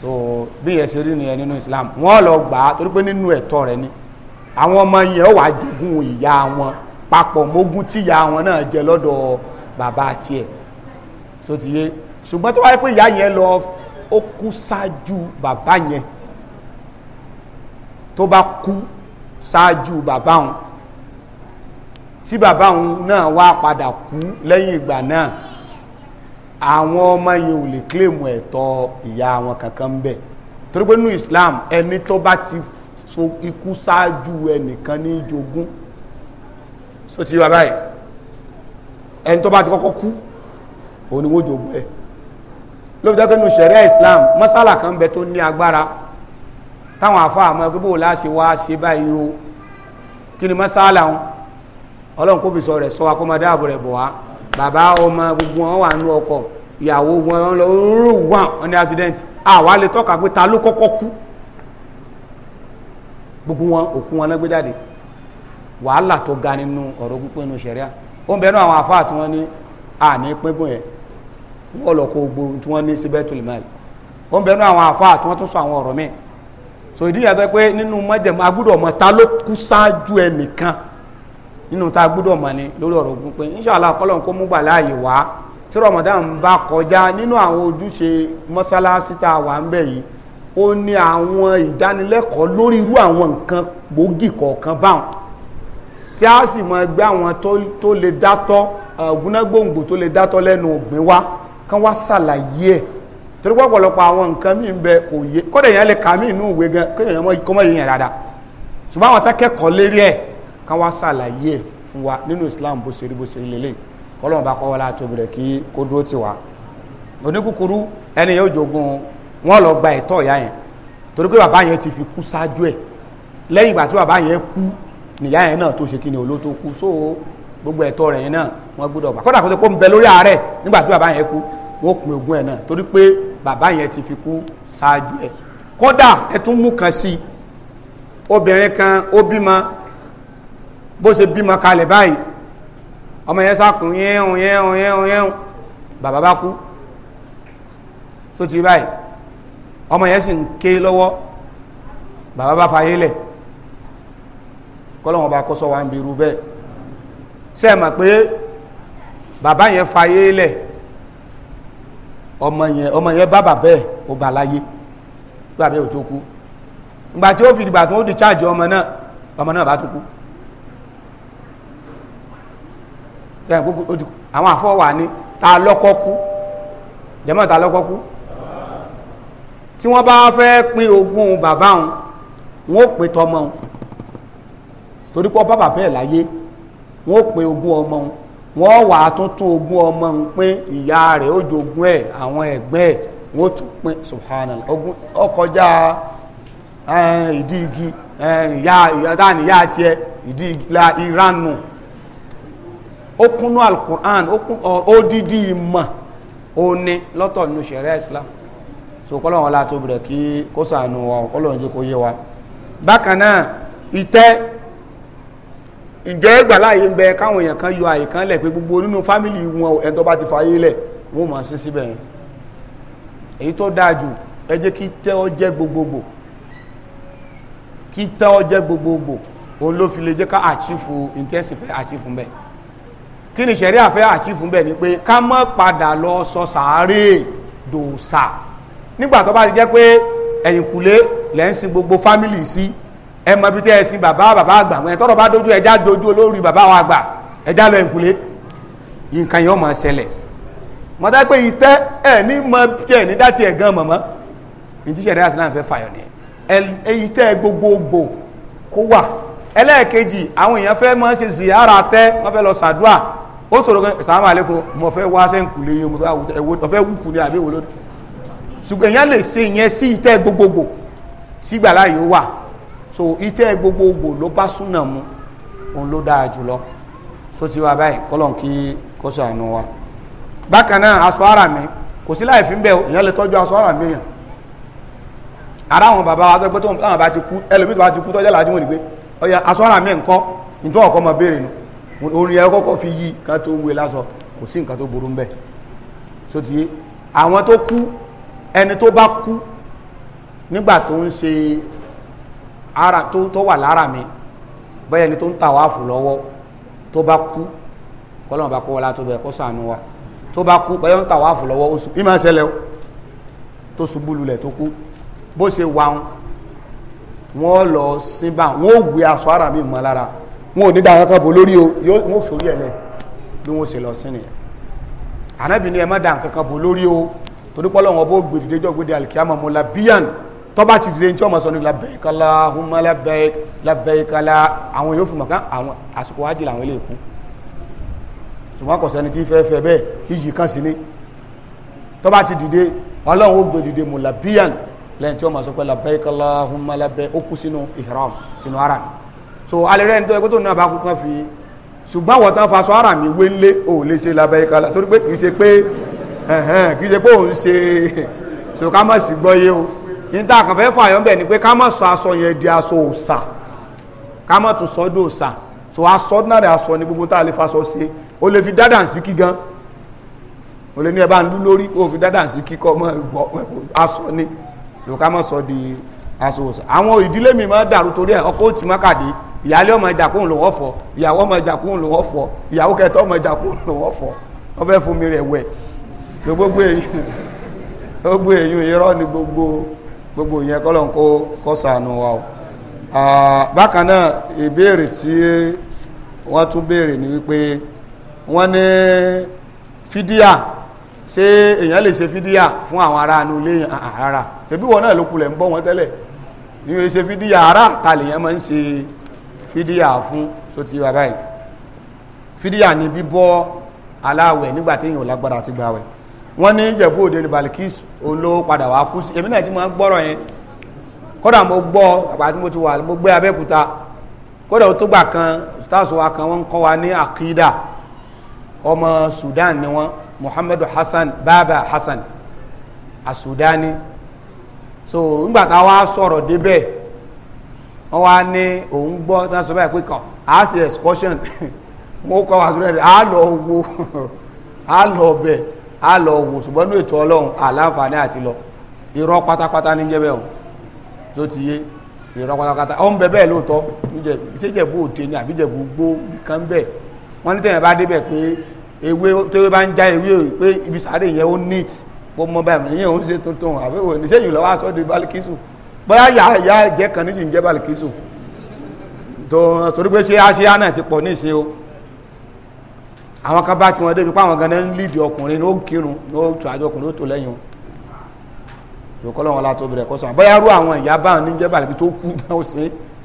so bí ẹ ṣe rí nìyẹn nínú Islam wọ́n lọ gbà á torí pé nínú ẹ̀tọ́ rẹ̀ ni àwọn ọmọ yẹn ó wà jogún ìyá wọn papọ̀ mógún tíyà wọn náà jẹ lọ́dọ̀ bàbá tiẹ̀ tó ti yé ṣùgbọ́n tó wáyé pé ìyá yẹn lọ ó kú ṣáájú bàbá yẹn tó bá kú ṣáájú bàbá òun tí bàbá òun náà wá padà kú lẹ́yìn ìgbà náà àwọn ọmọ yẹn ò lè kílèmù ẹ̀tọ́ ìyá wọn kankan bẹ̀ torí pé nínú Islam ẹni tó bá ti so ikú ṣáájú ẹnìkan ní jogún so ti wá báyìí ẹni tó bá ti kọ́kọ́ kú òun ni wọ́n jogún ẹ̀ ló fi jẹ́ nínú sẹ̀ríà Islam mọ́sálà kan bẹ tó ní agbára táwọn àfa àmọ́ ẹgbẹ́ bò láṣẹ wá ṣe báyìí o kí ni mọ́sálà ń ọlọ́run kó fi sọ rẹ̀ sọ wa kó máa dáàbò rẹ̀ bọ̀ wá bàbá ọmọ gbogbo wọn wà nú ọkọ̀ ìyàwó wọn lọ rú wà wọn ní accident àwa lè tọ́ka pé ta ló kọ́kọ́ kú gbogbo wọn òkú wọn lọ́gbé jáde wàhálà tó ga nínú ọ̀rọ̀ pípé nínú sẹ̀ríà ó ń bẹnu àwọn àfáà tí wọ́n ní àní pínpín yẹn wọ́n lọ kó gbogbo tí wọ́n ní síbẹ̀ tó lè máa ó ń bẹnu àwọn àfáà tí wọ́n tún sọ àwọn ọ̀rọ̀ míì so ìdí yàtọ̀ pé nínú mọ́jẹ̀mọ́ agbúdọ̀ mọ́ ló kú ṣáájú ẹnìkan nínú tá a gbúdọ̀ mọ̀ ni lórí ọ̀rọ̀ ogun pé inshallah kọ́lọ́n kó mú gbà láàyè wá tí Ramadan bá kọjá nínú àwọn ojúṣe mọ́sálásí tá a wà ń bẹ̀ yìí ó ní àwọn ìdánilẹ́kọ̀ọ́ lórí irú àwọn nǹkan gbòógì kọ̀ọ̀kan báwọn tí a sì mọ ẹgbẹ́ àwọn tó lè dátọ́ ògúnnágbòǹgbò tó lè dátọ́ lẹ́nu ògbìn wa kán wá ṣàlàyé ẹ̀ torí pọ̀pọ̀lọpọ̀ àwọn nǹkan míì ń bẹ kò yé kódà èèyàn lè kà mí inú ìwé gan kéèyàn mọ́ ikọ́ mọ́ yẹn dáadáa ṣùgbọ́n àwọn tá lérí ẹ̀ kán wá ṣàlàyé ẹ̀ fún wa nínú islam bó ṣe rí bó ṣe rí lélẹ̀ kọ́lọ́n bá kọ́ wọlé àtòbí rẹ̀ kí kó dúró tì wá oníkúkúrú ẹni yóò jogun wọn lọ gba ẹ̀tọ́ ìyá yẹn torí pé bàbá yẹn ti fi kú ṣáájú ẹ̀ lẹ́yìn ìgbà tí bàbá yẹn kú nìyá yẹn náà tó ṣe kí ni òló tó kú so gbogbo ẹ̀tọ́ rẹ̀ yẹn náà wọ́n gbọ́dọ̀ gbà kọ́dà kó tó kó ń bẹ lórí ààrẹ nígbà tí bàbá yẹn kú wọ́n pin ogún ẹ̀ náà torí pé bàbá yẹn ti fi kú ṣáájú ẹ̀ kọ́dà ẹ mú kan sí obìnrin kan ó bímọ bó ṣe bímọ kalẹ̀ báyìí ọmọ yẹn sákùn yẹun yẹun yẹun yẹun bàbá bá kú tó ti báyìí ọmọ yẹn sì ń ké lọ́wọ́ bàbá bá fayé lẹ̀ kọ́lọ́wọ́n bá kó sọ wa ń bi irú bẹ́ẹ̀ ṣe mọ̀ pé bàbá yẹn fayé lẹ̀ ọmọ yẹn ọmọ yẹn bá bàbá ẹ̀ ó bá láyé gbàbẹ́ ò kú ìgbà ó fi dìgbà ó di cháàjì ọmọ náà ọmọ náà bá tó kú. àwọn àfọwà ni ta lọ́kọ́ kú jẹ́mọ́ ta lọ́kọ́ kú tí wọ́n bá fẹ́ pín ogún bàbá wọn wọ́n pè tọmọ wọn torí pọ́ bàbá bẹ́ẹ̀ láyé wọ́n pín ogún ọmọ wọn wọ́n wà á tún tún ogún ọmọ wọn pín ìyá rẹ̀ ó jogún ẹ̀ àwọn ẹ̀gbẹ́ ẹ̀ wọ́n tún pín subhanallah ogún ọkọjá ìdí igi ìyá ìyá táà níyà tiẹ̀ ìdí ìlànà ó kúnnú alukur'an odidi ìmọ̀ òní lọ́tọ̀ nínú sẹ̀ríà islam so kọ́lọ́n wọn láti obìnrin kí kó sànù wa kọ́lọ́n jẹ́ kó yé wa bákan náà ìtẹ́ ìjẹ́ ìgbàláyé ń bẹ káwọn èèyàn kan yọ àyè kan lẹ̀ pé gbogbo nínú fámìlì wọn ẹni tó bá ti fàyè lẹ̀ wọ́n mọ̀ sí síbẹ̀ yẹn èyí tó dáa jù ẹ jẹ́ kí tẹ́ ọ jẹ́ gbogbogbò kí tẹ́ ọ jẹ́ gbogbogbò òun ló fi lè jẹ́ ká àchífù ìtẹ́sìfẹ́ àchífù bẹ́ẹ̀ kí ni sẹ̀rí àfẹ́ àchífù ń bẹ̀ ni pé ká má padà lọ sọ sàárè dòòsà nígbà tó bá ti jẹ́ pé ẹ̀yìnkùlé lẹ́ ń sin gbogbo fámìlì sí ẹ mọ ibi tí ẹ sin bàbá bàbá àgbà wọn tọ́rọ̀ bá dojú ẹja dojú olórí bàbá wa àgbà ẹja lọ ẹ̀yìnkùlé nǹkan yóò máa ṣẹlẹ̀ mọ̀tá pé ìtẹ́ ẹ̀ ní mọ ẹ̀ ní dátì ẹ̀ gan mọ̀mọ́ ìjíṣẹ́ rẹ̀ àti náà fẹ́ fàyọ̀ ni ẹ̀ ìtẹ́ gbogbogbò kó wà ẹlẹ́ẹ̀kejì àwọn èèyàn fẹ́ mọ́ ṣe ziyara tẹ́ wọ́n fẹ́ lọ sàdúà ó sọ̀rọ̀ kan sàmà àlékún mo fẹ́ wá sẹ́ǹkùlé yìí mo fẹ́ wù kùlé àbí wò lónìí ṣùgbọ́n èèyàn lè ṣe ìyẹn sí ìtẹ́ gbogbogbò sígbà láàyè ó wà so ìtẹ́ gbogbogbò ló bá súnà mu òun ló dáa jùlọ so ti wá báyìí kọ́lọ̀n kí kó ṣàánú wa bákan náà aṣọ ara mi kò sí láì fi ń bẹ̀ èèyàn lè tọ́jú aṣọ ara mi èèyàn ara àwọn bàbá wa tó gbé tó àwọn bá ti kú ẹlòmíì tó bá ti kú tọ́jú àlàájú wọn nìgbé ọ̀yà asọ́ra mẹ́ ńkọ́ nítorí ọkọ̀ ọmọ béèrè nu orin ẹ̀ kọ́kọ́ fi yí ká tó wé lásọ kò sí nǹkan tó burú ń bẹ̀ so ti yé àwọn tó kú ẹni tó bá kú nígbà tó ń ṣe ara tó tó wà lára mi bẹ́ẹ̀ ni tó ń tàwáàfù lọ́wọ́ tó bá kú kọ́lọ́mù bá kó wọlá tó bẹ̀ kó sànù wa tó bá kú bẹ́ẹ̀ ń tàwáàfù lọ́wọ́ ó sùn bí máa ṣẹlẹ̀ tó ṣubú tó kú bó ṣe wà ń wọ́n lọ síbà wọ́n ò gbé aṣọ ara mi mọ́ lára wọ́n ò ní dáa kankan bò lórí o wọ́n ò forí ẹ̀ lẹ̀ bí wọ́n ṣe lọ sí nìyẹn ànábì ni ẹ má dáa kankan lórí o torí pọ́lọ́ wọn bó gbèdìdé jọ gbèdè alikiyama mọ́ labiyan tọ́ba ti dìde tí ọmọ sọ ní labẹ́ẹ̀ká la humma labẹ́ẹ̀k labẹ́ẹ̀ká la àwọn yóò fi mọ̀ kán àwọn àsìkò wájì làwọn ilé ìkú ṣùgbọ́n kò sẹ́ni tí fẹ́ẹ́ fẹ́ bẹ́ẹ̀ iyì kan sí ni tọ́ba ti dìde ọlọ́run ó gbèdìdé mọ́ labiyan lẹ́yìn tí wọ́n máa sọ pé labbaik Allahumma labbaik ó kú sínú ihram sínú ara mi so alẹ́ rẹ̀ ń tọ́ ẹgbẹ́ tó náà bá kú kan fi ṣùgbọ́n àwọn tán faṣọ ara mi wé ńlé ò lè ṣe labbaik torí pé kì í ṣe pé kì í ṣe pé òun ṣe so ká má sì gbọ́ yé o yín tá a kàn fẹ́ fà yọ́ bẹ̀ ni pé ká má sọ aṣọ yẹn di aṣọ òòṣà ká má tún sọ dé òòṣà so aṣọ náà aṣọ ni gbogbo tá a lè faṣọ ṣe o lè fi dádà sí kí gan o lè ní ẹ bá ń dú lórí o fi dádà sí kíkọ́ mọ́ aṣọ ni so ká mọ̀ sọ di aṣòwòsàn àwọn ìdílé mi máa dàrú torí ẹ̀ ọkọ òtí mọ́kàdé ìyáálé ọmọ ìjà kóhùn lòwọ́ ìyàwó ọmọ ìjà kóhùn lòwọ́ ìyàwó ọmọ gbogbo èyí irọ́ ni gbogbo gbogbo ìyẹn kọ́lọ̀ kó kọ́ sànù wa o bákan náà ìbéèrè tí wọ́n tún béèrè ni wípé wọ́n ní fídíà ṣé èèyàn lè ṣe fídíà fún àwọn ará inú ilé ah, ah, rárá ṣebí wọn náà ló kulẹ̀ ń bọ́ wọn tẹ́lẹ̀ ìwé ṣe fídíà ará ta lèèyàn máa ń ṣe fídíà fún so ti wà báyìí fídíà ni bíbọ́ aláwẹ̀ nígbà téèyàn ò lágbára àti gbàwẹ̀ wọ́n ní Ìjẹ̀bú Òde ní Balikis olówó padà wá kú sí èmi náà ti máa ń gbọ́rọ̀ yẹn kódà mo gbọ́ àpàtí mo ti wà mo gbé Abẹ́òkúta kódà ó tó gbà kan stars wa kan wọ́n ń kọ́ wa ní akida ọmọ Sudan ni wọ́n muhammadu hassan baba asudani so ńgbà tá a wá sọ̀rọ̀ débẹ̀ wọ́n ni òun gbọ́ tán sọ báyìí pé kàn á sì excursion mo (laughs) kọ́ wa sọ́rọ̀ rẹ̀ á lọ wo á (laughs) lọ bẹ̀ á lọ wo ṣùgbọ́n ní ètò ọlọ́run àti lọ o tó ti yé irọ́ pátápátá ọ̀hún bẹ bẹ́ẹ̀ lóòótọ́ ṣé Òde ni gbó kan bẹ́ẹ̀ wọ́n ní ewé tewé bá ń já ewé o pé ibi sáré yẹn ó neat kó mọ báyìí ìyẹn òun ṣe tuntun àbẹ̀wò ní sẹ́yìn lọ́wọ́ aṣọ di balikisu bóyá yà yà jẹ́ kan ní sì ń jẹ́ balikisu tó torí pé ṣé aṣíá náà ti pọ̀ ní ìsìn o àwọn kan bá ti wọn débi pé àwọn gan náà ń lídìí ọkùnrin ló ń kírun ló tù àjọ ọkùnrin ó tó lẹ́yìn o tó kọ́ lọ́wọ́ látó bẹ̀rẹ̀ kọ́sọ̀ àbọ̀yá rú àwọn ìyá báwọn ní jẹ́ balikisu tó kú náà ó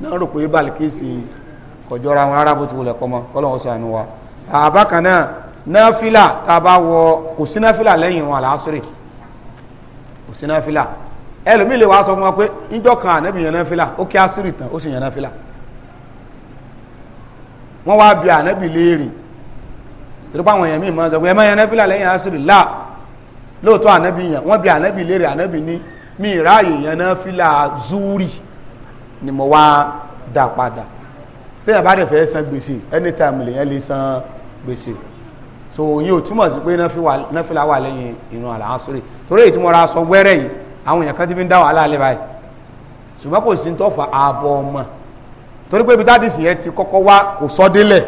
náà rò pé balikisi kọjọ́ra wọn rárá bó ti wulẹ̀ kọ́ mọ́ kọ́ lọ́wọ́ sànù wa àbákan náà náfìlà tá a bá wọ kò sí náfìlà lẹ́yìn wọn àlàásírì kò sí náfìlà ẹlòmíì lè wá sọ fún wa pé níjọ́ kan ànábì yẹn náfìlà ó kí àsírì tán ó sì yẹn náfìlà wọ́n wá bi ànábì léèrè torí pàwọn èèyàn míì máa ń sọ pé ẹ máa yẹn náfìlà lẹ́yìn àsírì láà lóòótọ́ ànábì yẹn wọ́n bi ànábì léèrè ànábì ní mi ìráàyè yẹn náfìlà zúrì ni mo wá dá padà téèyàn bá dẹ̀ fẹ́ san gbèsè anytime lèyàn lè san gbèsè. so yín ò túmọ̀ sí pé náfìlà wà lẹ́yìn ìrun àlàásírì torí èyí ra sọ wẹ́rẹ́ yìí àwọn èèyàn kan ti fi ń dá wàhálà alẹ́ báyìí ṣùgbọ́n kò sí tọ́fà ààbọ̀ ọmọ torí pé ibi táàdì sì yẹn ti kọ́kọ́ wá kò sọ délẹ̀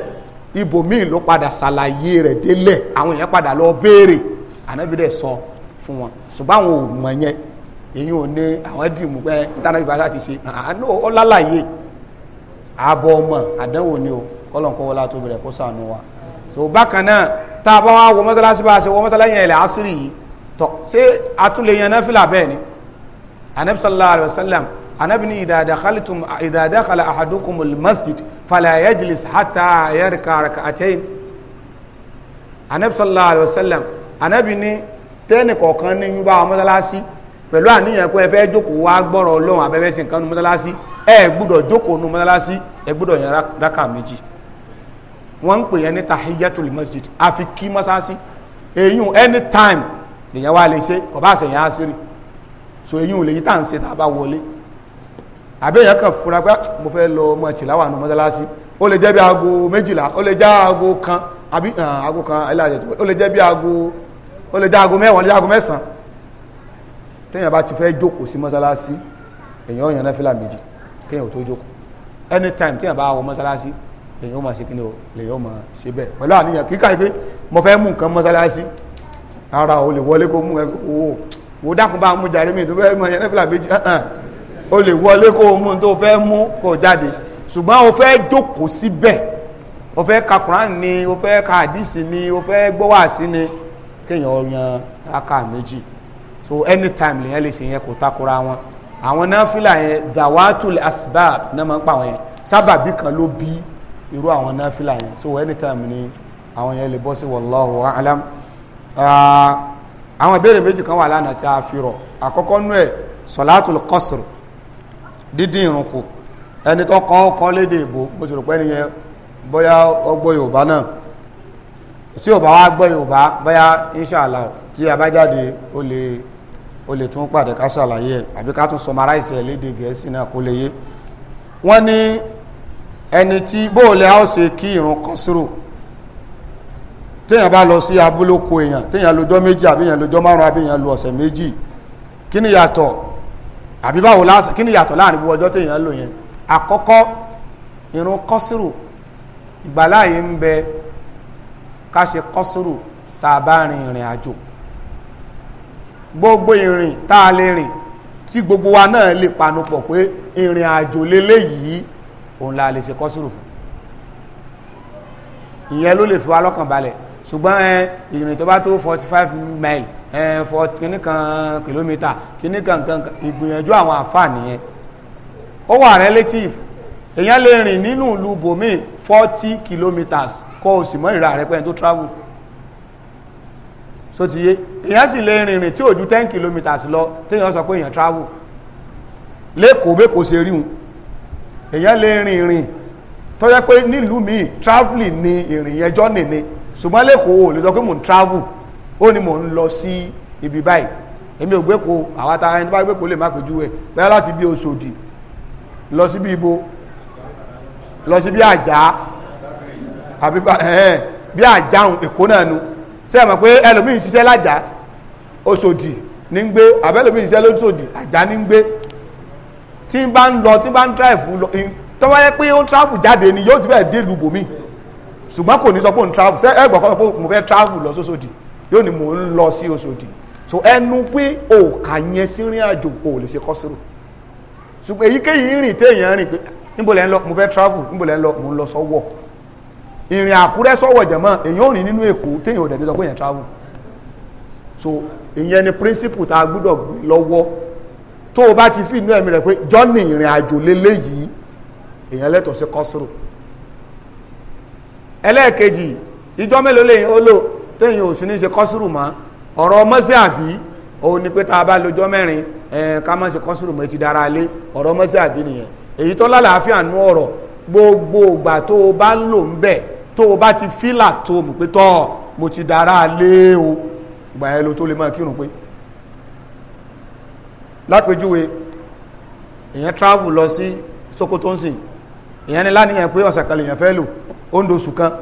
ibòmíì ló padà ṣàlàyé rẹ̀ délẹ̀ àwọn èèyàn padà lọ béèrè sọ fún wọn ṣùgbọ́n àwọn ò mọ̀ yẹn èyí ò ní àwọn ṣe so tá a bá wá wo mọ́sálásí bá a ṣe wo mọ́sálásí yẹn ilẹ̀ asiri yìí tọ́ ṣé atúlẹ̀ yẹn náfìlà bẹ́ẹ̀ ni anabi sallallahu alayhi wa sallam anabi ni idha dakhaltum idha dakhala ahadukum almasjid fala yajlis hatta yarka rak'atayn anabi sallallahu alayhi wa sallam anabi ni tẹ́nì kọ̀ọ̀kan ní yúbá mọ́sálásí pẹ̀lú àníyàn pé ẹ fẹ́ jókòó wá gbọ́rọ̀ ọlọ́run abẹ́fẹ́ sí nǹkan nu mọ́sálásí ẹ gbúdọ̀ jókòó nu mọ́sálásí ẹ gbúdọ̀ yẹn rákà méjì wọ́n ń pè yẹn ní tahiyatul masjid àfi kí mọ́sáàsì èyún anytime lèyàn wá lè ṣe kò bá àṣẹyàn á sírì so èyún lèyí tá à ń ṣe tá a bá wọlé àbẹ́yẹn kan fura pé ah, mo fẹ́ lọ ọmọ tìláwà nù mọ́sálásí ó lè jẹ́ bí aago méjìlá ó lè jẹ́ aago kan àbí eh, aago kan ẹlẹ́yàjẹ́ tó ó lè jẹ́ bí aago ó lè jẹ́ aago mẹ́wọ̀n lè jẹ́ aago mẹ́sàn-án téèyàn bá ti fẹ́ jókòó sí mọ́sálásí èyàn ò yàn náà fìlà méjì kéèyàn ò tó jókòó anytime téèyàn bá wọ mọ́sálásí lèyìn ó máa ṣe kí ni o lèyìn ó máa ṣe bẹ́ẹ̀ pẹ̀lú àníyàn kíkà yìí pé mo fẹ́ mú nǹkan mọ́sálásí ara o lè wọlé kó mú ẹ wò wò dákun bá mú jàre mi tó fẹ́ mọ ẹyẹ nẹ́fìlà méjì o lè wọlé kó mú tó fẹ́ mú kó jáde ṣùgbọ́n o fẹ́ jókòó síbẹ̀ o fẹ́ ka Quran ni o fẹ́ ka hadisi ni o fẹ́ gbọ́wàsí ni kéèyàn yan aka méjì so anytime lèyàn lè ṣe yẹn kò takora wọn àwọn náfìlà yẹn dawatul asbab náà máa ń pa àwọn yẹn sábàbí kan ló bí irú àwọn náfìlà yẹn so anytime ni àwọn yẹn lè bọ́ sí wallahu a'lam ah, àwọn ìbéèrè méjì kan wà lánàá tí a fi rọ̀ àkọ́kọ́ nú ẹ̀ sọ̀látùl qasr dídín irun kù ẹni tó kọ́ kọ́ léde ìbò bó ṣe rò pé ẹni yẹn bóyá ọgbọ́ yorùbá náà tí ò bá wá gbọ́ yorùbá bóyá inṣàlá tí a ó lè ó lè tún pàdé ká ṣàlàyé ẹ̀ àbí ká tún summarize ẹ̀ léde gẹ̀ẹ́sì náà kó lè yé wọ́n ní ẹni tí bóòlẹ̀ a ó ṣe kí ìrun kọ́sírò téèyàn bá lọ sí abúlóko èèyàn téèyàn lójọ́ méjì àbí èèyàn lójọ́ márùn àbí èèyàn lo ọ̀sẹ̀ méjì kí ni yàtọ̀ àbí báwo lásán kí ni yàtọ̀ láàrin gbogbo ọjọ́ téèyàn lò yẹn àkọ́kọ́ ìrun kọ́sírò ìgbàláyé ń bẹ ká ṣe kọ́sírò tá a bá rin ìrìn àjò gbogbo ìrìn tá a lè rìn tí gbogbo wa náà lè panupọ̀ pé ìrìn àjò lélẹ́yìí òun la lè ṣe kọ́sùrù fún ìyẹn ló lè fi wa lọ́kàn balẹ̀ ṣùgbọ́n ẹ ìrìn tó bá tó forty five mile ẹ forty kìíní kan kìlómítà kìíní kan kan ìgbìyànjú àwọn àǹfààní yẹn ó wà relative èèyàn lè rìn nínú ìlú bòmí forty kilometers kó o sì mọ ìra rẹ pẹ́ẹ́n tó travel so ti yé èèyàn sì lè rìn rìn tí ò ju ten kilometers lọ téèyàn sọ pé èèyàn travel lẹ́kọ̀ọ́ bẹ́ẹ̀ kò ṣe rí wọn èyàn lè rìn ìrìn tó yẹ pé nílùú míì traveling ni ìrìn yẹn jọ́nì ni ṣùgbọ́n lẹ́kọ̀ọ́ lè sọ pé mò ń travel ó ní mò ń lọ sí ibi báyìí èmi ò gbé ko àwọn ata ẹni tó bá gbé ko lè má péjú ẹ bẹ́ẹ̀ láti bí Òṣòdì lọ sí bí ibo lọ sí bí àjà àbí bí àjà Èkó náà nu ṣé ẹ mọ̀ pé ẹlòmíì ń ṣiṣẹ́ lájà Òṣòdì ní ń gbé àbẹ́lòmíì ń ṣiṣẹ́ lóṣòdì àjà ní ń gbé tí n bá ń lọ tí n bá ń drive lọ tó yẹ pé ó ń travel jáde ni yóò ti bẹ́ẹ̀ dé ìlú bòmí ṣùgbọ́n kò ní sọ pé òun travel ṣé ẹgbọ̀n kan sọ pé mo fẹ́ travel lọ sóṣòdì yóò ní mò ń lọ sí Òṣòdì so ẹnu pé òkà yẹn sí rìn àjò kò lè ṣe kọ́sìrò ṣùgbọ́n èyíkéyìí rìn téèyàn rìn pé níbo lẹ́ ń lọ mo fẹ́ travel níbo lẹ́ ń lọ mo ń lọ sọ́wọ́ ìrìn Àkúrẹ́ sọ́wọ́ jẹ̀mọ́ èyàn ò rìn nínú Èkó téèyàn ò dẹ̀ ní sọ pé yẹn travel so ìyẹn ni principle tá a gbúdọ̀ gbé lọ́wọ́ tó o bá ti fi inú ẹ̀mí rẹ̀ pé jọ́nì ìrìn àjò lélẹ́yìí èèyàn sí ẹlẹ́ẹ̀kejì ìjọ mélòó lẹ́yìn ó lò téèyàn ò sí ní ṣe ọ̀rọ̀ mọ́sí àbí òun ni pé tá a bá mẹ́rin ká má ṣe ti dára lé ọ̀rọ̀ mọ́sí àbí nìyẹn èyí tó lálàáfíà nú gbogbo ìgbà tó o bá ń lò ń bẹ̀ tó o bá ti fílà mọ̀ pé tọ́ mo ti dára lo tó lè máa kírun lápèjúwe èyàn travel lọ sí Sokoto ń sìn èyàn ní láníyàn pé ọ̀sẹ̀ kan lèyàn fẹ́ lò ó ń dosù kan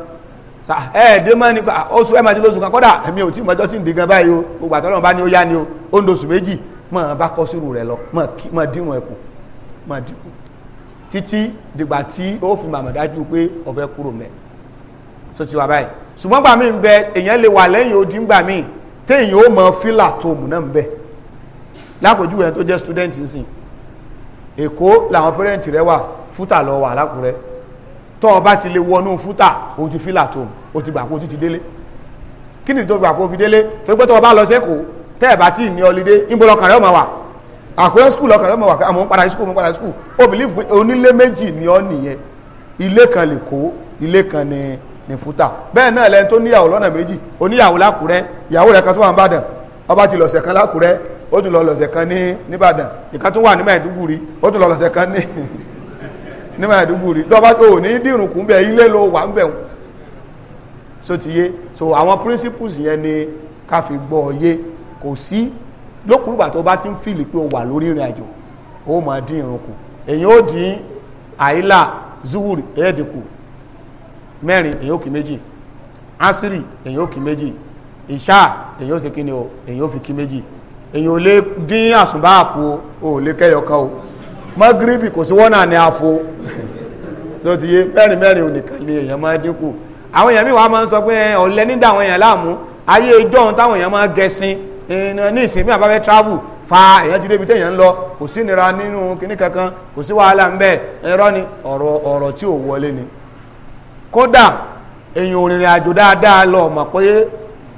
ẹ̀ẹ́dẹ́ mọ́ ní oṣù ẹ̀ máa ti lóṣù kan kọ́dà èmi ò tí mọ́jọ́ tí ń digan báyìí o gbogbo àtọ́lọ́mọ bá ní ó yá ni o ó ń dosù méjì mọ́ bá kọ́ sírù rẹ̀ lọ mọ́ dírun ẹ̀kù mọ́ dínkù títí dìgbà tí ó fi màmá dájú pé ọ̀fẹ́ kúrò mẹ́ so ti wà báyìí ṣùgbọ́n gbà mí ń bẹ èèyàn lè wà lẹ́yìn odi ń gbà mí téèyàn ó mọ fílà tó mù ń bẹ́ẹ̀ lápòjúwe tó jẹ́ student nsìn èkó làwọn parent rẹ wà fúta lọ wà lákùrẹ́ tó o bá ti lè wọnú fúta o ti fílà tó o ti gbà kó o ti délé kí ni tó gbà kó o fi délé torí pé tó o bá lọ sẹ́kọ̀ọ́ tẹ́ ẹ̀ bá tí ní ọlídé níbo lọkàn rẹ ọmọ wà àkúrẹ́ skul lọkàn rẹ ọmọ wà àmọ́ padà skul mọ́ padà skul o believe pé onílé méjì ni ọ nìyẹn ilé kan lè kó ilé kan ní ní fúta bẹ́ẹ̀ náà lẹni tó níyàwó lọ́nà méjì oníyàwó lákùrẹ́ ìyàwó rẹ̀ kan tó wà ń bàdàn ọba ti lọ̀sẹ̀ kan lákùrẹ́ ó tún lọ lọ́sẹ̀ kan ní nìbàdàn ìkan tún wà ní Maiduguri ó tún lọ lọ́sẹ̀ kan ní ní Maiduguri tó tó ní dìrùn kún bẹ́ẹ̀ ilé ló wà ń bẹ̀ wọ́n so ti yé so àwọn principles yẹn ni ká fi gbọ́ yé kò sí lókùrùgbà tó bá ti ń fìlì pé o wà lórí ìrìn àjò ó máa dín irun kù èyàn ó dín àìlà zuhur ẹ̀ẹ́dì kù mẹ́rin èyàn ó kí méjì asiri èyàn ó kí méjì ìṣá èyàn ó ṣe kí ni o èyàn ó fi kí méjì èyàn ò lè dín àsùnbá àpò o ò lè kẹyọkan o mọ́gíríbì kò sí wọ́nà ní afo tó ti yé mẹ́rin mẹ́rin ònìkan ni èyàn máa dínkù àwọn èyàn míì máa ń sọ pé ọ̀lẹ́ nídà àwọn èyàn láàmú ayé ijó ohun táwọn èyàn máa gẹṣin ní ìsìn bí àbáfẹ́ travel fa èyàn ti débi téèyàn ń lọ kò sí nira nínú kinní kankan wàhálà ń bẹ ni ọrọ tí wọlé ni kódà èyàn àjò dáadáa lọ pé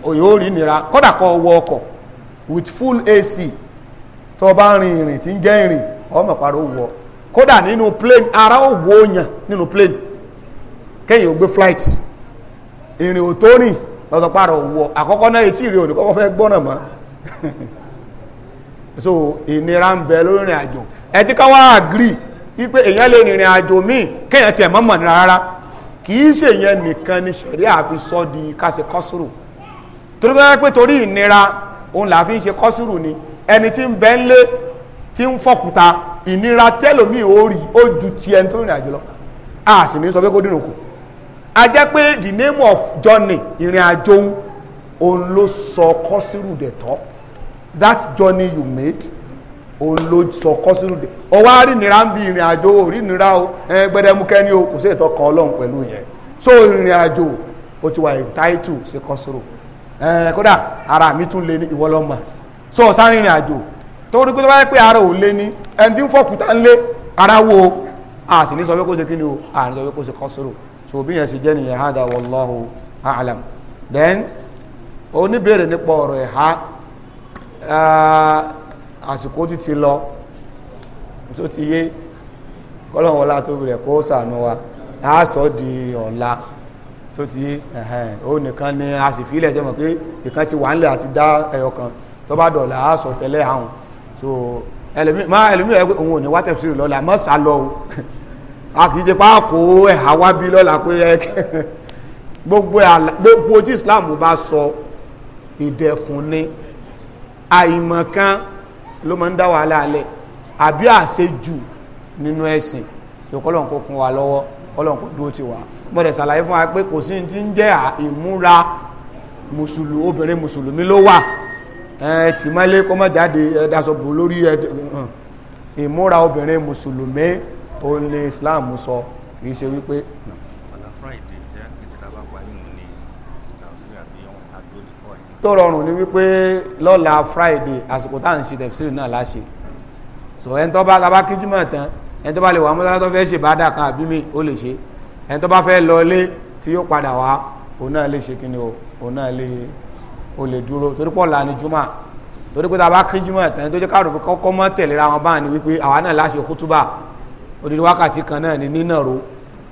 òyò rí nira kódà with full ac tó bá rin ìrìn tí ń jẹ́ ìrìn ọmọ ìparọ́ wọ kódà nínú plane ara ó wo yàn nínú plane kẹ́yìn ò gbé flight ìrìn ò tó rìn lọ́sọ̀ parọ́ wọ àkọ́kọ́ náà etí ìrìn ò kọ́kọ́ fẹ́ gbọ́nà mọ́ (laughs) so ìnira ń bẹ lórí ìrìn àjò ẹ ti ká wá agree wípé èèyàn lè rìnrìn àjò míì kéèyàn tiẹ̀ mọ́ nira rárá kì í ṣèyẹn nìkan ni ṣẹ̀rí àfi sọ́ di kásìkọ́sùrù torí pé torí ìnira òun là fi ń ṣe kọ́sùrù ni ẹni tí ń bẹ ń lé tí ń fọkùta ìnira tẹ́lòmíì ó rí ó ju ti ẹni tó rìnrìn àjò lọ a sì ní sọ pé kó dínà kù a jẹ́ pé the name of journey ìrìn àjò òun ló sọ kọ́sùrù dẹ̀ tọ́ that journey you made òun ló sọ kọ́sùrù dẹ̀ ọwọ́ àrìnira ń bi ìrìn àjò òrìnira o gbẹdẹmukẹ ni o kò sí ìtọ́kọ ọlọ́run pẹ̀lú yẹn so ìrìn àjò o ti wà entitled sí kọ́sùrù ẹ kódà ara mi tún lé ní ìwọ so ọ̀sán rìnrìn àjò tó rí pé tó bá yẹ pé ara ò lé ní ẹni tí ń fọkùtà ń lé ara wo a sì ní sọ pé kó ṣe kí ni o a ní sọ pé kó ṣe kọ́sìrò so bí yẹn sì jẹ́ nìyẹn hada wallahu a'lam then oníbèrè nípa ọ̀rọ̀ ẹ̀há àsìkò tó ti lọ tó ti yé kọ́lọ̀wọ́lá tó rẹ̀ kó sànú wa a di ọ̀la tó ti ẹ̀hẹ̀n ó nìkan ni a sì fílẹ̀ sẹ́mọ̀ pé ìkan ti wà nílẹ̀ àti dá ẹyọ kan tó bá dọ̀là á sọ tẹ́lẹ̀ àwọn so máa ẹlòmí ẹ̀ òun ò ní wá tẹ̀síìrì lọ́la mọ́ sá lọ o a kì í ṣe pa kó ẹ̀hà wá bí lọ́la pé ẹ gbogbo gbogbo tí Islam bá sọ ìdẹ̀kùn ni àìmọ̀kan ló máa ń dá wàhálà alẹ́ àbí àṣejù nínú ẹ̀sìn tí ọkọ̀ ọlọ́run kó kún wa lọ́wọ́ ọlọ́run kó dúró ti wà á gbọ́dọ̀ ṣàlàyé fún wa pé kò sí ti ń jẹ́ ìmúra mùsùlù obìnrin mùsùlùmí ló wà ẹ tì mọ́lé kó má jáde ẹ daṣọ bò lórí ẹ ìmúra obìnrin mùsùlùmí òun ni Islam sọ kì ṣe wípé. tó rọrùn ni wípé lọ́la Friday àsìkò tá à ń ṣe tẹ̀síìrì náà láṣẹ so ẹni tó bá tá a bá kíjú mọ̀ tán ẹni tó bá lè wà mọ́tàlá fẹ́ ṣe bá dà kan àbí mi ó lè ṣe é ẹni tó bá fẹ́ lọ ilé tí yóò padà wá òun náà lè ṣe kí ni o òun náà lè o lè dúró torí pọ̀ là ní júmọ̀ torí pé tá a bá kí júmọ̀ tẹ̀yìn tó jẹ́ káàdùn pé kọ́kọ́ mọ́ tẹ̀léra wọn báà ní wípé àwa náà láṣẹ kútúbà odidi wákàtí kan náà ní nínà ro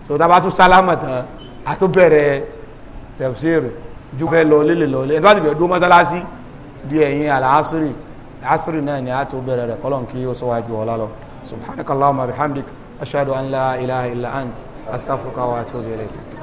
so tá a bá tún sálámà tán a tún bẹ̀rẹ̀ tẹ̀síìrì ju fẹ́ lọ lélẹ̀ lọ lẹ́yìn tó bá ti bẹ̀rẹ̀ dúró mọ́sálásí di ẹ̀yìn àlàásírì àásírì náà ni a tó bẹ̀rẹ̀ rẹ̀ kọ́lọ́n kí ó sọ wájú ọ̀la lọ subhanakallahumma bihamdik ashhadu an la ilaha illa ant astaghfiruka wa atubu ilayk